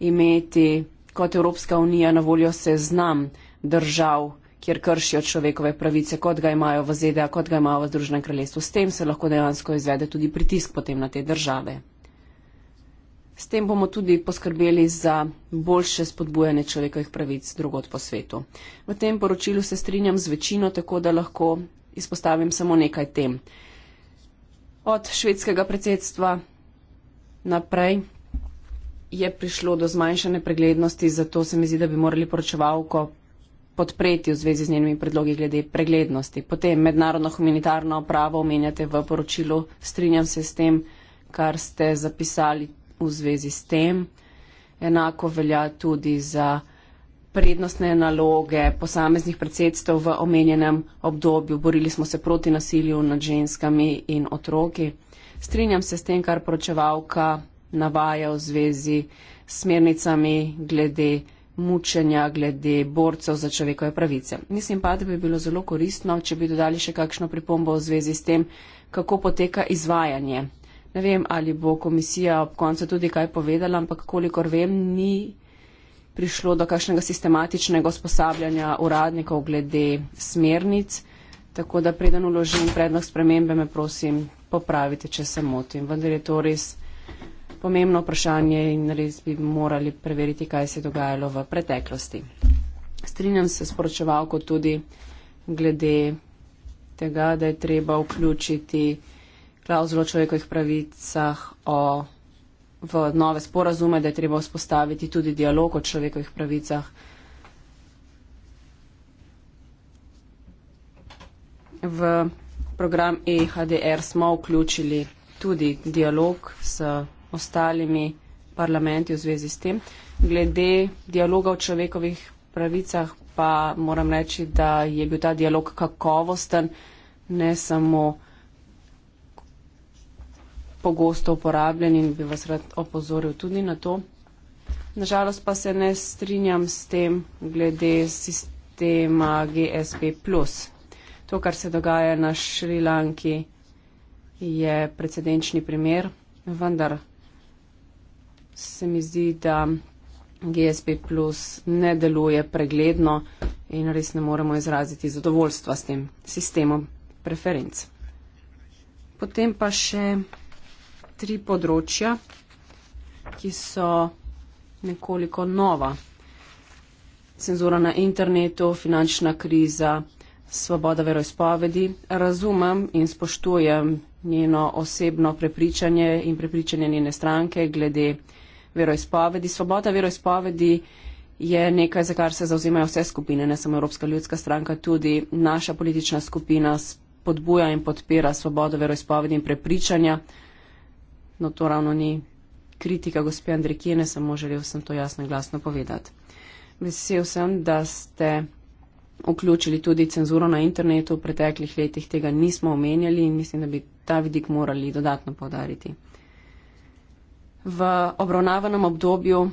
imeti kot Evropska unija na voljo seznam držav, kjer kršijo človekove pravice, kot ga imajo v ZDA, kot ga imajo v Združenem kraljestvu. S tem se lahko dejansko izvede tudi pritisk potem na te države. S tem bomo tudi poskrbeli za boljše spodbujanje človekovih pravic drugot po svetu. V tem poročilu se strinjam z večino, tako da lahko izpostavim samo nekaj tem. Od švedskega predsedstva naprej je prišlo do zmanjšane preglednosti, zato se mi zdi, da bi morali poročevalko podpreti v zvezi z njenimi predlogi glede preglednosti. Potem mednarodno humanitarno pravo omenjate v poročilu, strinjam se s tem, kar ste zapisali v zvezi s tem. Enako velja tudi za prednostne naloge posameznih predsedstv v omenjenem obdobju. Borili smo se proti nasilju nad ženskami in otroki. Strinjam se s tem, kar poročevalka navaja v zvezi s smernicami glede mučenja, glede borcev za človekove pravice. Mislim pa, da bi bilo zelo koristno, če bi dodali še kakšno pripombo v zvezi s tem, kako poteka izvajanje. Ne vem, ali bo komisija ob koncu tudi kaj povedala, ampak kolikor vem, ni prišlo do kakšnega sistematičnega usposabljanja uradnikov glede smernic. Tako da preden uložim predlog spremembe, me prosim popravite, če se motim. Vendar je to res pomembno vprašanje in res bi morali preveriti, kaj se je dogajalo v preteklosti. Strinjam se s poročevalko tudi glede tega, da je treba vključiti klauzulo o človekovih pravicah o, v nove sporazume, da je treba vzpostaviti tudi dialog o človekovih pravicah. V program EHDR smo vključili tudi dialog s ostalimi parlamenti v zvezi s tem. Glede dialoga o človekovih pravicah pa moram reči, da je bil ta dialog kakovosten, ne samo pogosto uporabljen in bi vas rad opozoril tudi na to. Nažalost pa se ne strinjam s tem glede sistema GSP. To, kar se dogaja na Šrilanki, je precedenčni primer, vendar se mi zdi, da GSP plus ne deluje pregledno in res ne moremo izraziti zadovoljstva s tem sistemom preferenc. Potem pa še tri področja, ki so nekoliko nova. Cenzura na internetu, finančna kriza, svoboda veroizpovedi. Razumem in spoštujem njeno osebno prepričanje in prepričanje njene stranke glede veroizpovedi. Svoboda veroizpovedi je nekaj, za kar se zauzimajo vse skupine, ne samo Evropska ljudska stranka, tudi naša politična skupina podbuja in podpira svobodo veroizpovedi in prepričanja. No, to ravno ni kritika gospe Andrikine, samo želel sem to jasno in glasno povedati. Vesel sem, da ste vključili tudi cenzuro na internetu. V preteklih letih tega nismo omenjali in mislim, da bi ta vidik morali dodatno podariti v obravnavanem obdobju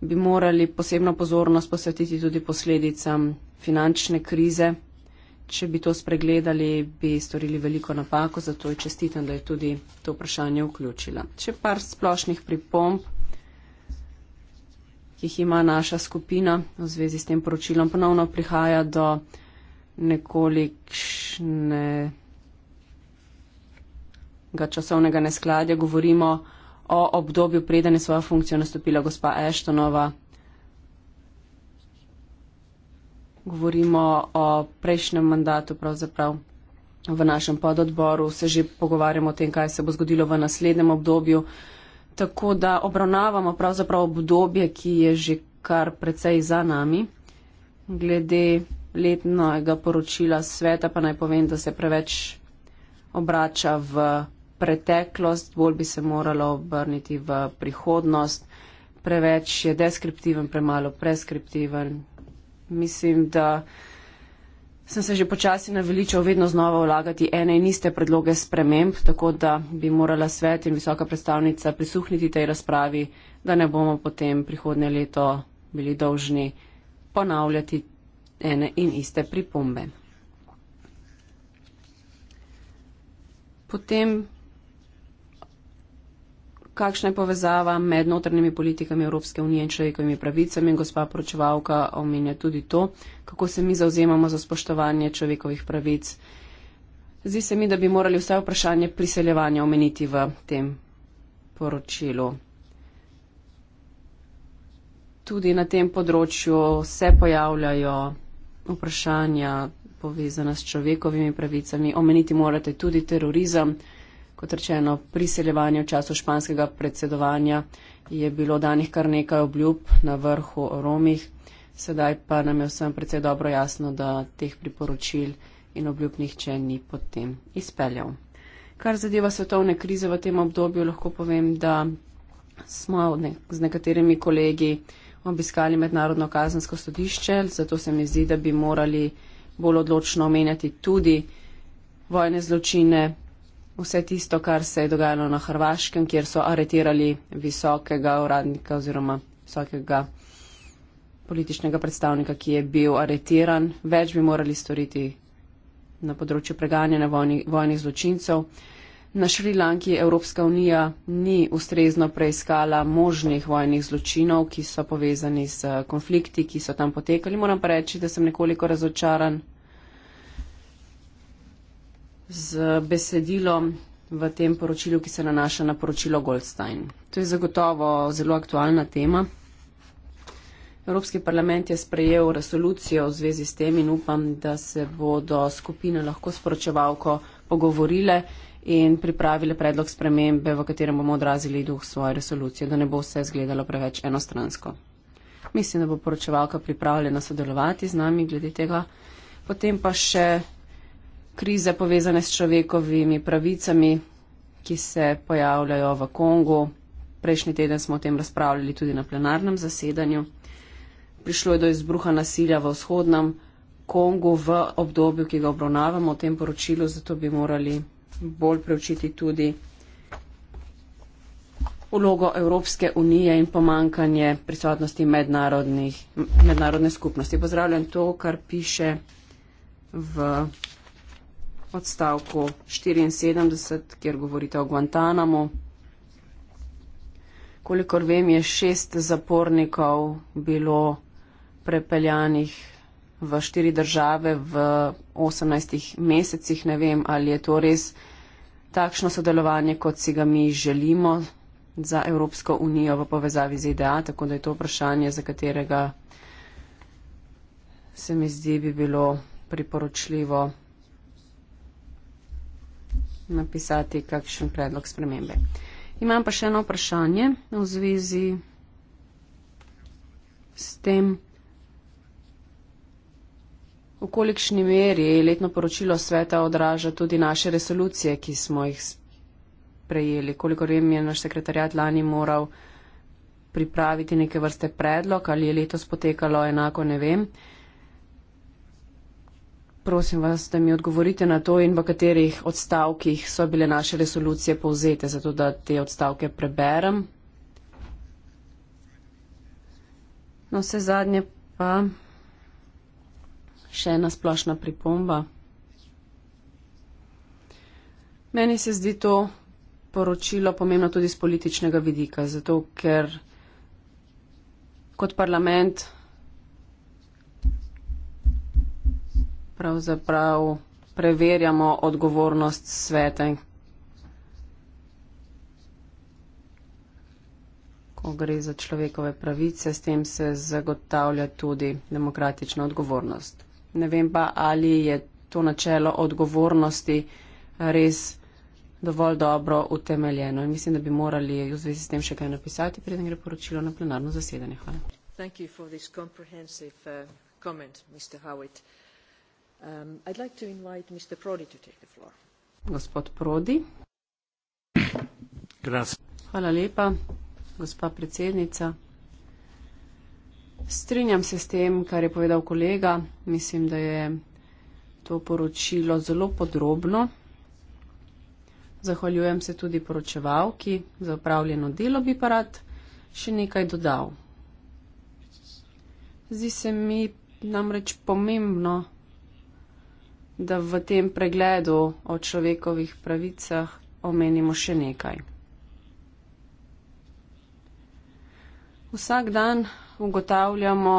bi morali posebno pozornost posvetiti tudi posledicam finančne krize. Če bi to spregledali, bi storili veliko napako, zato je čestitam, da je tudi to vprašanje vključila. Če par splošnih pripomb, ki jih ima naša skupina v zvezi s tem poročilom, ponovno prihaja do nekolikšnega časovnega neskladja. Govorimo o obdobju, preden je svojo funkcijo nastopila gospa Eštonova. Govorimo o prejšnjem mandatu, pravzaprav v našem pododboru se že pogovarjamo o tem, kaj se bo zgodilo v naslednjem obdobju. Tako da obravnavamo pravzaprav obdobje, ki je že kar precej za nami. Glede letnega poročila sveta pa naj povem, da se preveč obrača v preteklost, bolj bi se moralo obrniti v prihodnost. Preveč je deskriptiven, premalo preskriptiven. Mislim, da sem se že počasi naveličal vedno znova vlagati ene in iste predloge sprememb, tako da bi morala svet in visoka predstavnica prisuhniti tej razpravi, da ne bomo potem prihodnje leto bili dolžni ponavljati ene in iste pripombe. Potem kakšna je povezava med notrnimi politikami Evropske unije in človekovimi pravicami. Gospa poročevalka omenja tudi to, kako se mi zauzemamo za spoštovanje človekovih pravic. Zdi se mi, da bi morali vse vprašanje priseljevanja omeniti v tem poročilu. Tudi na tem področju se pojavljajo vprašanja povezana s človekovimi pravicami. Omeniti morate tudi terorizem kot rečeno, priseljevanje v času španskega predsedovanja je bilo danih kar nekaj obljub na vrhu o Romih, sedaj pa nam je vsem predvsej dobro jasno, da teh priporočil in obljub nihče ni potem izpeljal. Kar zadeva svetovne krize v tem obdobju, lahko povem, da smo ne, z nekaterimi kolegi obiskali mednarodno kazansko sodišče, zato se mi zdi, da bi morali bolj odločno omenjati tudi vojne zločine, vse tisto, kar se je dogajalo na Hrvaškem, kjer so aretirali visokega uradnika oziroma visokega političnega predstavnika, ki je bil aretiran. Več bi morali storiti na področju preganjanja vojni, vojnih zločincev. Na Šrilanki Evropska unija ni ustrezno preiskala možnih vojnih zločinov, ki so povezani z konflikti, ki so tam potekali. Moram pa reči, da sem nekoliko razočaran z besedilom v tem poročilu, ki se nanaša na poročilo Goldstein. To je zagotovo zelo aktualna tema. Evropski parlament je sprejel resolucijo v zvezi s tem in upam, da se bodo skupine lahko sporočevalko pogovorile in pripravile predlog spremembe, v katerem bomo odrazili duh svoje resolucije, da ne bo vse zgledalo preveč enostransko. Mislim, da bo poročevalka pripravljena sodelovati z nami glede tega. Potem pa še krize povezane s človekovimi pravicami, ki se pojavljajo v Kongu. Prejšnji teden smo o tem razpravljali tudi na plenarnem zasedanju. Prišlo je do izbruha nasilja v vzhodnem Kongu v obdobju, ki ga obravnavamo v tem poročilu, zato bi morali bolj preučiti tudi ulogo Evropske unije in pomankanje prisotnosti mednarodne skupnosti. Pozdravljam to, kar piše v odstavku 74, kjer govorite o Guantanamu. Kolikor vem, je šest zapornikov bilo prepeljanih v štiri države v 18 mesecih. Ne vem, ali je to res takšno sodelovanje, kot si ga mi želimo za Evropsko unijo v povezavi z IDA, e tako da je to vprašanje, za katerega se mi zdi bi bilo priporočljivo napisati kakšen predlog spremembe. Imam pa še eno vprašanje v zvezi s tem, v kolikšni meri je letno poročilo sveta odraža tudi naše resolucije, ki smo jih prejeli. Koliko vem, je naš sekretarjat lani moral pripraviti neke vrste predlog, ali je letos potekalo enako, ne vem prosim vas, da mi odgovorite na to in v katerih odstavkih so bile naše resolucije povzete, zato da te odstavke preberem. No, vse zadnje pa še ena splošna pripomba. Meni se zdi to poročilo pomembno tudi z političnega vidika, zato ker kot parlament pravzaprav preverjamo odgovornost sveta in ko gre za človekove pravice, s tem se zagotavlja tudi demokratična odgovornost. Ne vem pa, ali je to načelo odgovornosti res dovolj dobro utemeljeno. In mislim, da bi morali v zvezi s tem še kaj napisati, preden gre poročilo na plenarno zasedanje. Hvala. Thank you for this comprehensive uh, comment, Mr. Howitt. Um, Gospod Prodi. Hvala lepa, gospa predsednica. Strinjam se s tem, kar je povedal kolega. Mislim, da je to poročilo zelo podrobno. Zahvaljujem se tudi poročevalki za upravljeno delo, bi pa rad še nekaj dodal. Zdi se mi namreč pomembno, da v tem pregledu o človekovih pravicah omenimo še nekaj. Vsak dan ugotavljamo,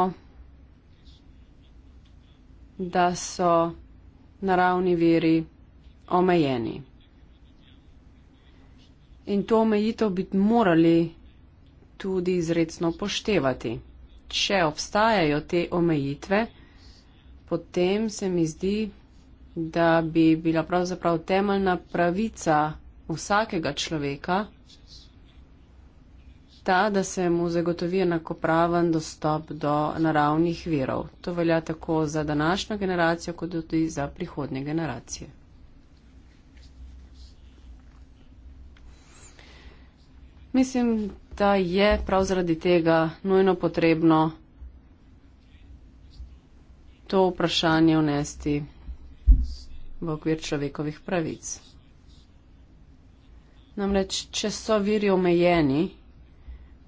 da so naravni veri omejeni. In to omejitev bi morali tudi izredno poštevati. Če obstajajo te omejitve, potem se mi zdi, da bi bila pravzaprav temeljna pravica vsakega človeka ta, da se mu zagotovi enakopraven dostop do naravnih virov. To velja tako za današnjo generacijo, kot tudi za prihodnje generacije. Mislim, da je prav zaradi tega nujno potrebno to vprašanje vnesti v okvir človekovih pravic. Namreč, če so viri omejeni,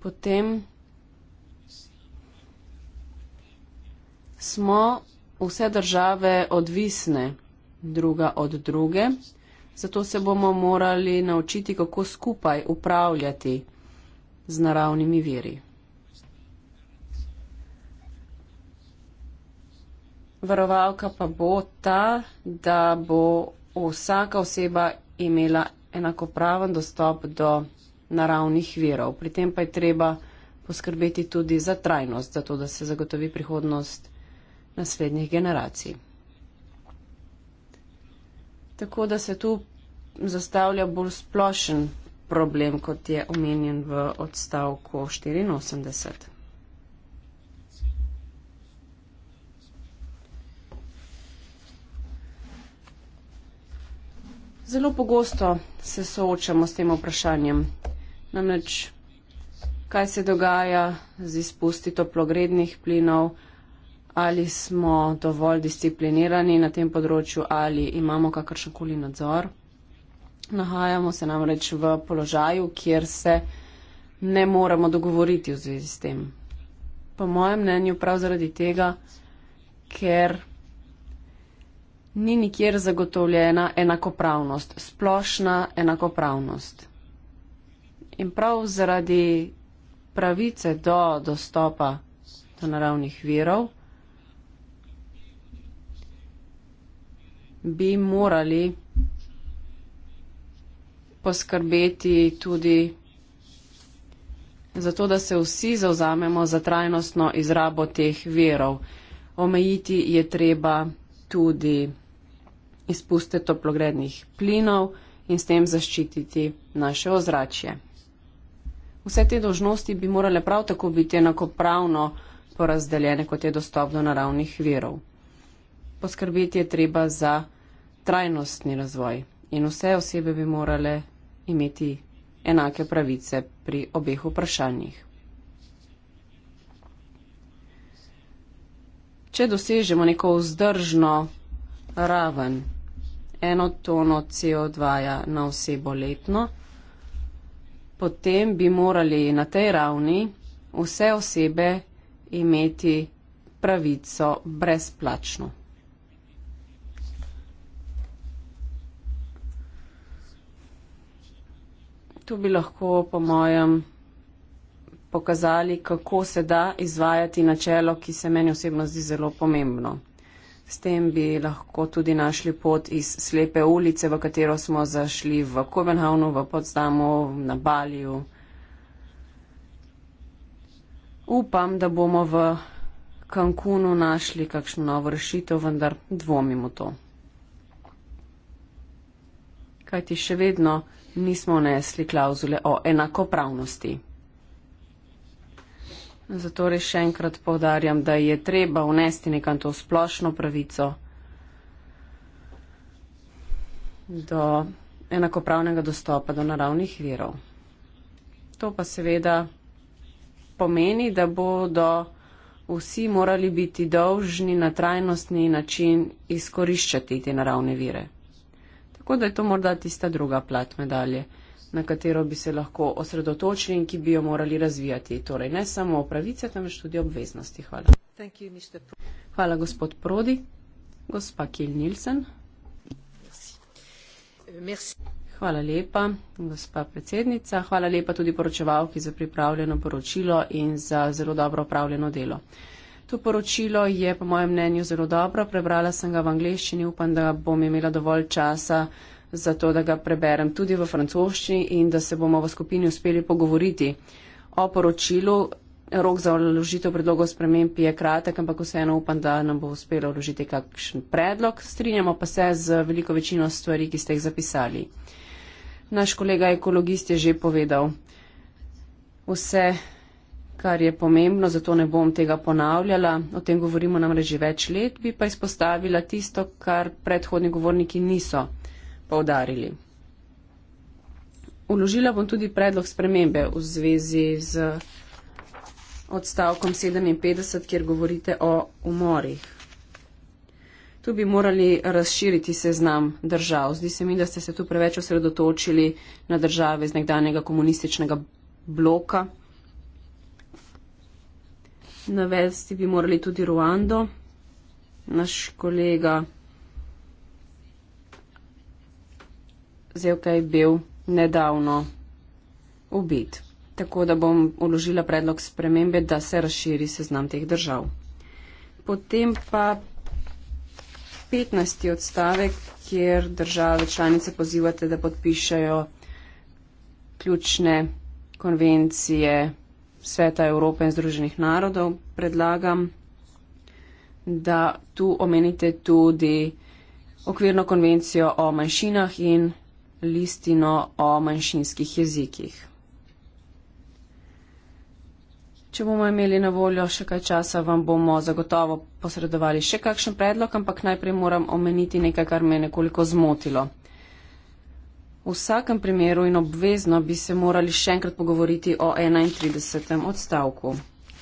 potem smo vse države odvisne druga od druge, zato se bomo morali naučiti, kako skupaj upravljati z naravnimi viri. varovalka pa bo ta, da bo vsaka oseba imela enakopraven dostop do naravnih virov. Pri tem pa je treba poskrbeti tudi za trajnost, zato da se zagotovi prihodnost naslednjih generacij. Tako da se tu zastavlja bolj splošen problem, kot je omenjen v odstavku 84. Zelo pogosto se soočamo s tem vprašanjem. Namreč, kaj se dogaja z izpusti toplogrednih plinov, ali smo dovolj disciplinirani na tem področju, ali imamo kakršenkoli nadzor. Nahajamo se namreč v položaju, kjer se ne moremo dogovoriti v zvezi s tem. Po mojem mnenju prav zaradi tega, ker ni nikjer zagotovljena enakopravnost, splošna enakopravnost. In prav zaradi pravice do dostopa do naravnih virov bi morali poskrbeti tudi zato, da se vsi zauzamemo za trajnostno izrabo teh virov. Omejiti je treba tudi izpuste toplogrednih plinov in s tem zaščititi naše ozračje. Vse te dožnosti bi morale prav tako biti enakopravno porazdeljene, kot je dostop do naravnih verov. Poskrbeti je treba za trajnostni razvoj in vse osebe bi morale imeti enake pravice pri obeh vprašanjih. Če dosežemo neko vzdržno raven. Eno tono CO2 ja na osebo letno, potem bi morali na tej ravni vse osebe imeti pravico brezplačno. Tu bi lahko, po mojem, pokazali, kako se da izvajati načelo, ki se meni osebno zdi zelo pomembno. S tem bi lahko tudi našli pot iz slepe ulice, v katero smo zašli v Kopenhavnu, v Potsdamu, na Baliju. Upam, da bomo v Cancunu našli kakšno novo rešitev, vendar dvomimo to. Kajti še vedno nismo nesli klauzule o enakopravnosti. Zato res še enkrat povdarjam, da je treba vnesti nekam to splošno pravico do enakopravnega dostopa do naravnih virov. To pa seveda pomeni, da bodo vsi morali biti dolžni na trajnostni način izkoriščati te naravne vire. Tako da je to morda tista druga plat medalje na katero bi se lahko osredotočili in ki bi jo morali razvijati. Torej ne samo pravice, temveč tudi obveznosti. Hvala. You, Hvala, gospod Prodi. Gospa Kil Nilsen. Hvala lepa, gospa predsednica. Hvala lepa tudi poročevalki za pripravljeno poročilo in za zelo dobro upravljeno delo. To poročilo je po mojem mnenju zelo dobro. Prebrala sem ga v angleščini. Upam, da bom imela dovolj časa, zato da ga preberem tudi v francoščini in da se bomo v skupini uspeli pogovoriti o poročilu. Rok za vložitev predlogov sprememb je kratek, ampak vseeno upam, da nam bo uspelo vložiti kakšen predlog. Strinjamo pa se z veliko večino stvari, ki ste jih zapisali. Naš kolega ekologist je že povedal vse, kar je pomembno, zato ne bom tega ponavljala. O tem govorimo namreč že več let, bi pa izpostavila tisto, kar predhodni govorniki niso poudarili. Uložila bom tudi predlog spremembe v zvezi z odstavkom 57, kjer govorite o umorih. Tu bi morali razširiti seznam držav. Zdi se mi, da ste se tu preveč osredotočili na države iz nekdanjega komunističnega bloka. Navesti bi morali tudi Ruando. Naš kolega Zevka je bil nedavno ubit. Tako da bom uložila predlog spremembe, da se razširi seznam teh držav. Potem pa 15. odstavek, kjer države članice pozivate, da podpišajo ključne konvencije Sveta Evrope in Združenih narodov, predlagam, da tu omenite tudi okvirno konvencijo o manjšinah in listino o manjšinskih jezikih. Če bomo imeli na voljo še kaj časa, vam bomo zagotovo posredovali še kakšen predlog, ampak najprej moram omeniti nekaj, kar me je nekoliko zmotilo. V vsakem primeru in obvezno bi se morali še enkrat pogovoriti o 31. odstavku,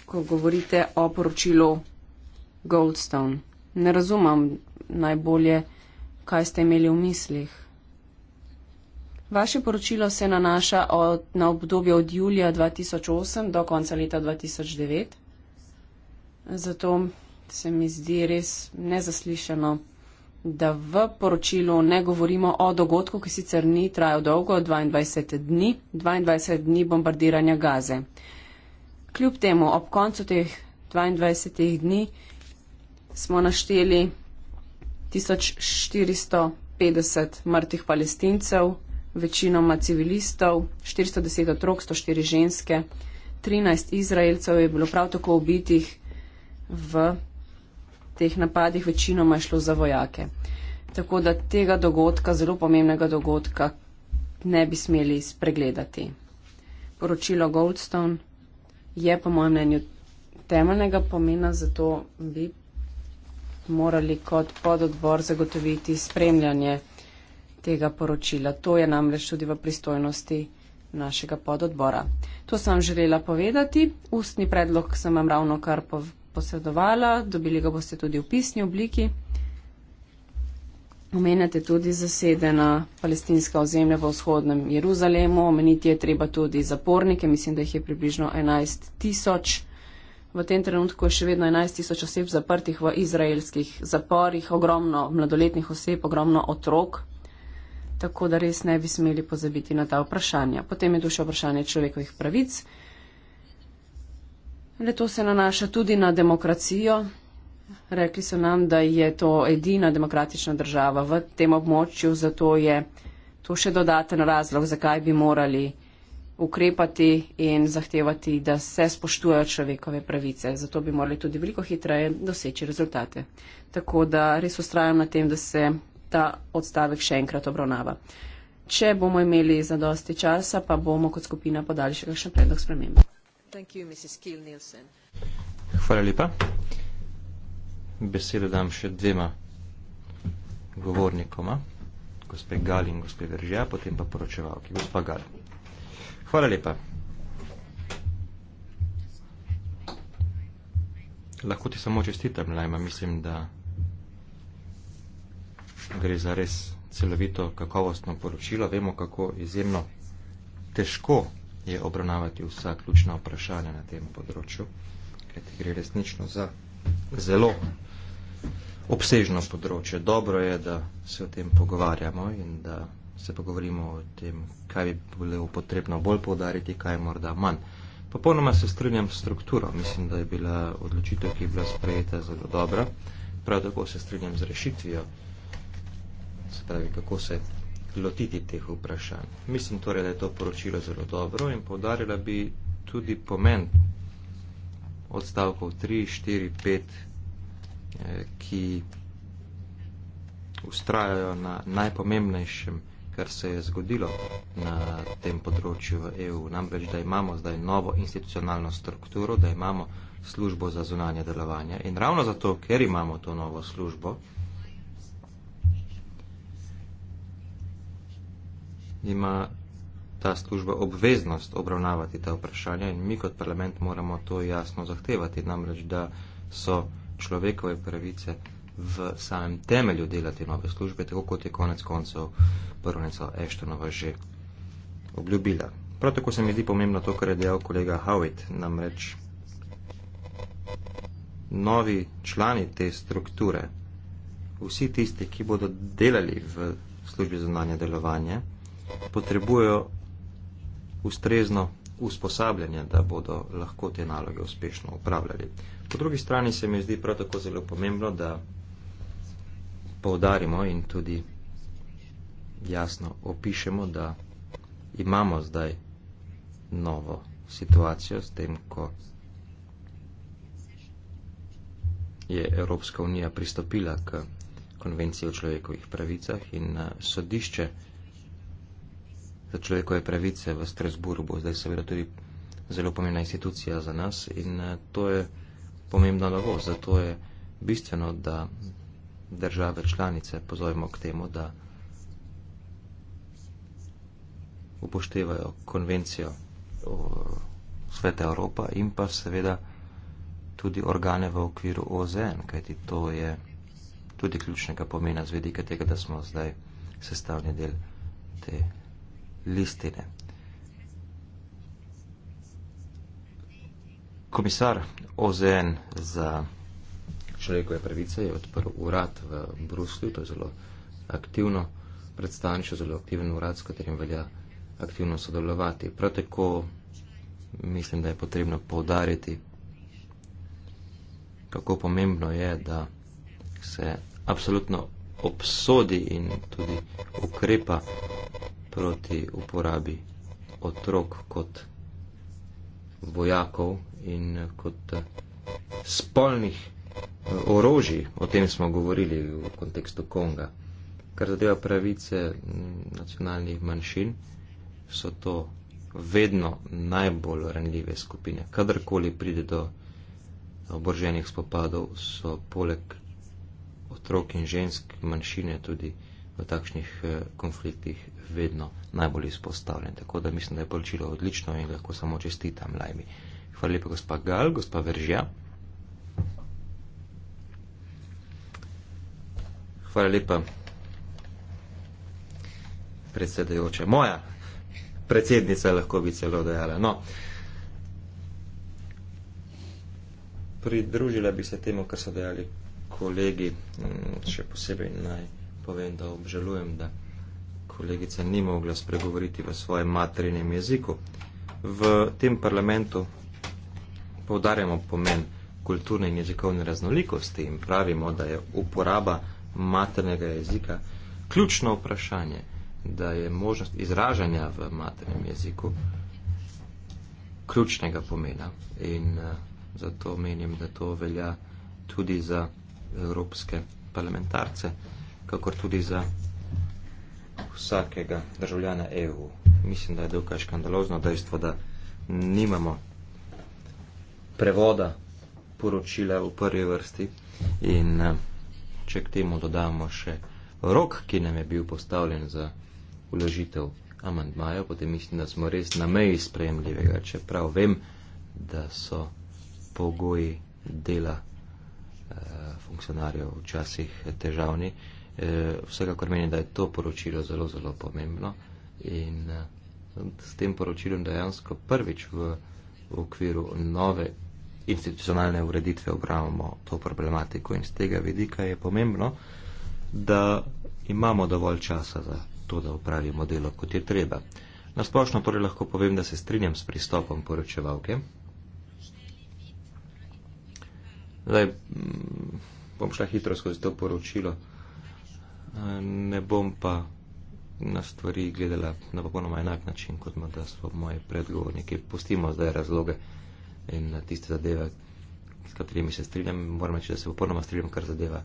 ko govorite o poročilu Goldstone. Ne razumem najbolje, kaj ste imeli v mislih. Vaše poročilo se nanaša od, na obdobje od julija 2008 do konca leta 2009. Zato se mi zdi res nezaslišano, da v poročilu ne govorimo o dogodku, ki sicer ni trajal dolgo, 22 dni, 22 dni bombardiranja gaze. Kljub temu, ob koncu teh 22 dni smo našteli 1450 mrtvih palestincev, večinoma civilistov, 410 otrok, 104 ženske, 13 izraelcev je bilo prav tako ubitih v teh napadih, večinoma je šlo za vojake. Tako da tega dogodka, zelo pomembnega dogodka, ne bi smeli spregledati. Poročilo Goldstone je po mojem mnenju temeljnega pomena, zato bi morali kot pododbor zagotoviti spremljanje tega poročila. To je namreč tudi v pristojnosti našega pododbora. To sem želela povedati. Ustni predlog sem vam ravno kar posredovala. Dobili ga boste tudi v pisni obliki. Omenjate tudi zasedena palestinska ozemlja v vzhodnem Jeruzalemu. Omeniti je treba tudi zapornike. Mislim, da jih je približno 11 tisoč. V tem trenutku je še vedno 11 tisoč oseb zaprtih v izraelskih zaporih. Ogromno mladoletnih oseb, ogromno otrok, tako da res ne bi smeli pozabiti na ta vprašanja. Potem je tu še vprašanje človekovih pravic. Le to se nanaša tudi na demokracijo. Rekli so nam, da je to edina demokratična država v tem območju, zato je to še dodaten razlog, zakaj bi morali ukrepati in zahtevati, da se spoštujejo človekove pravice. Zato bi morali tudi veliko hitreje doseči rezultate. Tako da res ustrajam na tem, da se ta odstavek še enkrat obravnava. Če bomo imeli za dosti časa, pa bomo kot skupina podali še kakšen predlog sprememb. Hvala lepa. Besedo dam še dvema govornikoma, gospe Gal in gospe Veržja, potem pa poročevalki. Gospa Gal. Hvala lepa. Lahko ti samo čestitam, Lajma, mislim, da gre za res celovito kakovostno poročilo. Vemo, kako izjemno težko je obravnavati vsa ključna vprašanja na tem področju, ker gre resnično za zelo obsežno področje. Dobro je, da se o tem pogovarjamo in da se pogovorimo o tem, kaj bi bilo potrebno bolj povdariti, kaj morda manj. Popolnoma se strinjam s strukturo. Mislim, da je bila odločitev, ki je bila sprejeta, zelo dobra. Prav tako se strinjam z rešitvijo se pravi, kako se lotiti teh vprašanj. Mislim torej, da je to poročilo zelo dobro in povdarjala bi tudi pomen odstavkov 3, 4, 5, ki ustrajajo na najpomembnejšem, kar se je zgodilo na tem področju v EU. Namreč, da imamo zdaj novo institucionalno strukturo, da imamo službo za zunanje delovanje. In ravno zato, ker imamo to novo službo, ima ta služba obveznost obravnavati ta vprašanja in mi kot parlament moramo to jasno zahtevati, namreč da so človekove pravice v samem temelju delati nove službe, tako kot je konec koncev prvenca Eštonova že obljubila. Prav tako se mi zdi pomembno to, kar je dejal kolega Howitt, namreč novi člani te strukture, vsi tisti, ki bodo delali v službi zunanje delovanje, potrebujejo ustrezno usposabljanje, da bodo lahko te naloge uspešno upravljali. Po drugi strani se mi zdi prav tako zelo pomembno, da poudarimo in tudi jasno opišemo, da imamo zdaj novo situacijo s tem, ko je Evropska unija pristopila k konvenciji o človekovih pravicah in eh, sodišče za človekove pravice v Strasburgu, zdaj seveda tudi zelo pomembna institucija za nas in eh, to je pomembna novost, zato je bistveno, da države članice pozovemo k temu, da upoštevajo konvencijo o Svete Evropa in pa seveda tudi organe v okviru OZN, kajti to je tudi ključnega pomena z vedika tega, da smo zdaj sestavni del te listine. Komisar OZN za človekove pravice je odprl urad v Bruslju, to je zelo aktivno predstavništvo, zelo aktiven urad, s katerim velja aktivno sodelovati. Prav tako mislim, da je potrebno poudariti, kako pomembno je, da se absolutno obsodi in tudi ukrepa proti uporabi otrok kot vojakov in kot eh, spolnih eh, orožij. O tem smo govorili v kontekstu Konga. Kar zadeva pravice nacionalnih manjšin, so to vedno najbolj ranljive skupine. Kadarkoli pride do oboženih spopadov, so poleg otrok in žensk manjšine tudi takšnih eh, konfliktih vedno najbolj izpostavljen. Tako da mislim, da je poročilo odlično in lahko samo čestitam Lajmi. Hvala lepa, gospa Gal, gospa Veržja. Hvala lepa, predsedajoče. Moja predsednica lahko bi celo dejala. No. Pridružila bi se temu, kar so dejali kolegi, mm, še posebej naj povem, da obžalujem, da kolegica ni mogla spregovoriti v svojem materinem jeziku. V tem parlamentu povdarjamo pomen kulturne in jezikovne raznolikosti in pravimo, da je uporaba maternega jezika ključno vprašanje, da je možnost izražanja v maternem jeziku ključnega pomena in eh, zato menim, da to velja tudi za evropske parlamentarce kakor tudi za vsakega državljana EU. Mislim, da je dokaj škandalozno dejstvo, da nimamo prevoda poročila v prvi vrsti in eh, če k temu dodamo še rok, ki nam je bil postavljen za uložitev amandmaja, potem mislim, da smo res na meji sprejemljivega, čeprav vem, da so pogoji dela eh, funkcionarjev včasih težavni. Eh, vsekakor meni, da je to poročilo zelo, zelo pomembno in eh, s tem poročilom dejansko prvič v, v okviru nove institucionalne ureditve obravnamo to problematiko in z tega vidika je pomembno, da imamo dovolj časa za to, da upravimo delo, kot je treba. Na splošno torej lahko povem, da se strinjam s pristopom poročevalke. Zdaj mm, bom šla hitro skozi to poročilo ne bom pa na stvari gledala na popolnoma enak način, kot morda so moji predgovorniki. Pustimo zdaj razloge in tiste zadeve, s katerimi se strinjam. Moram reči, da se popolnoma strinjam, kar zadeva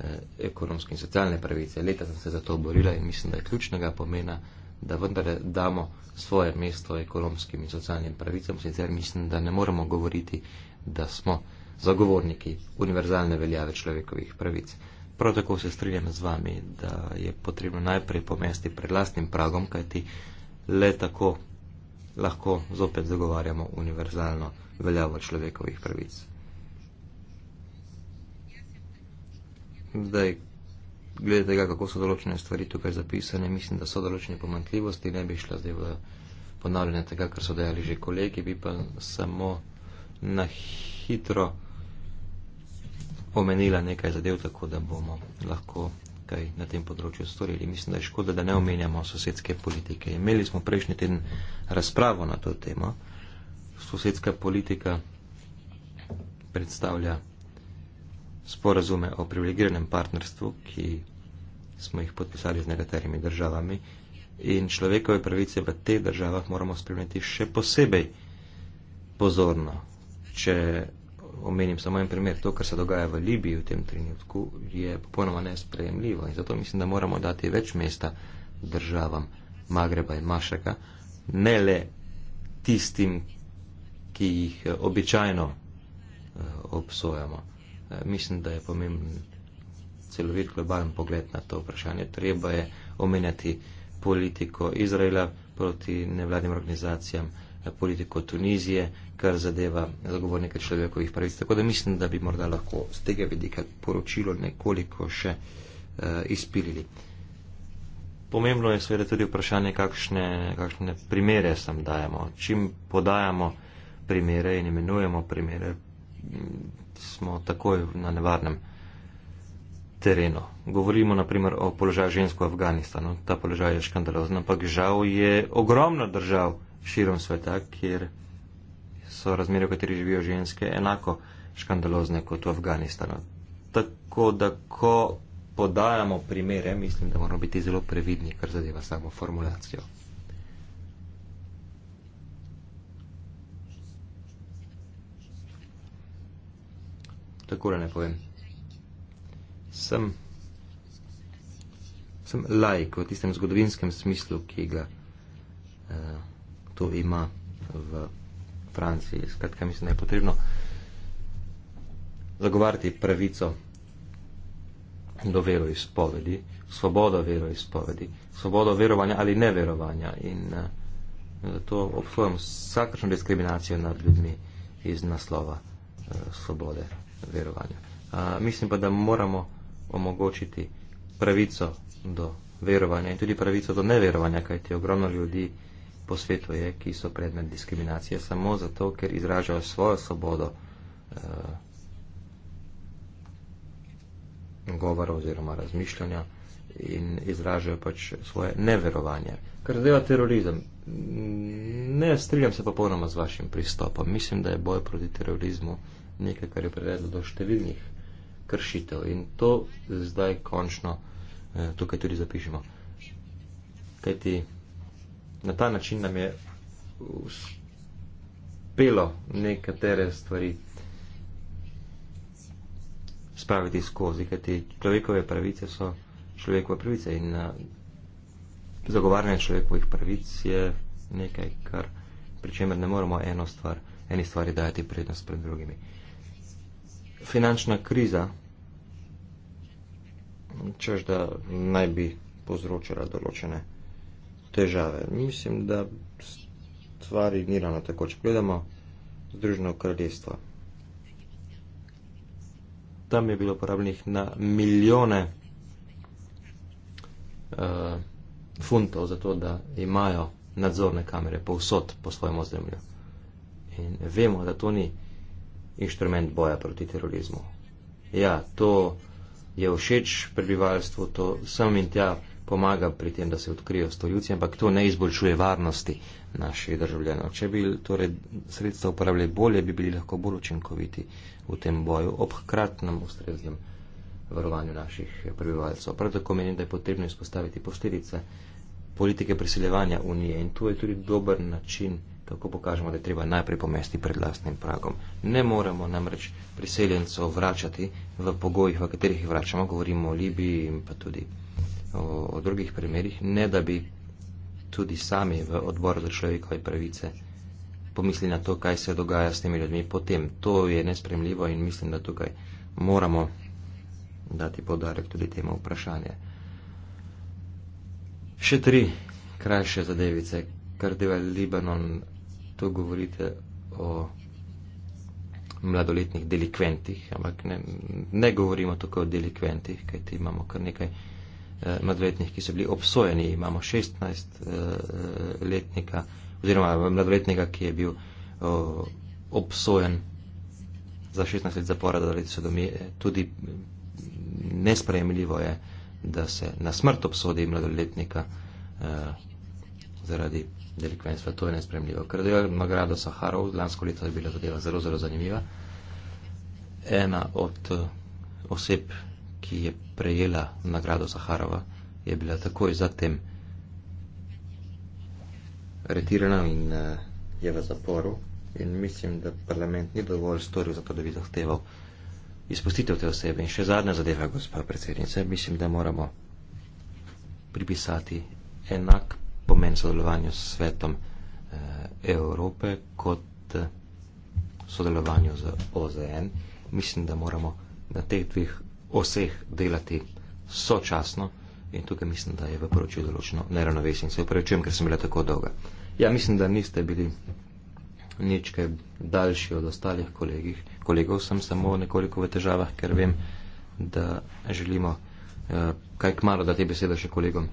eh, ekonomske in socialne pravice. Leta sem se za to borila in mislim, da je ključnega pomena, da vendar damo svoje mesto ekonomskim in socialnim pravicam. Sicer mislim, da ne moremo govoriti, da smo zagovorniki univerzalne veljave človekovih pravic. Prav tako se strinjam z vami, da je potrebno najprej pomesti pred lastnim pragom, kajti le tako lahko zopet zagovarjamo univerzalno veljavo človekovih pravic. Zdaj, glede tega, kako so določene stvari tukaj zapisane, mislim, da so določene pomankljivosti, ne bi šla zdaj v ponavljanje tega, kar so dejali že kolegi, bi pa samo na hitro omenila nekaj zadev, tako da bomo lahko kaj na tem področju storili. Mislim, da je škoda, da ne omenjamo sosedske politike. Imeli smo prejšnji teden razpravo na to temo. Sosedska politika predstavlja sporazume o privilegiranem partnerstvu, ki smo jih podpisali z nekaterimi državami. In človekove pravice v teh državah moramo spremljati še posebej pozorno. Če omenim samo en primer, to, kar se dogaja v Libiji v tem trenutku, je popolnoma nesprejemljivo in zato mislim, da moramo dati več mesta državam Magreba in Mašaka, ne le tistim, ki jih eh, običajno eh, obsojamo. Eh, mislim, da je pomemben celovit globalen pogled na to vprašanje. Treba je omenjati politiko Izraela proti nevladnim organizacijam. Eh, politiko Tunizije, kar zadeva zagovornike človekovih pravic. Tako da mislim, da bi morda lahko z tega vidika poročilo nekoliko še uh, izpilili. Pomembno je seveda tudi vprašanje, kakšne, kakšne primere sem dajemo. Čim podajamo primere in imenujemo primere, smo takoj na nevarnem terenu. Govorimo naprimer o položaju žensko v Afganistanu. Ta položaj je škandalozen, ampak žal je ogromna država širom sveta, kjer so razmere, v kateri živijo ženske, enako škandalozne kot v Afganistanu. Tako da, ko podajamo primere, mislim, da moramo biti zelo previdni, kar zadeva samo formulacijo. Tako da ne povem. Sem, sem lajk v tistem zgodovinskem smislu, ki ga. Uh, to ima v Franciji. Skratka, mislim, da je potrebno zagovarjati pravico do veroizpovedi, svobodo veroizpovedi, svobodo verovanja ali neverovanja. In uh, zato obsojam vsakršno diskriminacijo nad ljudmi iz naslova uh, svobode verovanja. Uh, mislim pa, da moramo omogočiti pravico do verovanja in tudi pravico do neverovanja, kajti ogromno ljudi uh, po svetu je, ki so predmet diskriminacije, samo zato, ker izražajo svojo svobodo eh, govora oziroma razmišljanja in izražajo pač svoje neverovanje. Kar zadeva terorizem, ne strinjam se popolnoma z vašim pristopom. Mislim, da je boj proti terorizmu nekaj, kar je privedlo do številnih kršitev in to zdaj končno eh, tukaj tudi zapišemo. Kaj ti? na ta način nam je uspelo nekatere stvari spraviti skozi, kajti človekove pravice so človekove pravice in eh, zagovarjanje človekovih pravic je nekaj, kar pri čemer ne moremo eno stvar, eni stvari dajati prednost pred drugimi. Finančna kriza, čež da naj bi povzročila določene težave. Mislim, da stvari ni ravno tako. Če gledamo Združeno kraljestvo, tam je bilo uporabljenih na milijone uh, funtov za to, da imajo nadzorne kamere povsod po svojem ozemlju. In vemo, da to ni inštrument boja proti terorizmu. Ja, to je všeč prebivalstvu, to sem in tja pomaga pri tem, da se odkrijo storilci, ampak to ne izboljšuje varnosti naših državljanov. Če bi torej sredstva uporabljali bolje, bi bili lahko bolj učinkoviti v tem boju ob hkratnem ustreznem varovanju naših prebivalcev. Prav tako menim, da je potrebno izpostaviti posledice politike priseljevanja Unije in tu je tudi dober način, kako pokažemo, da je treba najprej pomesti pred lastnim pragom. Ne moremo namreč priseljencov vračati v pogojih, v katerih jih vračamo, govorimo o Libiji in pa tudi o, o drugih primerih, ne da bi tudi sami v odboru za človekove pravice pomisli na to, kaj se dogaja s temi ljudmi potem. To je nespremljivo in mislim, da tukaj moramo dati podarek tudi temu vprašanju. Še tri krajše zadevice, kar deva Libanon, tu govorite o mladoletnih delikventih, ampak ne, ne govorimo tukaj o delikventih, kajti imamo kar nekaj Eh, mladoletnih, ki so bili obsojeni. Imamo 16-letnika eh, oziroma mladoletnega, ki je bil eh, obsojen za 16 let zapora, da leti so domi. Tudi nesprejemljivo je, da se na smrt obsodi mladoletnika zaradi delikvenstva. To je nesprejemljivo. Ker je nagrado Saharov, lansko leto je bila zadeva zelo, zelo zanimiva. Ena od oseb, ki je prejela nagrado Zaharova, je bila takoj zatem retirana in uh, je v zaporu. In mislim, da parlament ni dovolj storil za to, da bi zahteval izpustitev te osebe. In še zadnja zadeva, gospa predsednica, mislim, da moramo pripisati enak pomen sodelovanju s svetom uh, Evrope kot uh, sodelovanju z OZN. Mislim, da moramo na teh dveh vseh delati sočasno. In tukaj mislim, da je v poročilu določeno neravnovesje. Se upravičujem, ker sem bila tako dolga. Ja, mislim, da niste bili nič kaj daljši od ostalih kolegih. kolegov. Sem samo nekoliko v težavah, ker vem, da želimo eh, kaj kmalo dati besedo še kolegom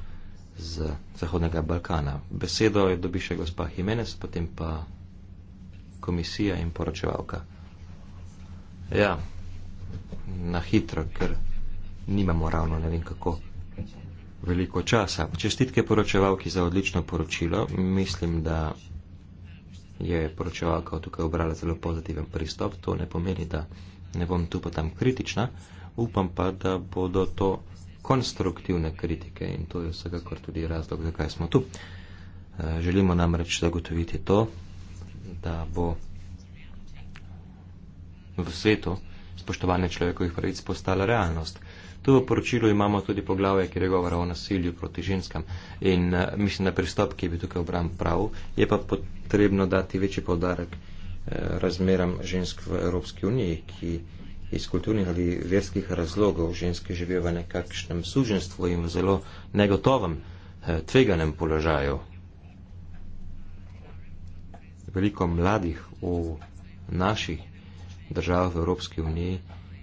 z Zahodnega Balkana. Besedo je dobi še gospa Jimenez, potem pa komisija in poročevalka. Ja na hitro, ker nimamo ravno ne vem kako veliko časa. Čestitke poročevalki za odlično poročilo. Mislim, da je poročevalka tukaj obrala zelo pozitiven pristop. To ne pomeni, da ne bom tu pa tam kritična. Upam pa, da bodo to konstruktivne kritike in to je vsekakor tudi razlog, zakaj smo tu. Eh, želimo namreč zagotoviti to, da bo v svetu spoštovanje človekovih pravic postala realnost. Tu v poročilu imamo tudi poglavje, kjer je govora o nasilju proti ženskam in uh, mislim, da pristop, ki bi tukaj obram prav, je pa potrebno dati večji povdarek uh, eh, razmeram žensk v Evropski uniji, ki iz kulturnih ali verskih razlogov ženske živijo v nekakšnem suženstvu in v zelo negotovem, uh, tveganem položaju. Veliko mladih v naših državah v Evropski uniji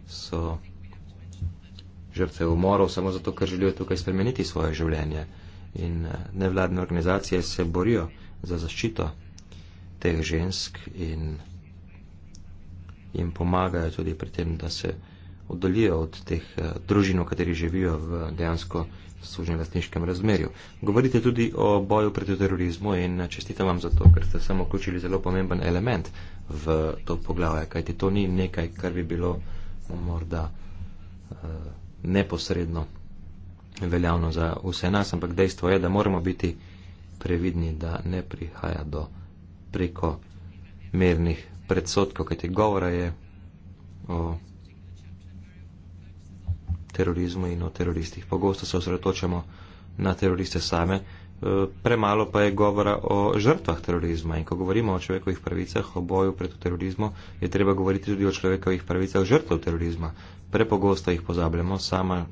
so žrtve umorov samo zato, ker želijo tukaj spremeniti svoje življenje. In eh, nevladne organizacije se borijo za zaščito teh žensk in jim pomagajo tudi pri tem, da se oddalijo od teh eh, družin, v kateri živijo v dejansko služnem lastniškem razmerju. Govorite tudi o boju proti terorizmu in eh, čestitam vam za to, ker ste samo vključili zelo pomemben element v to poglavje, kajti to ni nekaj, kar bi bilo morda eh, neposredno veljavno za vse nas, ampak dejstvo je, da moramo biti previdni, da ne prihaja do preko mernih predsotkov, kajti govora je o terorizmu in o teroristih. Pogosto se osredotočamo na teroriste same, Eh, premalo pa je govora o žrtvah terorizma. In ko govorimo o človekovih pravicah, o boju proti terorizmu, je treba govoriti tudi o človekovih pravicah žrtev terorizma. Prepogosto jih pozabljamo. Sama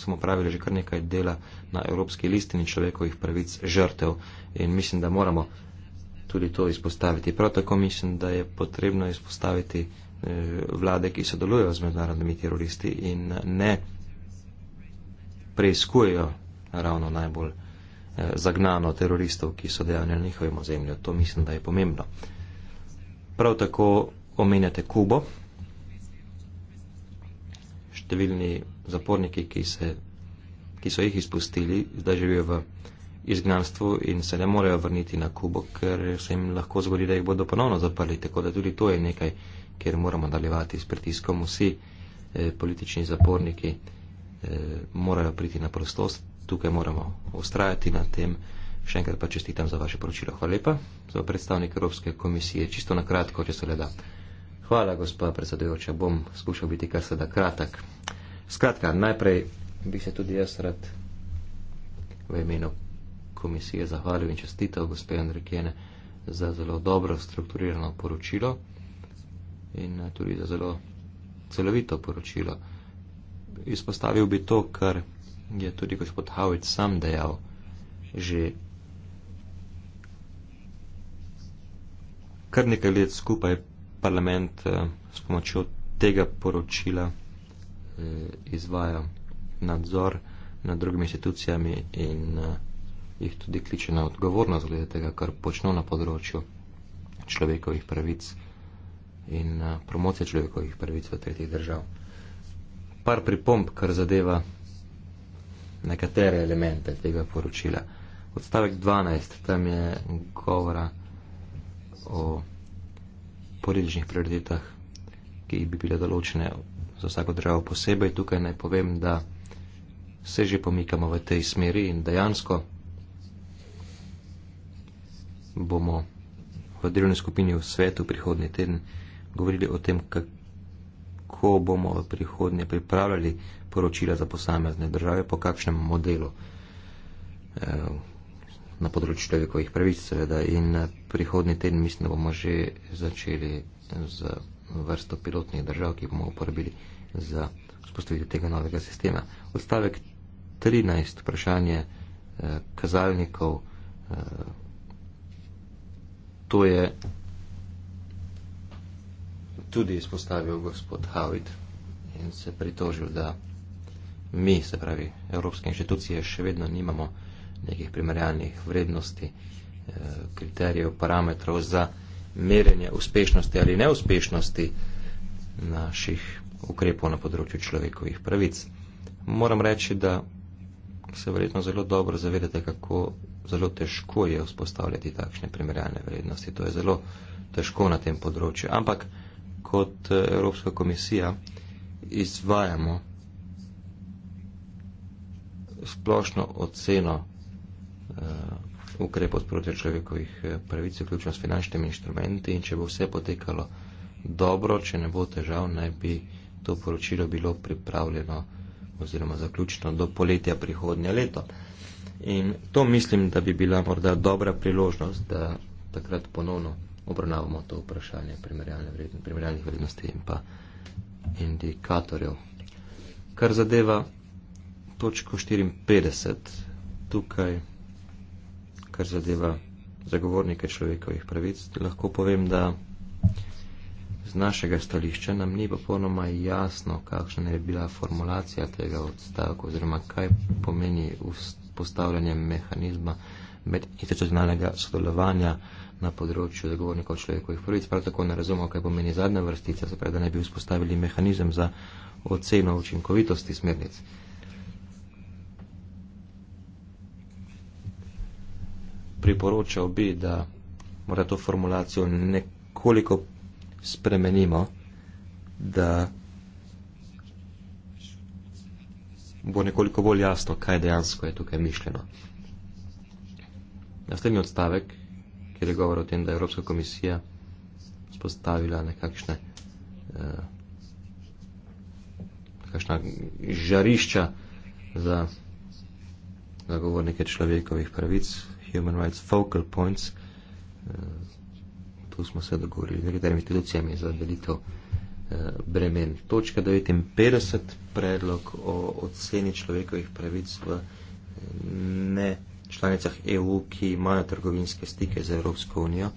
smo pravili že kar nekaj dela na Evropski listini človekovih pravic žrtev in mislim, da moramo tudi to izpostaviti. Prav tako mislim, da je potrebno izpostaviti eh, vlade, ki sodelujejo z mednarodnimi teroristi in ne preizkujejo ravno najbolj zagnano teroristov, ki so dejali na njihovem ozemlju. To mislim, da je pomembno. Prav tako omenjate Kubo. Številni zaporniki, ki, se, ki so jih izpustili, zdaj živijo v izgnanstvu in se ne morejo vrniti na Kubo, ker se jim lahko zgodi, da jih bodo ponovno zaprli. Tako da tudi to je nekaj, kjer moramo nadaljevati s pritiskom. Vsi eh, politični zaporniki eh, morajo priti na prostost, tukaj moramo ustrajati na tem. Še enkrat pa čestitam za vaše poročilo. Hvala lepa za predstavnik Evropske komisije. Čisto na kratko, če se le da. Hvala, gospa predsedujoča. Bom skušal biti kar se da kratek. Skratka, najprej bi se tudi jaz rad v imenu komisije zahvalil in čestital gospe Andrekene za zelo dobro strukturirano poročilo in eh, tudi za zelo celovito poročilo. Izpostavil bi to, kar je tudi gospod Howard sam dejal, že kar nekaj let skupaj parlament eh, s pomočjo tega poročila eh, izvaja nadzor nad drugimi institucijami in eh, jih tudi kliče na odgovornost glede tega, kar počno na področju človekovih pravic in promocije človekovih pravic v tretjih držav. Par pripomb, kar zadeva nekatere elemente tega poročila. Odstavek 12, tam je govora o političnih prioritetah, ki bi bile določene za vsako državo posebej. Tukaj naj povem, da se že pomikamo v tej smeri in dejansko bomo v delovni skupini v svetu prihodnji teden govorili o tem, kako bomo v prihodnje pripravljali poročila za posamezne države, po kakšnem modelu eh, na področju človekovih pravic seveda in eh, prihodni teden mislim, da bomo že začeli z vrsto pilotnih držav, ki bomo uporabili za vzpostavitev tega novega sistema. Odstavek 13, vprašanje eh, kazalnikov, to je tudi izpostavil gospod Havit in se pritožil, da mi, se pravi, evropske inštitucije še vedno nimamo nekih primerjalnih vrednosti, eh, kriterijev, parametrov za merjenje uspešnosti ali neuspešnosti naših ukrepov na področju človekovih pravic. Moram reči, da se verjetno zelo dobro zavedate, kako zelo težko je vzpostavljati takšne primerjalne vrednosti. To je zelo težko na tem področju. Ampak kot eh, Evropska komisija izvajamo splošno oceno uh, ukrepov proti človekovih eh, pravic, vključno s finančnimi inštrumenti in če bo vse potekalo dobro, če ne bo težav, naj bi to poročilo bilo pripravljeno oziroma zaključeno do poletja prihodnje leto. In to mislim, da bi bila morda dobra priložnost, da takrat ponovno obravnavamo to vprašanje vredno, primerjalnih vrednosti in pa indikatorjev. Kar zadeva točko 54, tukaj, kar zadeva zagovornike človekovih pravic, lahko povem, da z našega stališča nam ni popolnoma jasno, kakšna je bila formulacija tega odstavka oziroma kaj pomeni postavljanje mehanizma med institucionalnega sodelovanja na področju zagovornikov človekovih pravic. Prav tako ne razumemo, kaj pomeni zadnja vrstica, zapravo, da ne bi vzpostavili mehanizem za oceno učinkovitosti smernic. priporočal bi, da mora to formulacijo nekoliko spremenimo, da bo nekoliko bolj jasno, kaj dejansko je tukaj mišljeno. Naslednji odstavek, kjer je govor o tem, da je Evropska komisija spostavila nekakšne eh, nekakšna žarišča za zagovornike človekovih pravic, human rights focal points, eh, tu smo se dogovorili z nekaterimi institucijami za delitev eh, bremen. Točka 59, predlog o oceni človekovih pravic v eh, ne članicah EU, ki imajo trgovinske stike z Evropsko unijo.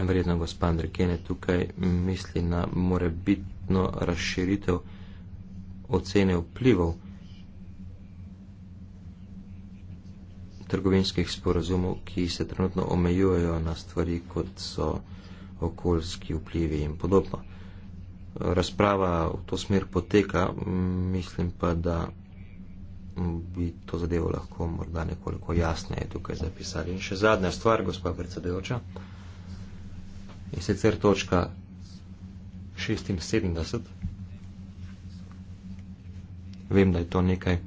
Verjetno gospod Andrikene tukaj misli na morebitno razširitev ocene vplivov. trgovinskih sporazumov, ki se trenutno omejujejo na stvari, kot so okoljski vplivi in podobno. Razprava v to smer poteka, mislim pa, da bi to zadevo lahko morda nekoliko jasneje tukaj zapisali. In še zadnja stvar, gospa predsedujoča, in sicer točka 76. Vem, da je to nekaj,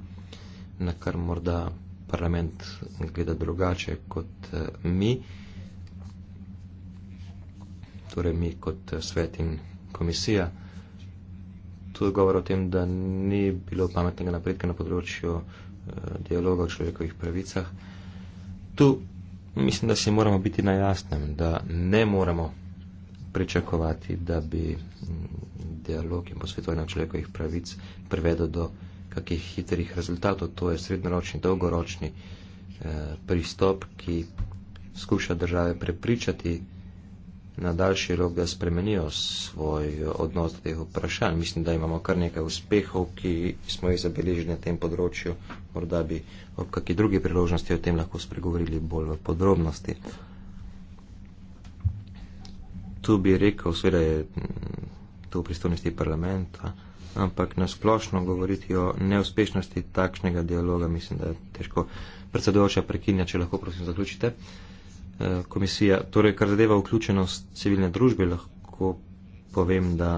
na kar morda parlament gleda drugače kot eh, mi, torej mi kot eh, svet in komisija. Tudi govor o tem, da ni bilo pametnega napredka na področju eh, dialoga o človekovih pravicah. Tu mislim, da se moramo biti na jasnem, da ne moramo pričakovati, da bi mm, dialog in posvetovanje o človekovih pravic prevedo do kakih hitrih rezultatov. To je srednjeročni, dolgoročni eh, pristop, ki skuša države prepričati na daljši rok, da spremenijo svoj odnos do teh vprašanj. Mislim, da imamo kar nekaj uspehov, ki smo jih zabeležili na tem področju. Morda bi ob kaki drugi priložnosti o tem lahko spregovorili bolj v podrobnosti. Tu bi rekel, seveda je to v pristojnosti parlamenta, ampak nasplošno govoriti o neuspešnosti takšnega dialoga, mislim, da je težko. Predsedujoča prekinja, če lahko prosim zaključite. Eh, komisija, torej kar zadeva vključenost civilne družbe, lahko povem, da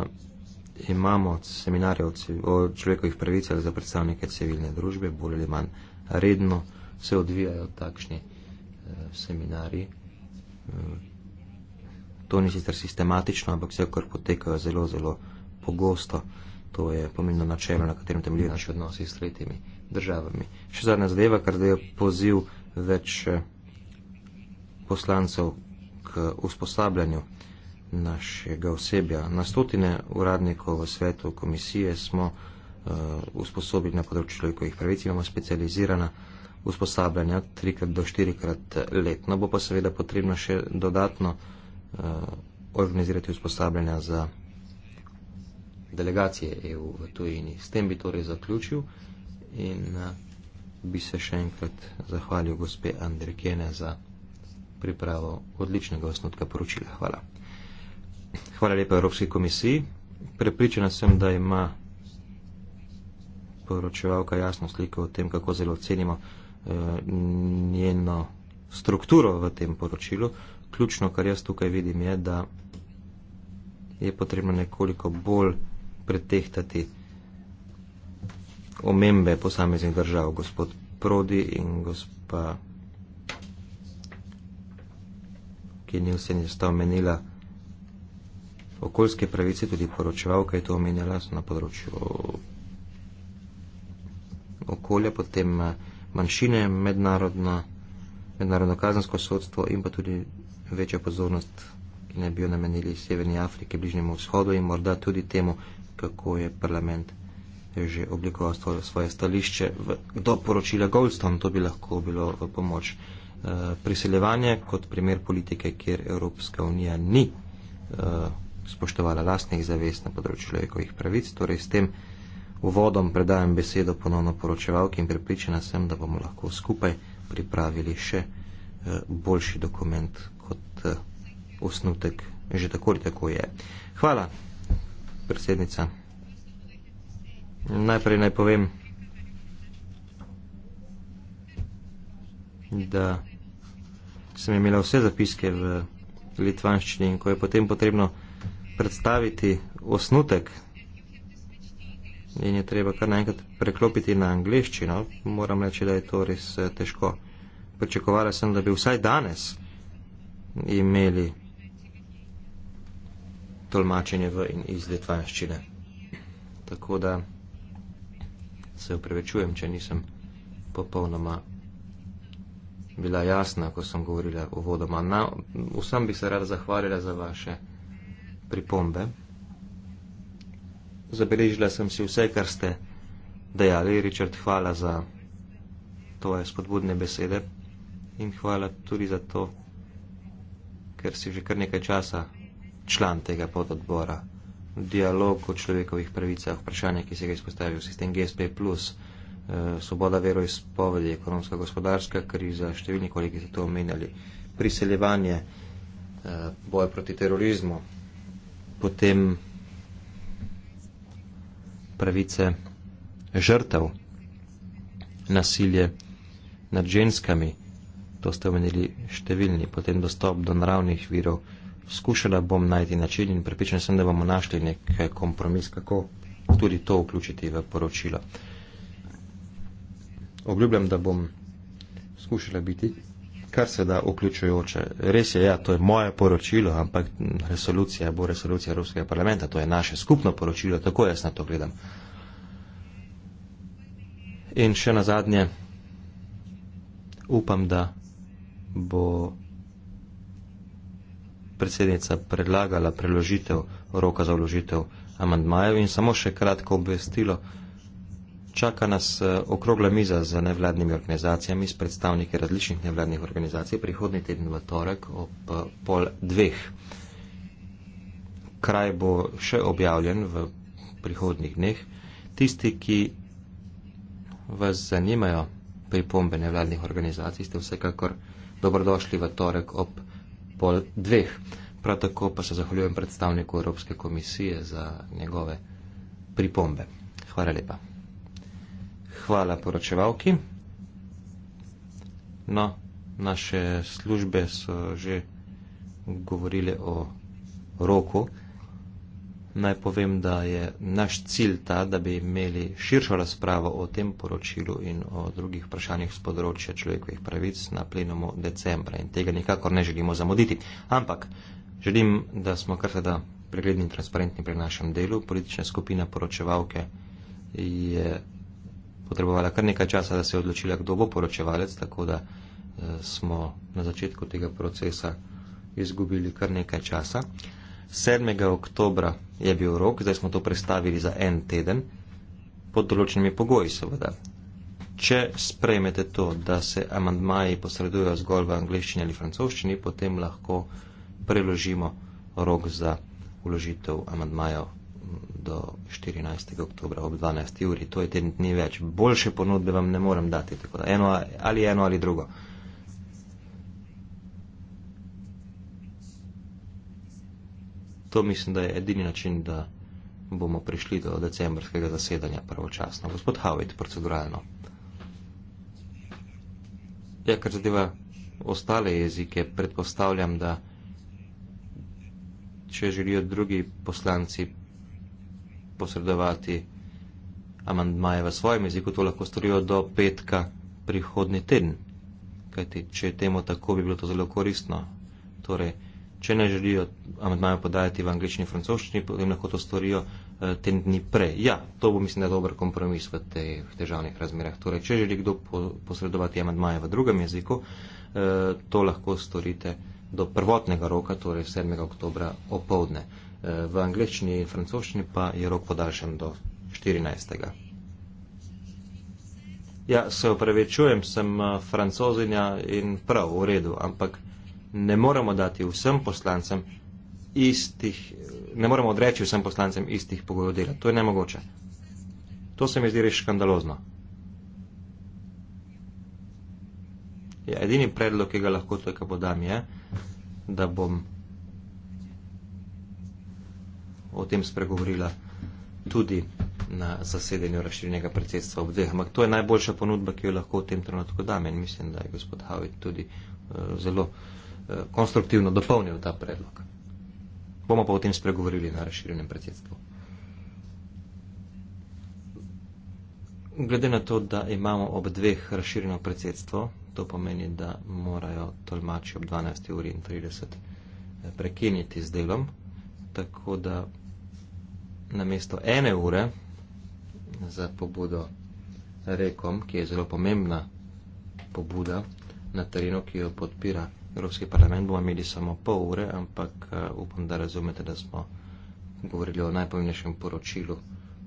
imamo seminarje o človekovih pravicah za predstavnike civilne družbe, bolj ali manj redno se odvijajo takšni eh, seminarji. Eh, to ni sicer sistematično, ampak vse, kar potekajo zelo, zelo pogosto, to je pomembno načelo, na katerem temeljijo naši odnosi s tretjimi državami. Še zadnja zadeva, kar da je poziv več eh, poslancev k usposabljanju našega osebja. Na stotine uradnikov v svetu komisije smo uh, usposobili na področju človekovih pravic, imamo specializirana usposabljanja trikrat do štirikrat letno, bo pa seveda potrebno še dodatno Eh, organizirati usposabljanja za delegacije EU v tujini. S tem bi torej zaključil in eh, bi se še enkrat zahvalil gospe Andrikene za pripravo odličnega osnutka poročila. Hvala. Hvala lepa Evropski komisiji. Prepričana sem, da ima poročevalka jasno sliko o tem, kako zelo ocenimo eh, njeno strukturo v tem poročilu. Eh, ključno, kar jaz tukaj vidim, je, da je potrebno nekoliko bolj pretehtati omembe posameznih držav, gospod Prodi in gospa, ki ni vse nista omenila, okoljske pravice, tudi poročevalka je to omenjala na področju okolja, potem eh, manjšine, mednarodna, mednarodno kazansko sodstvo in pa tudi večjo pozornost naj bi jo namenili Severni Afriki, Bližnjemu vzhodu in morda tudi temu, kako je parlament že oblikoval svoje stališče v, do poročila Goldstone. To bi lahko bilo v pomoč e, priseljevanje kot primer politike, kjer Evropska unija ni e, spoštovala lastnih zavest na področju človekovih pravic. Torej s tem uvodom predajam besedo ponovno poročevalki in pripričana sem, da bomo lahko skupaj pripravili še e, boljši dokument Eh, osnutek že tako ali tako je. Hvala, predsednica. Najprej naj povem, da sem imela vse zapiske v litvanščini in ko je potem potrebno predstaviti osnutek in je treba kar naenkrat preklopiti na angliščino, moram reči, da je to res eh, težko. Pričakovala sem, da bi vsaj danes imeli tolmačenje v in iz letvanščine. Tako da se upravičujem, če nisem popolnoma bila jasna, ko sem govorila uvodoma. Na, vsem bi se rada zahvalila za vaše pripombe. Zabeležila sem si vse, kar ste dejali. Richard, hvala za tvoje spodbudne besede in hvala tudi za to, ker si že kar nekaj časa član tega pododbora. Dialog o človekovih pravicah, vprašanje, ki se ga izpostavil, sistem GSP, eh, svoboda veroizpovedi, ekonomska gospodarska kriza, številni kolegi so to omenjali, priseljevanje, eh, boj proti terorizmu, potem pravice žrtev, nasilje nad ženskami to ste omenili številni, potem dostop do naravnih virov. Skušala bom najti način in pripričan sem, da bomo našli nek kompromis, kako tudi to vključiti v poročilo. Obljubljam, da bom skušala biti kar se da vključujoče. Res je, ja, to je moje poročilo, ampak resolucija bo resolucija Evropskega parlamenta, to je naše skupno poročilo, tako jaz na to gledam. In še na zadnje, upam, da bo predsednica predlagala preložitev roka za vložitev amandmajev in samo še kratko obvestilo. Čaka nas eh, okrogla miza z nevladnimi organizacijami, s predstavniki različnih nevladnih organizacij prihodnji teden v torek ob eh, pol dveh. Kraj bo še objavljen v prihodnih dneh. Tisti, ki vas zanimajo pripombe nevladnih organizacij, ste vsekakor dobrodošli v torek ob pol dveh. Prav tako pa se zahvaljujem predstavniku Evropske komisije za njegove pripombe. Hvala lepa. Hvala poročevalki. No, naše službe so že govorile o roku naj povem, da je naš cilj ta, da bi imeli širšo razpravo o tem poročilu in o drugih vprašanjih z področja človekovih pravic na plenumu decembra in tega nikakor ne želimo zamuditi. Ampak želim, da smo kar seveda pregledni in transparentni pri našem delu. Politična skupina poročevalke je potrebovala kar nekaj časa, da se je odločila, kdo bo poročevalec, tako da eh, smo na začetku tega procesa izgubili kar nekaj časa. 7. oktobra je bil rok, zdaj smo to prestavili za en teden, pod določenimi pogoji seveda. Če sprejmete to, da se amandmaji posredujejo zgolj v angliščini ali francoščini, potem lahko preložimo rok za uložitev amandmajev do 14. oktobra ob 12. uri. To je teden dni več. Boljše ponudbe vam ne morem dati. Tako da eno ali eno ali drugo. to mislim, da je edini način, da bomo prišli do decembrskega zasedanja pravočasno. Gospod Havit, proceduralno. Ja, kar zadeva ostale jezike, predpostavljam, da če želijo drugi poslanci posredovati amandmaje v svojem jeziku, to lahko storijo do petka prihodni teden. Kajti, če je temu tako, bi bilo to zelo koristno. Torej, Če ne želijo amadmaja podajati v angliščini in francoščini, potem lahko to storijo uh, eh, ten dni prej. Ja, to bo mislim, da je dober kompromis v teh težavnih razmerah. Torej, če želi kdo po, posredovati amadmaje v drugem jeziku, uh, to lahko storite do prvotnega roka, torej 7. oktober opovdne. Uh, eh, v angliščini in francoščini pa je rok podaljšan do 14. Ja, se opravičujem, sem uh, francozinja in prav, v redu, ampak ne moremo dati vsem poslancem istih, ne moremo odreči vsem poslancem istih pogojev dela. To je nemogoče. To se mi zdi res škandalozno. Ja, edini predlog, ki ga lahko tukaj podam, je, da bom o tem spregovorila tudi na zasedenju razširjenega predsedstva ob dveh. Ampak to je najboljša ponudba, ki jo lahko v tem trenutku dam in mislim, da je gospod Havit tudi uh, zelo. Uh, Eh, konstruktivno dopolnil ta predlog. Bomo pa o tem spregovorili na razširjenem predsedstvu. Glede na to, da imamo ob dveh razširjeno predsedstvo, to pomeni, da morajo tolmači ob 12. uri in 30 eh, prekiniti z delom, tako da namesto ene ure za pobudo rekom, ki je zelo pomembna pobuda na terenu, ki jo podpira Evropski parlament bomo imeli samo pol ure, ampak eh, upam, da razumete, da smo govorili o najpomembnejšem poročilu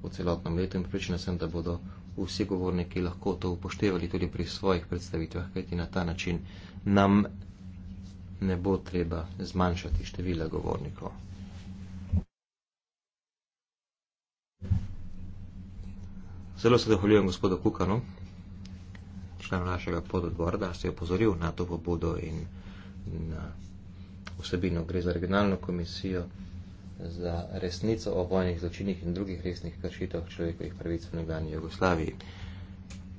v celotnem letu in pripričana sem, da bodo vsi govorniki lahko to upoštevali tudi pri svojih predstavitvah, kajti na ta način nam ne bo treba zmanjšati števila govornikov. Zelo se zahvaljujem gospodu Kukanu, članu našega pododbora, da ste opozoril na to pobudo in na vsebino. Gre za regionalno komisijo za resnico o vojnih zločinih in drugih resnih kršitev človekovih pravic v nekdanji Jugoslaviji.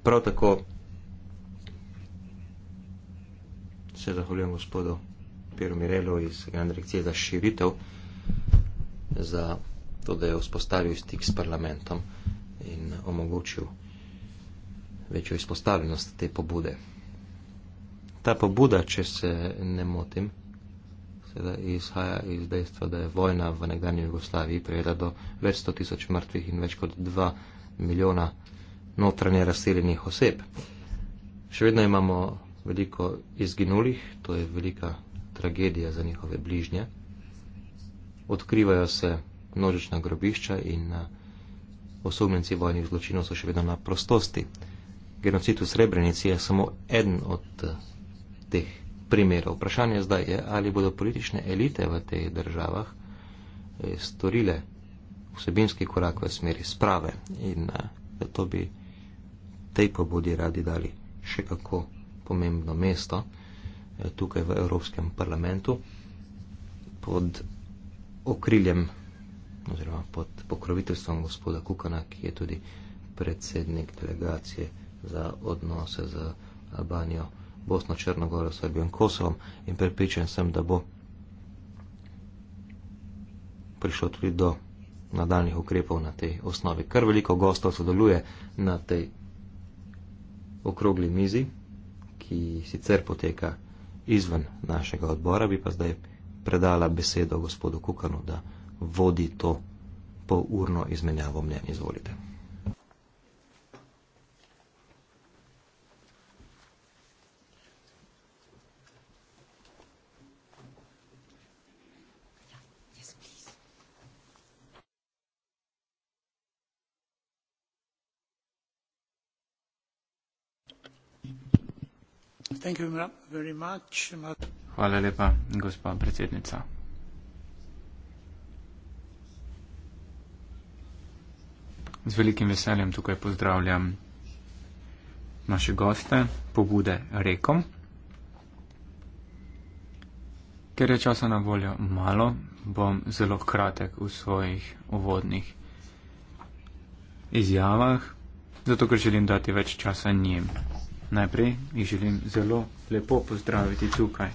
Prav tako se zahvaljujem gospodu Piro Mirelo iz Generalne za širitev, za to, da je vzpostavil stik s parlamentom in omogočil večjo izpostavljenost te pobude ta pobuda, če se ne motim, seveda izhaja iz dejstva, da je vojna v nekdanji Jugoslaviji prijela do več sto tisoč mrtvih in več kot dva milijona notranje razseljenih oseb. Še vedno imamo veliko izginulih, to je velika tragedija za njihove bližnje. Odkrivajo se množična grobišča in osumljenci vojnih zločinov so še vedno na prostosti. Genocid v Srebrenici je samo eden od teh primerov. Vprašanje zdaj je, ali bodo politične elite v teh državah eh, storile vsebinski korak v smeri sprave in da eh, to bi tej pobudi radi dali še kako pomembno mesto eh, tukaj v Evropskem parlamentu pod okriljem oziroma pod pokroviteljstvom gospoda Kukana, ki je tudi predsednik delegacije za odnose z Albanijo. Bosno, Črnogoro, Srbijo in Kosovom in pripričan sem, da bo prišlo tudi do nadaljnih ukrepov na tej osnovi. Kar veliko gostov sodeluje na tej okrogli mizi, ki sicer poteka izven našega odbora, bi pa zdaj predala besedo gospodu Kukanu, da vodi to polurno izmenjavo mnen. Izvolite. Hvala lepa, gospa predsednica. Z velikim veseljem tukaj pozdravljam naše goste, pobude rekom. Ker je časa na voljo malo, bom zelo kratek v svojih uvodnih izjavah, zato ker želim dati več časa njim. Najprej jih želim zelo lepo pozdraviti tukaj.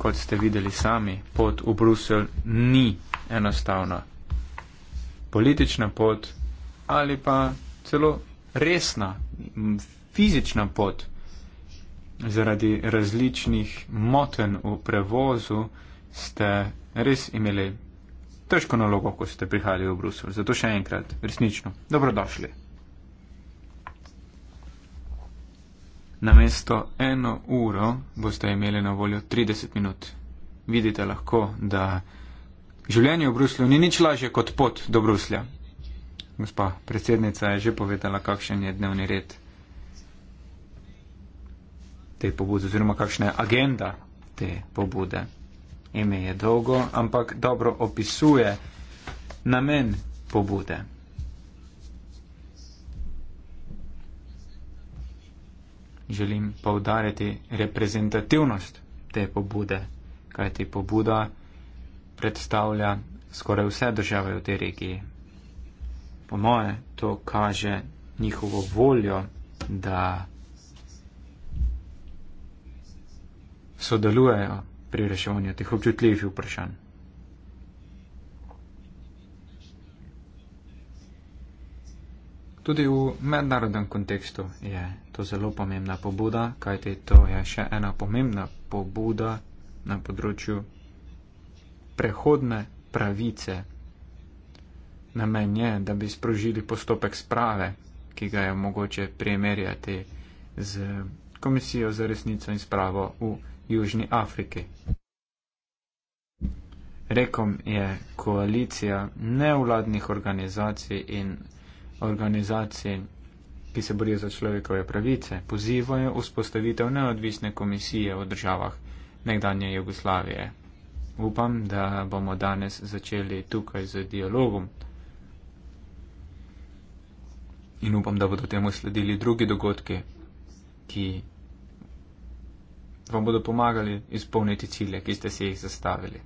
Kot ste videli sami, pot v Bruselj ni enostavna. Politična pot ali pa celo resna, fizična pot zaradi različnih moten v prevozu ste res imeli težko nalogo, ko ste prihajali v Bruselj. Zato še enkrat, resnično, dobrodošli. Namesto eno uro boste imeli na voljo 30 minut. Vidite lahko, da življenje v Bruslju ni nič lažje kot pot do Bruslja. Gospa predsednica je že povedala, kakšen je dnevni red te pobude oziroma kakšna je agenda te pobude. Ime je dolgo, ampak dobro opisuje namen pobude. želim povdarjati reprezentativnost te pobude, kaj ti pobuda predstavlja skoraj vse države v tej regiji. Po moje to kaže njihovo voljo, da sodelujejo pri reševanju teh občutljivih vprašanj. Tudi v mednarodnem kontekstu je to zelo pomembna pobuda, kajte to je še ena pomembna pobuda na področju prehodne pravice. Namen je, da bi sprožili postopek sprave, ki ga je mogoče primerjati z Komisijo za resnico in spravo v Južni Afriki. Rekom je koalicija nevladnih organizacij in organizacij ki se borijo za človekove pravice, pozivajo vzpostavitev neodvisne komisije v državah nekdanje Jugoslavije. Upam, da bomo danes začeli tukaj z dialogom in upam, da bodo temu sledili drugi dogodki, ki vam bodo pomagali izpolniti cilje, ki ste si jih zastavili.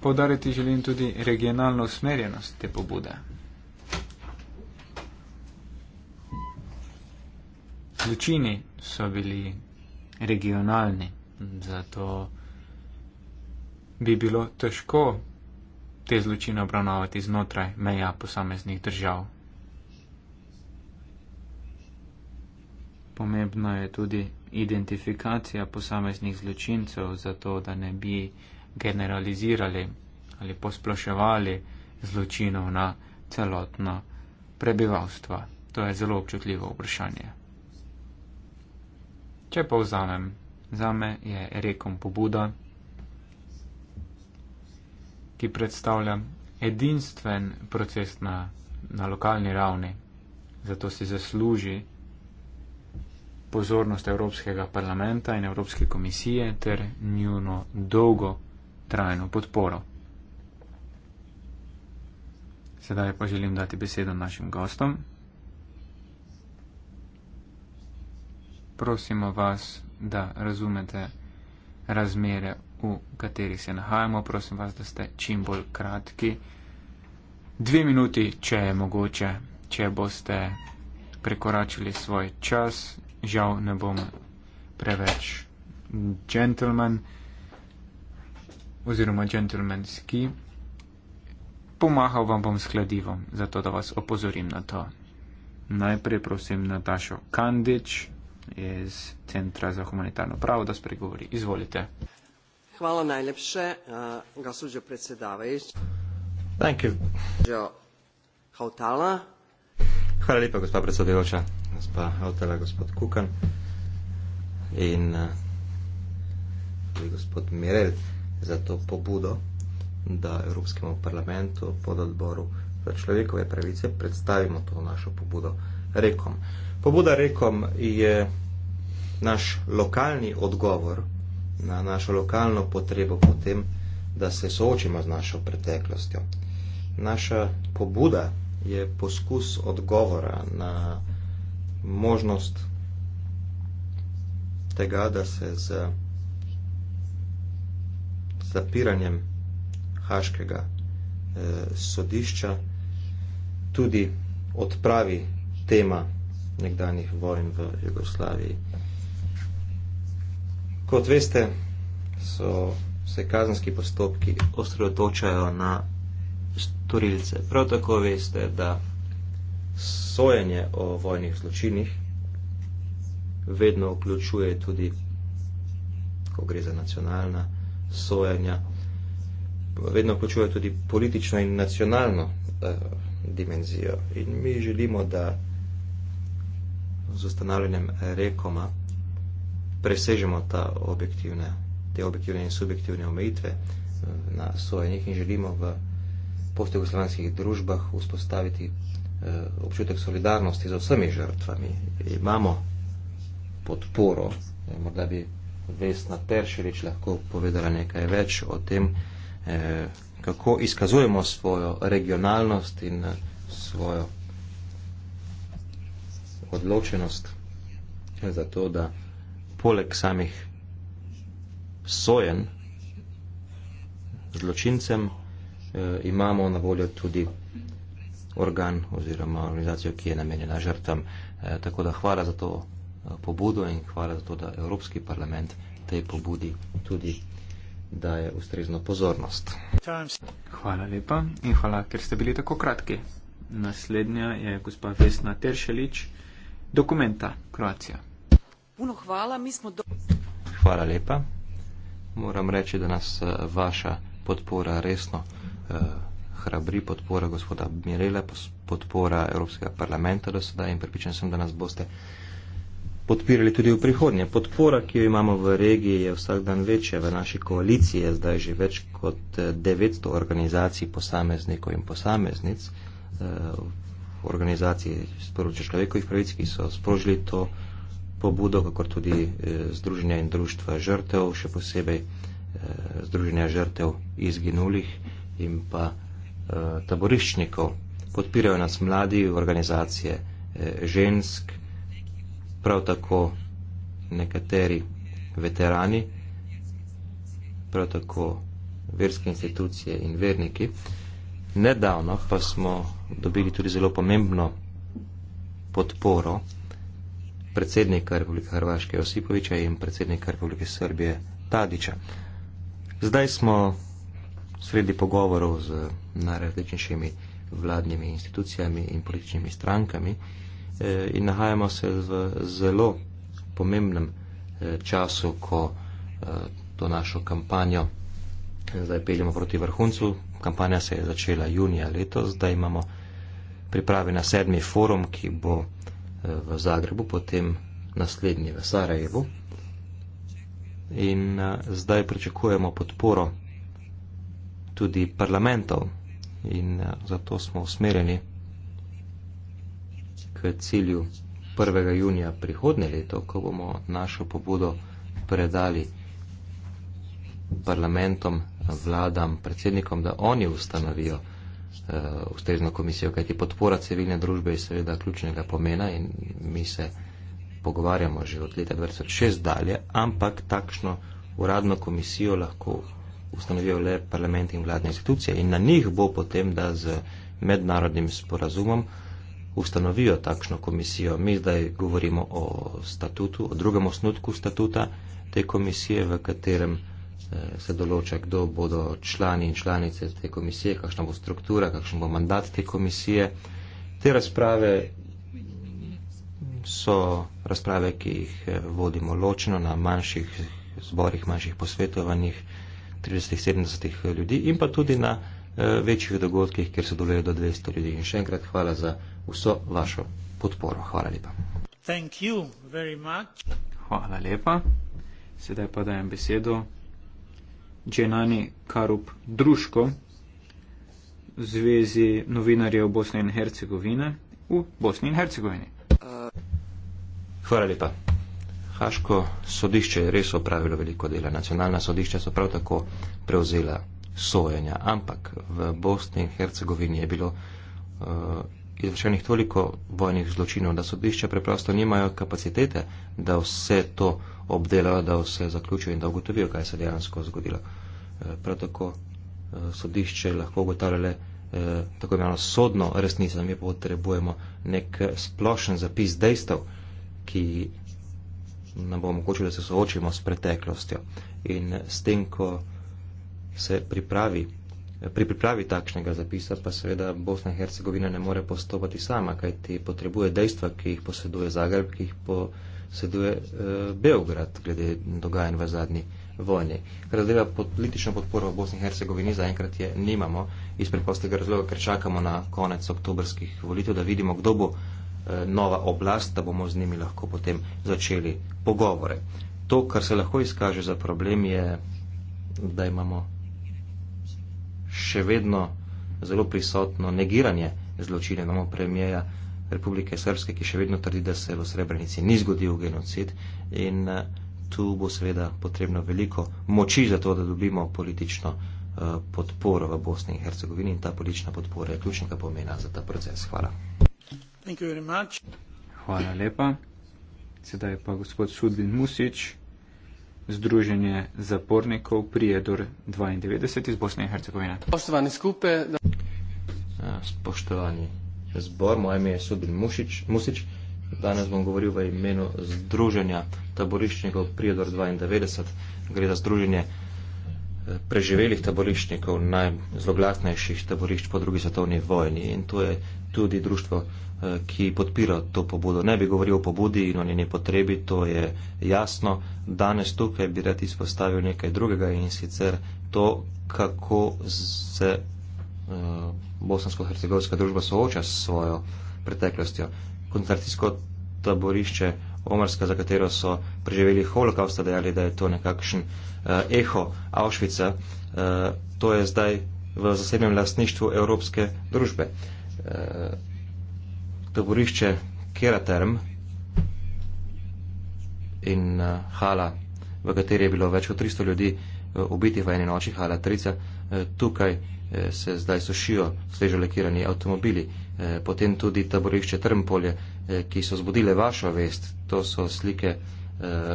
Povdariti želim tudi regionalno usmerjenost te pobude. zločini so bili regionalni, zato bi bilo težko te zločine obravnavati znotraj meja posameznih držav. Pomembno je tudi identifikacija posameznih zločincev, zato da ne bi generalizirali ali posploševali zločinov na celotno prebivalstvo. To je zelo občutljivo vprašanje. Če povzamem, zame je rekom pobuda, ki predstavlja edinstven proces na, na lokalni ravni, zato si zasluži pozornost Evropskega parlamenta in Evropske komisije ter njuno dolgo trajno podporo. Sedaj pa želim dati besedo našim gostom. prosimo vas, da razumete razmere, v katerih se nahajamo. Prosim vas, da ste čim bolj kratki. Dve minuti, če je mogoče, če boste prekoračili svoj čas, žal ne bom preveč gentleman oziroma gentlemanski. Pomahal vam bom s kladivom, zato da vas opozorim na to. Najprej prosim Natašo Kandič, iz Centra za humanitarno pravo, da spregovori. Izvolite. Hvala najlepše, uh, gospođo predsedavajuć. Thank you. Gospođo Hautala. Hvala lepa, gospa predsedajoča, gospa Hautala, gospod Kukan in uh, tudi gospod Mirel za to pobudo, da Evropskemu parlamentu pod odboru za človekove pravice predstavimo to našo pobudo rekom. Pobuda rekom je naš lokalni odgovor na našo lokalno potrebo po tem, da se soočimo z našo preteklostjo. Naša pobuda je poskus odgovora na možnost tega, da se z zapiranjem Haškega eh, sodišča tudi odpravi tema nekdanjih vojn v Jugoslaviji. Kot veste, so se kazenski postopki osredotočajo na storilce. Prav tako veste, da sojenje o vojnih zločinih vedno vključuje tudi, ko gre za nacionalna sojenja, vedno vključuje tudi politično in nacionalno eh, dimenzijo. In mi želimo, da z ustanavljanjem rekoma, presežemo ta objektivne, te objektivne in subjektivne omejitve eh, na sojenih in želimo v postjugoslovanskih družbah vzpostaviti eh, občutek solidarnosti za vsemi žrtvami. Imamo podporo, eh, morda bi Vesna Teršilič lahko povedala nekaj več o tem, kako izkazujemo svojo regionalnost in svojo odločenost za to, da poleg samih sojen zločincem, eh, imamo na voljo tudi organ oziroma organizacijo, ki je namenjena žrtvam. Eh, tako da hvala za to eh, pobudo in hvala za to, da Evropski parlament tej pobudi tudi daje ustrezno pozornost. Hvala lepa in hvala, ker ste bili tako kratki. Naslednja je gospa Vesna Teršelič, dokumenta Kroacija. Puno hvala, mi smo do... Hvala lepa. Moram reči, da nas eh, vaša podpora resno eh, hrabri, podpora gospoda Mirela, podpora Evropskega parlamenta do sedaj in pripričan sem, da nas boste podpirali tudi v prihodnje. Podpora, ki jo imamo v regiji, je vsak dan večja. V naši koaliciji je zdaj že več kot 900 eh, organizacij posameznikov in posameznic, eh, organizacij sporoče človekovih pravic, ki so sprožili to pobudo, kakor tudi eh, Združenja in Društva žrtev, še posebej eh, Združenja žrtev izginulih in pa eh, taboriščnikov. Podpirajo nas mladi organizacije žensk, prav tako nekateri veterani, prav tako verske institucije in verniki. Nedavno pa smo dobili tudi zelo pomembno podporo predsednika Republike Hrvaške Josipovića in predsednika Republike Srbije Tadića. Zdaj smo sredi pogovorov z najrazličnejšimi vladnimi institucijami in političnimi strankami eh, in nahajamo se v zelo pomembnem eh, času, ko eh, to našo kampanjo eh, zdaj peljemo proti vrhuncu. Kampanja se je začela junija letos, zdaj imamo pripravljena sedmi forum, ki bo eh, v Zagrebu, potem naslednji v Sarajevu. In eh, zdaj pričakujemo podporo tudi parlamentov in eh, zato smo usmerjeni k cilju 1. junija prihodne leto, ko bomo našo pobudo predali parlamentom, vladam, predsednikom, da oni ustanovijo Eh, ustrezno komisijo, kajti podpora civilne družbe je seveda ključnega pomena in mi se pogovarjamo že od leta 2006 dalje, ampak takšno uradno komisijo lahko ustanovijo le parlament in vladne institucije in na njih bo potem, da z mednarodnim sporazumom ustanovijo takšno komisijo. Mi zdaj govorimo o statutu, o drugem osnutku statuta te komisije, v katerem Eh, se določa, kdo bodo člani in članice te komisije, kakšna bo struktura, kakšen bo mandat te komisije. Te razprave so razprave, ki jih eh, vodimo ločeno na manjših zborih, manjših posvetovanjih 30-70 eh, ljudi in pa tudi na večjih dogodkih, kjer se dolejo do 200 ljudi. In še enkrat hvala za vso vašo podporo. Hvala lepa. Thank you very much. Hvala lepa. Sedaj pa dajem besedo Dženani Karup Družko v zvezi novinarjev Bosne in Hercegovine v Bosni in Hercegovini. Hvala lepa. Haško sodišče je res opravilo veliko dela. Nacionalna sodišča so prav tako prevzela sojenja, ampak v Bosni in Hercegovini je bilo uh, izvršenih toliko vojnih zločinov, da sodišča preprosto nimajo kapacitete, da vse to obdelajo, da vse zaključijo in da ugotovijo, kaj se dejansko zgodilo. Eh, prav tako eh, sodišče lahko ugotavlja le eh, tako imeno sodno resnico, mi potrebujemo nek splošen zapis dejstev, ki nam bo omogočil, da se soočimo s preteklostjo. In s tem, ko se pripravi pri pripravi takšnega zapisa pa seveda Bosna in Hercegovina ne more postopati sama, kajti potrebuje dejstva, ki jih poseduje Zagreb, ki jih poseduje eh, Beograd, glede dogajanj v zadnji vojni. Kar zadeva politično podporo v Bosni in Hercegovini, zaenkrat je nimamo, iz preprostega razloga, ker čakamo na konec oktobrskih volitev, da vidimo, kdo bo eh, nova oblast, da bomo z njimi lahko potem začeli pogovore. To, kar se lahko izkaže za problem, je, da imamo še vedno zelo prisotno negiranje zločine. Imamo premijeja Republike Srpske, ki še vedno trdi, da se v Srebrenici ni zgodil genocid in eh, tu bo seveda potrebno veliko moči za to, da dobimo politično eh, podporo v Bosni in Hercegovini in ta politična podpora je ključnega pomena za ta proces. Hvala. Hvala lepa. Sedaj pa gospod Sudin Musič. Združenje zapornikov Prijedor 92 iz Bosne in Hercegovine. Poštovani skupe. Da... Spoštovani zbor, moje ime je Subin Mušič, Musič. Danes bom govoril v imenu Združenja taboriščnikov Prijedor 92. Gre za združenje e, preživelih taboriščnikov, najzloglasnejših taborišč po drugi svetovni vojni. In to je tudi društvo Eh, ki podpira to pobudo. Ne bi govoril o pobudi in o njeni potrebi, to je jasno. Danes tukaj bi rad izpostavil nekaj drugega in sicer to, kako se eh, bosansko-hercegovska družba sooča s svojo preteklostjo. Koncertijsko taborišče Omarska, za katero so preživeli holokausta, dejali, da je to nekakšen uh, eho Auschwitza, uh, to je zdaj v zasebnem lastništvu Evropske družbe. Uh, taborišče Keraterm in uh, hala, v kateri je bilo več kot 300 ljudi uh, eh, ubiti v eni noči, hala Trica. Uh, tukaj uh, se zdaj sušijo sveže lakirani avtomobili. Uh, potem tudi taborišče Trmpolje, uh, ki so zbudile vašo vest. To so slike uh,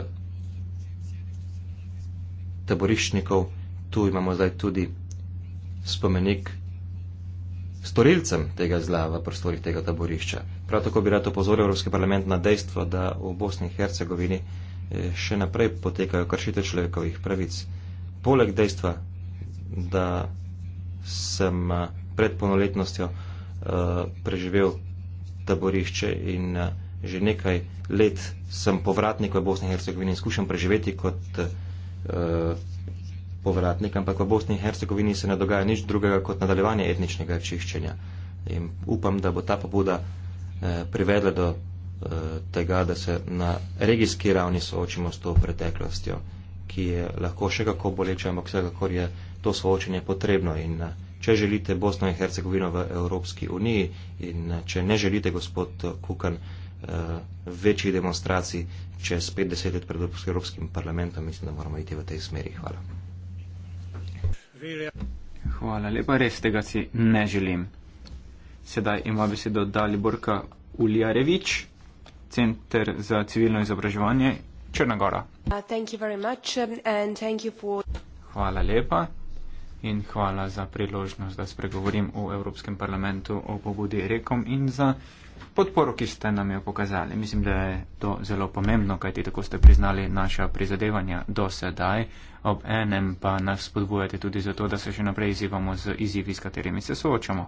taboriščnikov. Tu imamo zdaj tudi spomenik uh, storilcem tega zla v prostorih tega taborišča. Prav tako bi rad opozoril Evropski parlament na dejstvo, da v Bosni in Hercegovini eh, še naprej potekajo kršite človekovih pravic. Poleg dejstva, da sem eh, pred polnoletnostjo eh, preživel taborišče in že nekaj let sem povratnik v Bosni in Hercegovini in skušam preživeti kot povratnik, ampak v Bosni in Hercegovini se ne dogaja nič drugega kot nadaljevanje etničnega čiščenja. In upam, da bo ta pobuda eh, privedla do eh, tega, da se na regijski ravni soočimo s to preteklostjo, ki je lahko še kako boleča, ampak vsekakor je to soočenje potrebno. In, eh, Če želite Bosno in Hercegovino v Evropski uniji in eh, če ne želite, gospod eh, Kukan, večjih demonstracij čez 50 let pred Evropskim parlamentom, mislim, da moramo iti v tej smeri. Hvala. Hvala lepa, res tega si ne želim. Sedaj ima besedo Daliborka Uljarevič, Center za civilno izobraževanje Črnagora. Uh, um, Hvala lepa in hvala za priložnost, da spregovorim v Evropskem parlamentu o pobudi rekom in za podporo, ki ste nam jo pokazali. Mislim, da je to zelo pomembno, kajti tako ste priznali naša prizadevanja do sedaj, ob enem pa nas spodbujate tudi zato, da se še naprej izzivamo z izzivi, s katerimi se soočamo.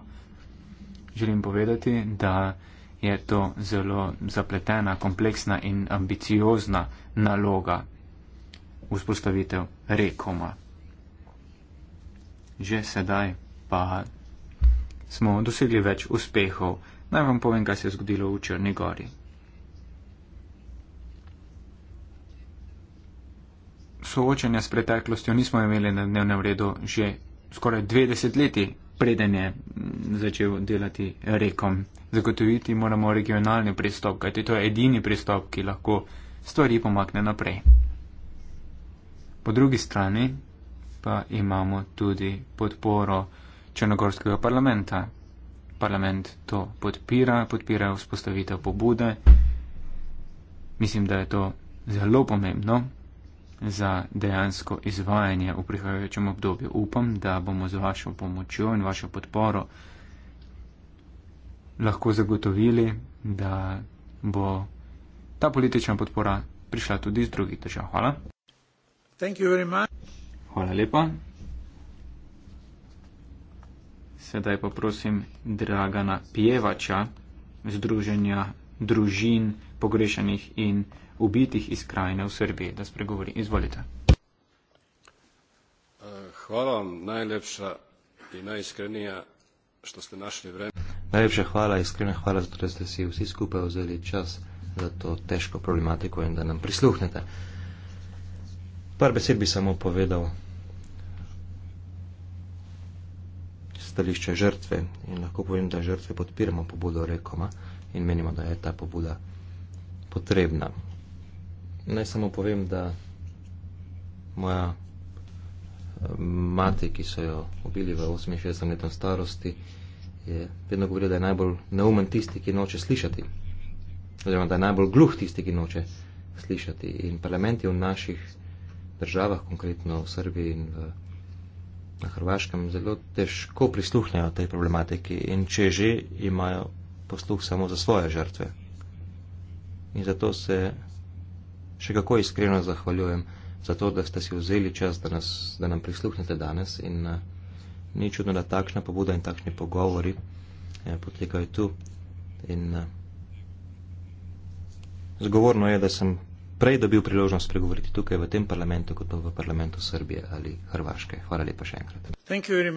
Želim povedati, da je to zelo zapletena, kompleksna in ambiciozna naloga vzpostavitev rekoma že sedaj pa smo dosegli več uspehov. Naj vam povem, kaj se je zgodilo v Črni gori. Soočanja s preteklostjo nismo imeli na dnevnem redu že skoraj 20 leti, preden je začel delati rekom. Zagotoviti moramo regionalni pristop, kajti to je edini pristop, ki lahko stvari pomakne naprej. Po drugi strani pa imamo tudi podporo Črnogorskega parlamenta. Parlament to podpira, podpira vzpostavitev pobude. Mislim, da je to zelo pomembno za dejansko izvajanje v prihajajočem obdobju. Upam, da bomo z vašo pomočjo in vašo podporo lahko zagotovili, da bo ta politična podpora prišla tudi iz drugih držav. Hvala. Thank you very much. Hvala lepa. Sedaj pa prosim Dragana Pjevača, Združenja družin pogrešanih in ubitih iz krajine v Srbiji, da spregovori. Izvolite. Eh, hvala vam najlepša in najiskrenija, što ste našli vreme. Najlepša hvala, iskrena hvala, zato da ste si vsi skupaj vzeli čas za to težko problematiko in da nam prisluhnete. Par besed bi samo povedal stališče žrtve in lahko povem, da žrtve podpiramo pobudo rekoma in menimo, da je ta pobuda potrebna. Naj samo povem, da moja eh, mati, ki so jo ubili v 68 letem starosti, je vedno govorila, da je najbolj neumen tisti, ki noče slišati. Oziroma, da je najbolj gluh tisti, ki noče slišati. In parlament je v naših državah, konkretno v Srbiji in v na Hrvaškem zelo težko prisluhnejo tej problematiki in če že imajo posluh samo za svoje žrtve. In zato se še kako iskreno zahvaljujem za to, da ste si vzeli čas, da, nas, da nam prisluhnete danes in uh, ni čudno, da takšna pobuda in takšni pogovori eh, potekajo tu. In, uh, zgovorno je, da sem prej dobil priložnost pregovoriti tukaj v tem parlamentu, kot pa v parlamentu Srbije ali Hrvaške. Hvala lepa še enkrat.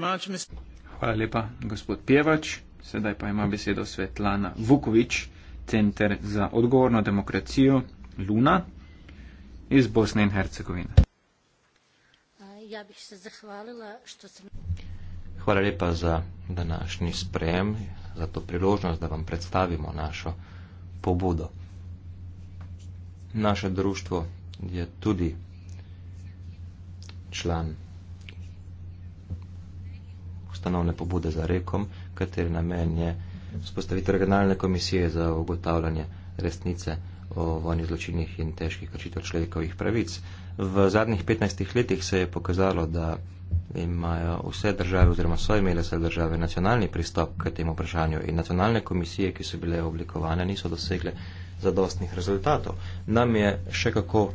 Much, Mr... Hvala lepa, gospod Pjevač. Sedaj pa ima besedo Svetlana Vukovič, Center za odgovorno demokracijo Luna iz Bosne in Hercegovine. Ja bih se zahvalila, što sem... Hvala lepa za današnji sprejem, za to priložnost, da vam predstavimo našo pobudo naše društvo je tudi član ustanovne pobude za rekom, kateri namen je spostaviti regionalne komisije za ugotavljanje resnice o vojnih zločinih in težkih kršitev človekovih pravic. V zadnjih 15 letih se je pokazalo, da imajo vse države oziroma so imele vse države nacionalni pristop k temu vprašanju in nacionalne komisije, ki so bile oblikovane, niso dosegle zadostnih rezultatov. Nam je še kako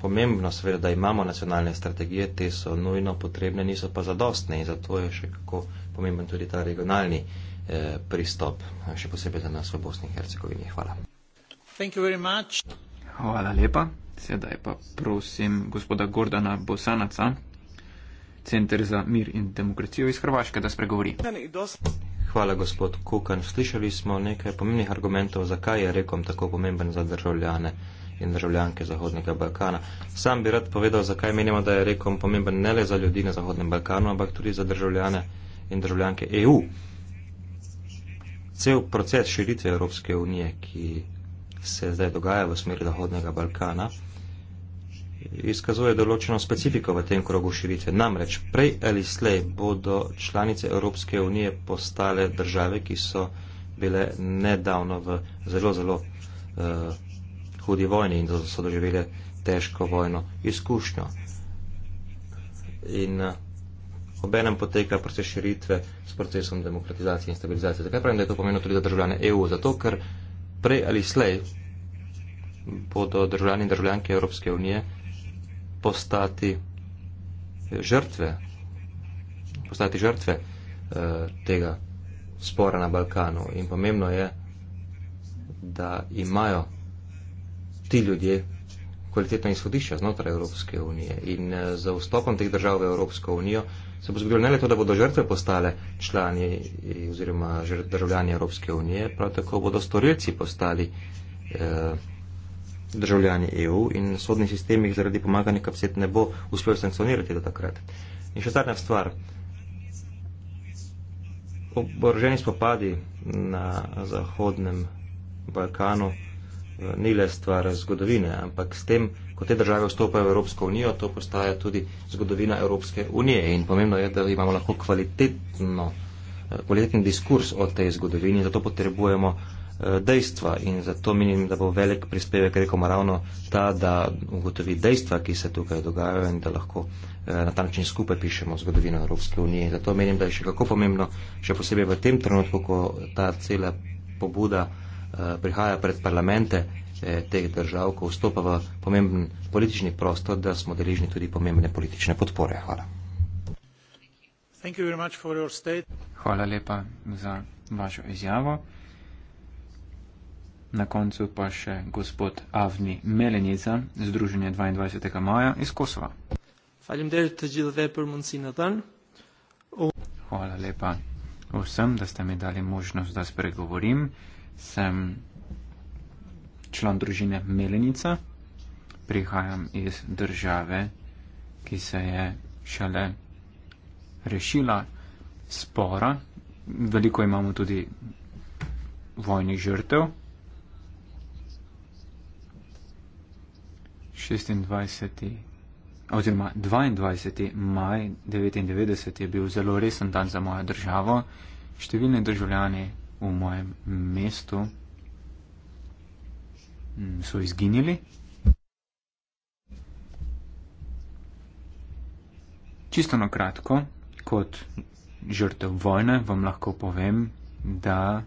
pomembno, seveda, da imamo nacionalne strategije, te so nujno potrebne, niso pa zadostne in zato je še kako pomemben tudi ta regionalni eh, pristop, še posebej za nas v Bosni in Hercegovini. Hvala. Hvala lepa. Sedaj pa prosim gospoda Gordana Bosanaca, Center za mir in demokracijo iz Hrvaške, da spregovori. Hvala, gospod Kukan. Slišali smo nekaj pomembnih argumentov, zakaj je rekom tako pomemben za državljane in državljanke Zahodnega Balkana. Sam bi rad povedal, zakaj menimo, da je rekom pomemben ne le za ljudi na Zahodnem Balkanu, ampak tudi za državljane in državljanke EU. Cel proces širitve Evropske unije, ki se zdaj dogaja v smeri Zahodnega Balkana, izkazuje določeno specifiko v tem krogu širitve. Namreč, prej ali slej bodo članice Evropske unije postale države, ki so bile nedavno v zelo, zelo uh, hudi vojni in so doživele težko vojno izkušnjo. In uh, obenem poteka proces širitve s procesom demokratizacije in stabilizacije. Zakaj pravim, da je to pomeno tudi za državljane EU? Zato, ker prej ali slej bodo državljani in državljanke Evropske unije postati eh, žrtve, postati žrtve eh, tega spora na Balkanu. In pomembno je, da imajo ti ljudje kvalitetna izhodišča znotraj Evropske unije. In eh, za vstopom teh držav v Evropsko unijo se bo zgodilo ne le to, da bodo žrtve postale člani oziroma državljani Evropske unije, prav tako bodo storilci postali eh, državljani EU in sodni sistem jih zaradi pomaganja kapset ne bo uspel sankcionirati do takrat. In še zadnja stvar. Oboroženi spopadi na Zahodnem Balkanu eh, ni le stvar zgodovine, ampak s tem, ko te države vstopajo v Evropsko unijo, to postaja tudi zgodovina Evropske unije. In pomembno je, da imamo lahko kvalitetno, eh, kvaliteten diskurs o tej zgodovini, zato potrebujemo Eh, dejstva in zato menim, da bo velik prispevek, rekom, ravno ta, da ugotovi dejstva, ki se tukaj dogajajo in da lahko eh, na ta način skupaj pišemo zgodovino Evropske unije. Zato menim, da je še kako pomembno, še posebej v tem trenutku, ko ta cela pobuda eh, prihaja pred parlamente teh držav, ko vstopa v pomemben politični prostor, da smo deležni tudi pomembne politične podpore. Hvala. Hvala lepa za vašo izjavo na koncu pa še gospod Avni Melenica, Združenje 22. maja iz Kosova. Hvala lepa vsem, da ste mi dali možnost, da spregovorim. Sem član družine Melenica, prihajam iz države, ki se je šele rešila spora. Veliko imamo tudi vojnih žrtev, 26. oziroma 22. maj 99 je bil zelo resen dan za mojo državo. Številni državljani v mojem mestu mm, so izginili. Čisto na kratko, kot žrtev vojne, vam lahko povem, da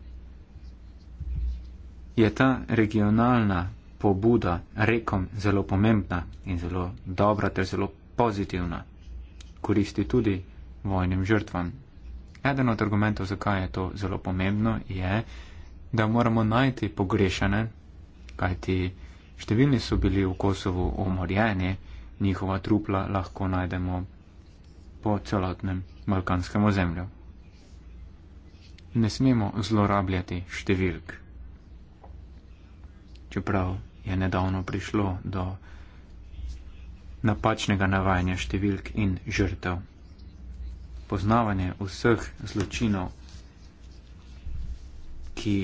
je ta regionalna pobuda rekom zelo pomembna in zelo dobra ter zelo pozitivna. Koristi tudi vojnim žrtvam. Eden od argumentov, zakaj je to zelo pomembno, je, da moramo najti pogrešene, kajti številni so bili v Kosovu umorjeni, njihova trupla lahko najdemo po celotnem balkanskem ozemlju. Ne smemo zlorabljati številk. Čeprav je nedavno prišlo do napačnega navajanja številk in žrtev. Poznavanje vseh zločinov, ki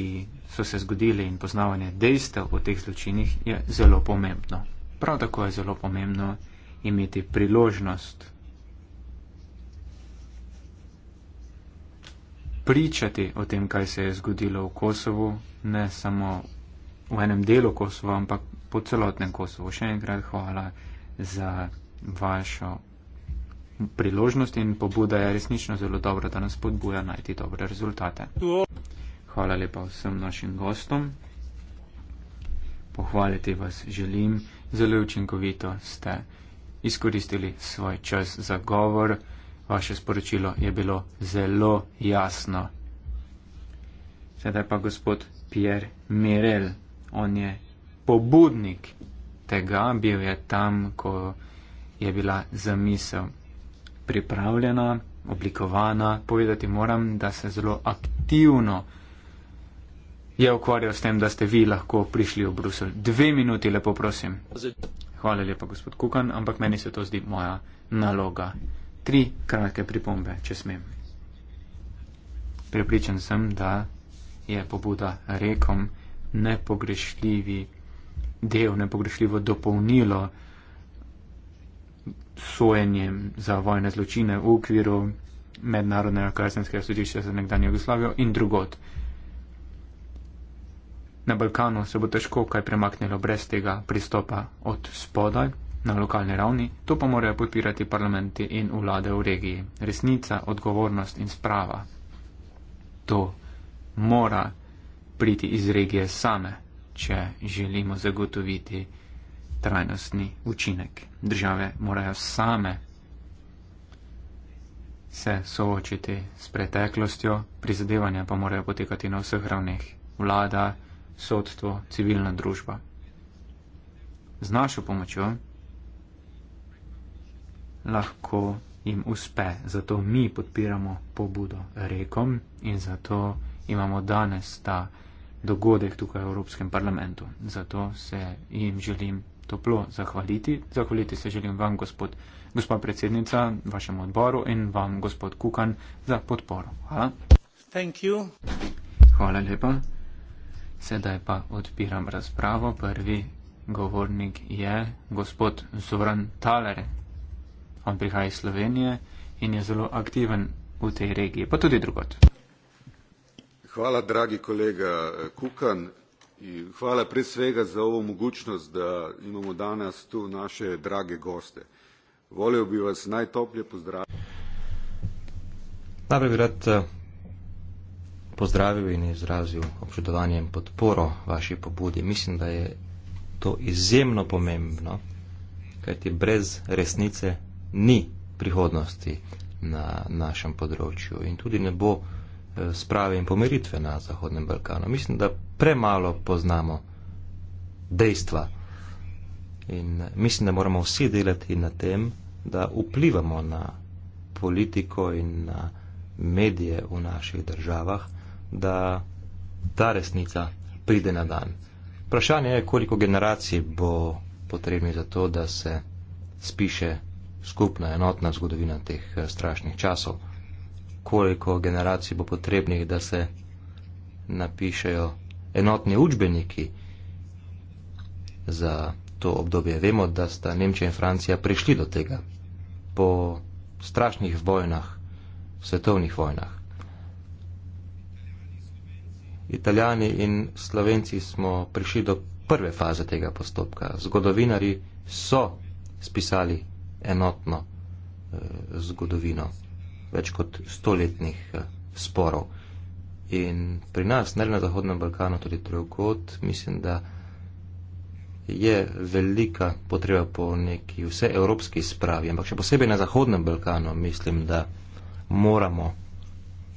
so se zgodili in poznavanje dejstev o teh zločinih je zelo pomembno. Prav tako je zelo pomembno imeti priložnost pričati o tem, kaj se je zgodilo v Kosovu, ne samo v enem delu Kosova, ampak po celotnem Kosovu. Še enkrat hvala za vašo priložnost in pobuda je resnično zelo dobra, da nas podbuja najti dobre rezultate. Hvala lepa vsem našim gostom. Pohvaliti vas želim. Zelo učinkovito ste izkoristili svoj čas za govor. Vaše sporočilo je bilo zelo jasno. Sedaj pa gospod Pierre Mirel on je pobudnik tega, bil je tam, ko je bila zamisel pripravljena, oblikovana. Povedati moram, da se zelo aktivno je ukvarjal s tem, da ste vi lahko prišli v Bruselj. Dve minuti, lepo prosim. Hvala lepa, gospod Kukan, ampak meni se to zdi moja naloga. Tri kratke pripombe, če smem. Prepričan sem, da je pobuda rekom nepogrešljivi del, nepogrešljivo dopolnilo sojenjem za vojne zločine v okviru Mednarodnega kazenskega sodišča za nekdanje Jugoslavijo in drugot. Na Balkanu se bo težko kaj premaknilo brez tega pristopa od spodaj na lokalni ravni, to pa morajo podpirati parlamenti in vlade v regiji. Resnica, odgovornost in sprava. To mora priti iz regije same, če želimo zagotoviti trajnostni učinek. Države morajo same se soočiti s preteklostjo, prizadevanja pa morajo potekati na vseh ravneh. Vlada, sodstvo, civilna družba. Z našo pomočjo lahko jim uspe, zato mi podpiramo pobudo rekom in zato imamo danes ta dogodek tukaj v Evropskem parlamentu. Zato se jim želim toplo zahvaliti. Zahvaliti se želim vam, gospod, gospa predsednica, vašemu odboru in vam, gospod Kukan, za podporo. Hvala. Hvala lepa. Sedaj pa odpiram razpravo. Prvi govornik je gospod Zoran Taler. On prihaja iz Slovenije in je zelo aktiven v tej regiji, pa tudi drugot hvala dragi kolega eh, kukan in hvala pred svega za ovo mogućnost da imamo danas tu naše drage goste volio bi vas najtoplje pozdraviti najprej bi rad eh, pozdravil in izrazil občudovanje in podporo vaši pobudi mislim da je to izjemno pomembno kajti brez resnice ni prihodnosti na našem področju in tudi ne bo sprave in pomiritve na Zahodnem Balkanu. Mislim, da premalo poznamo dejstva in mislim, da moramo vsi delati na tem, da vplivamo na politiko in na medije v naših državah, da ta resnica pride na dan. Vprašanje je, koliko generacij bo potrebno za to, da se spiše skupna enotna zgodovina teh eh, strašnih časov koliko generacij bo potrebnih, da se napišejo enotni učbeniki za to obdobje. Vemo, da sta Nemčija in Francija prišli do tega po strašnih vojnah, svetovnih vojnah. Italijani in Slovenci smo prišli do prve faze tega postopka. Zgodovinari so spisali enotno eh, zgodovino več kot stoletnih eh, sporov. In pri nas, ne le na Zahodnem Balkanu, tudi drugod, mislim, da je velika potreba po neki vseevropski spravi, ampak še posebej na Zahodnem Balkanu mislim, da moramo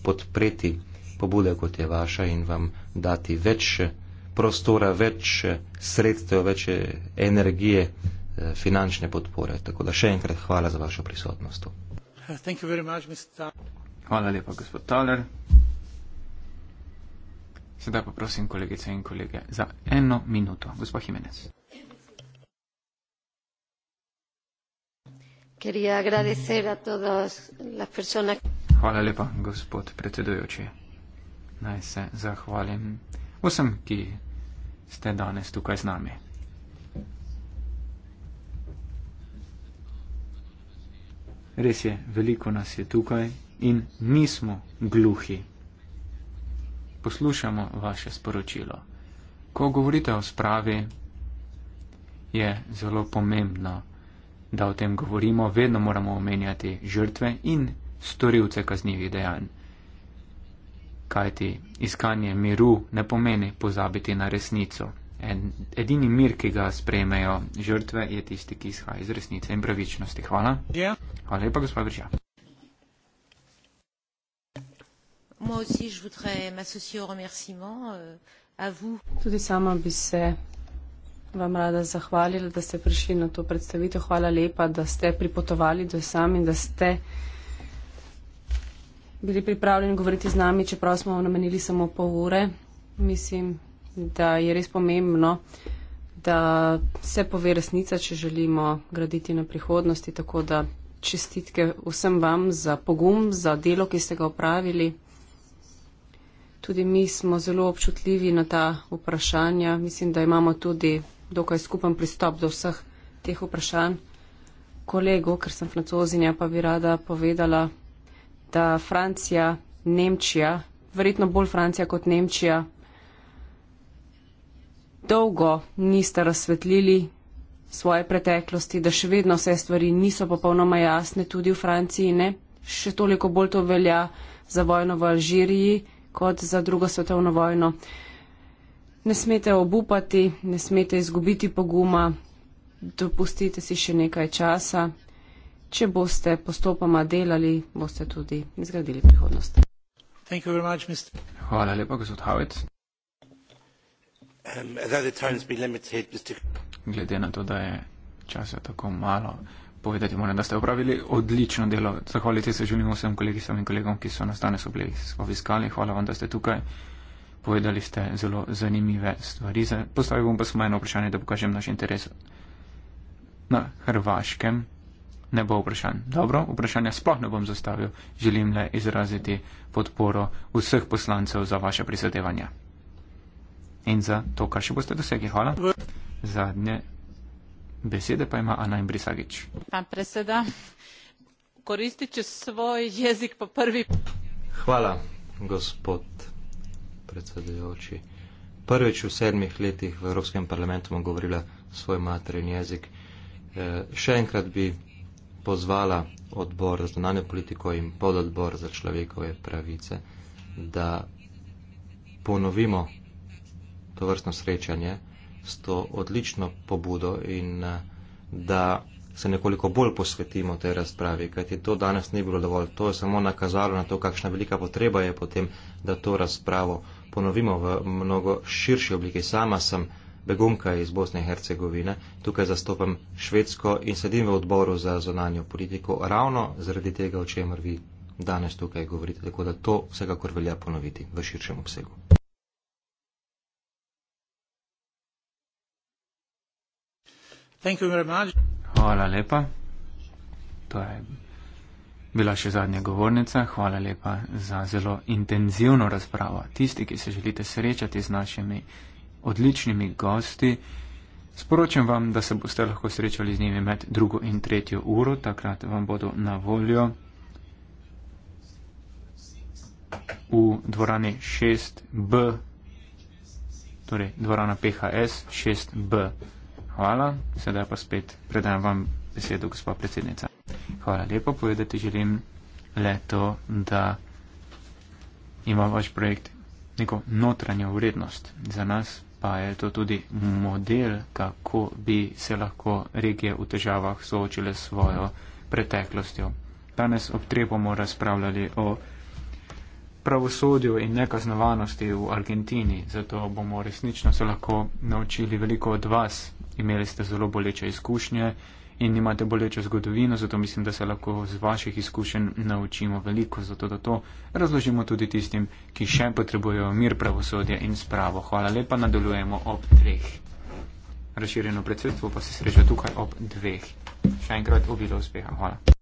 podpreti pobude, kot je vaša in vam dati več eh, prostora, več eh, sredstev, več energije, finančne podpore. Tako da še enkrat hvala za vašo prisotnost. Hvala lepa, gospod Toler. Sedaj poprosim kolegice in kolege za eno minuto. Gospod Jimenez. Hvala lepa, gospod predsedujoči. Naj se zahvalim vsem, ki ste danes tukaj z nami. res je, veliko nas je tukaj in nismo gluhi. Poslušamo vaše sporočilo. Ko govorite o spravi, je zelo pomembno, da o tem govorimo. Vedno moramo omenjati žrtve in storilce kaznjivih dejanj. Kajti iskanje miru ne pomeni pozabiti na resnico. En, edini mir, ki ga sprejmejo žrtve, je tisti, ki izhaja iz resnice in pravičnosti. Hvala. Yeah. Ja. Hvala lepa, gospod Vrža. Euh, Tudi sama bi se vam rada zahvalila, da ste prišli na to predstavitev. Hvala lepa, da ste pripotovali do sami, da ste bili pripravljeni govoriti z nami, čeprav smo vam namenili samo pol ure. Mislim, da je res pomembno, da se pove resnica, če želimo graditi na prihodnosti. Tako da čestitke vsem vam za pogum, za delo, ki ste ga upravili. Tudi mi smo zelo občutljivi na ta vprašanja. Mislim, da imamo tudi dokaj skupen pristop do vseh teh vprašanj. Kolego, ker sem francozinja, pa bi rada povedala, da Francija, Nemčija, verjetno bolj Francija kot Nemčija, dolgo niste razsvetlili svoje preteklosti, da še vedno vse stvari niso popolnoma jasne, tudi v Franciji ne. Še toliko bolj to velja za vojno v Alžiriji kot za drugo svetovno vojno. Ne smete obupati, ne smete izgubiti poguma, dopustite si še nekaj časa. Če boste postopoma delali, boste tudi izgradili prihodnost. Hvala lepa, gospod Havec. Um, Glede na to, da je časa tako malo, povedati moram, da ste upravili odlično delo. Zahvaliti se želim vsem kolegicam in kolegom, ki so nas danes obiskali. Hvala vam, da ste tukaj. Povedali ste zelo zanimive stvari. Postavil bom pa samo eno vprašanje, da pokažem naš interes. Na Hrvaškem ne bo vprašanj. Dobro, vprašanja sploh ne bom zastavil. Želim le izraziti podporo vseh poslancev za vaše prizadevanja in za to, kar še boste dosegli. Hvala. Zadnje besede pa ima Ana Imbrisagič. Pan preseda, koristit će svoj jezik po prvi. Hvala, gospod predsedujoči. Prvič v sedmih letih v Evropskem parlamentu bom govorila svoj materin jezik. E, še enkrat bi pozvala odbor za zunanjo politiko in pododbor za človekove pravice, da ponovimo to vrstno srečanje s to odlično pobudo in eh, da se nekoliko bolj posvetimo tej razpravi, kajti to danes ni bilo dovolj. To je samo nakazalo na to, kakšna velika potreba je potem, da to razpravo ponovimo v mnogo širši obliki. Sama sem begunka iz Bosne in Hercegovine, tukaj zastopam Švedsko in sedim v odboru za zonanjo politiko ravno zaradi tega, o čemer vi danes tukaj govorite. Tako da to vsekakor velja ponoviti v širšem obsegu. Hvala lepa. To je bila še zadnja govornica. Hvala lepa za zelo intenzivno razpravo. Tisti, ki se želite srečati z našimi odličnimi gosti, sporočam vam, da se boste lahko srečali z njimi med drugo in tretjo uro. Takrat vam bodo na voljo v dvorani 6B, torej dvorana PHS 6B. Hvala, sedaj pa spet predam vam besedo, gospod predsednica. Hvala lepo, povedati želim le to, da ima vaš projekt neko notranjo vrednost. Za nas pa je to tudi model, kako bi se lahko regije v težavah soočile s svojo preteklostjo. Danes ob treh bomo razpravljali o pravosodju in nekaznovanosti v Argentini, zato bomo resnično se lahko naučili veliko od vas, imeli ste zelo boleče izkušnje in imate bolečo zgodovino, zato mislim, da se lahko z vaših izkušenj naučimo veliko, zato da to razložimo tudi tistim, ki še potrebujejo mir, pravosodje in spravo. Hvala lepa, nadaljujemo ob treh. Razširjeno predsedstvo pa se sreča tukaj ob dveh. Še enkrat obilo uspeha. Hvala.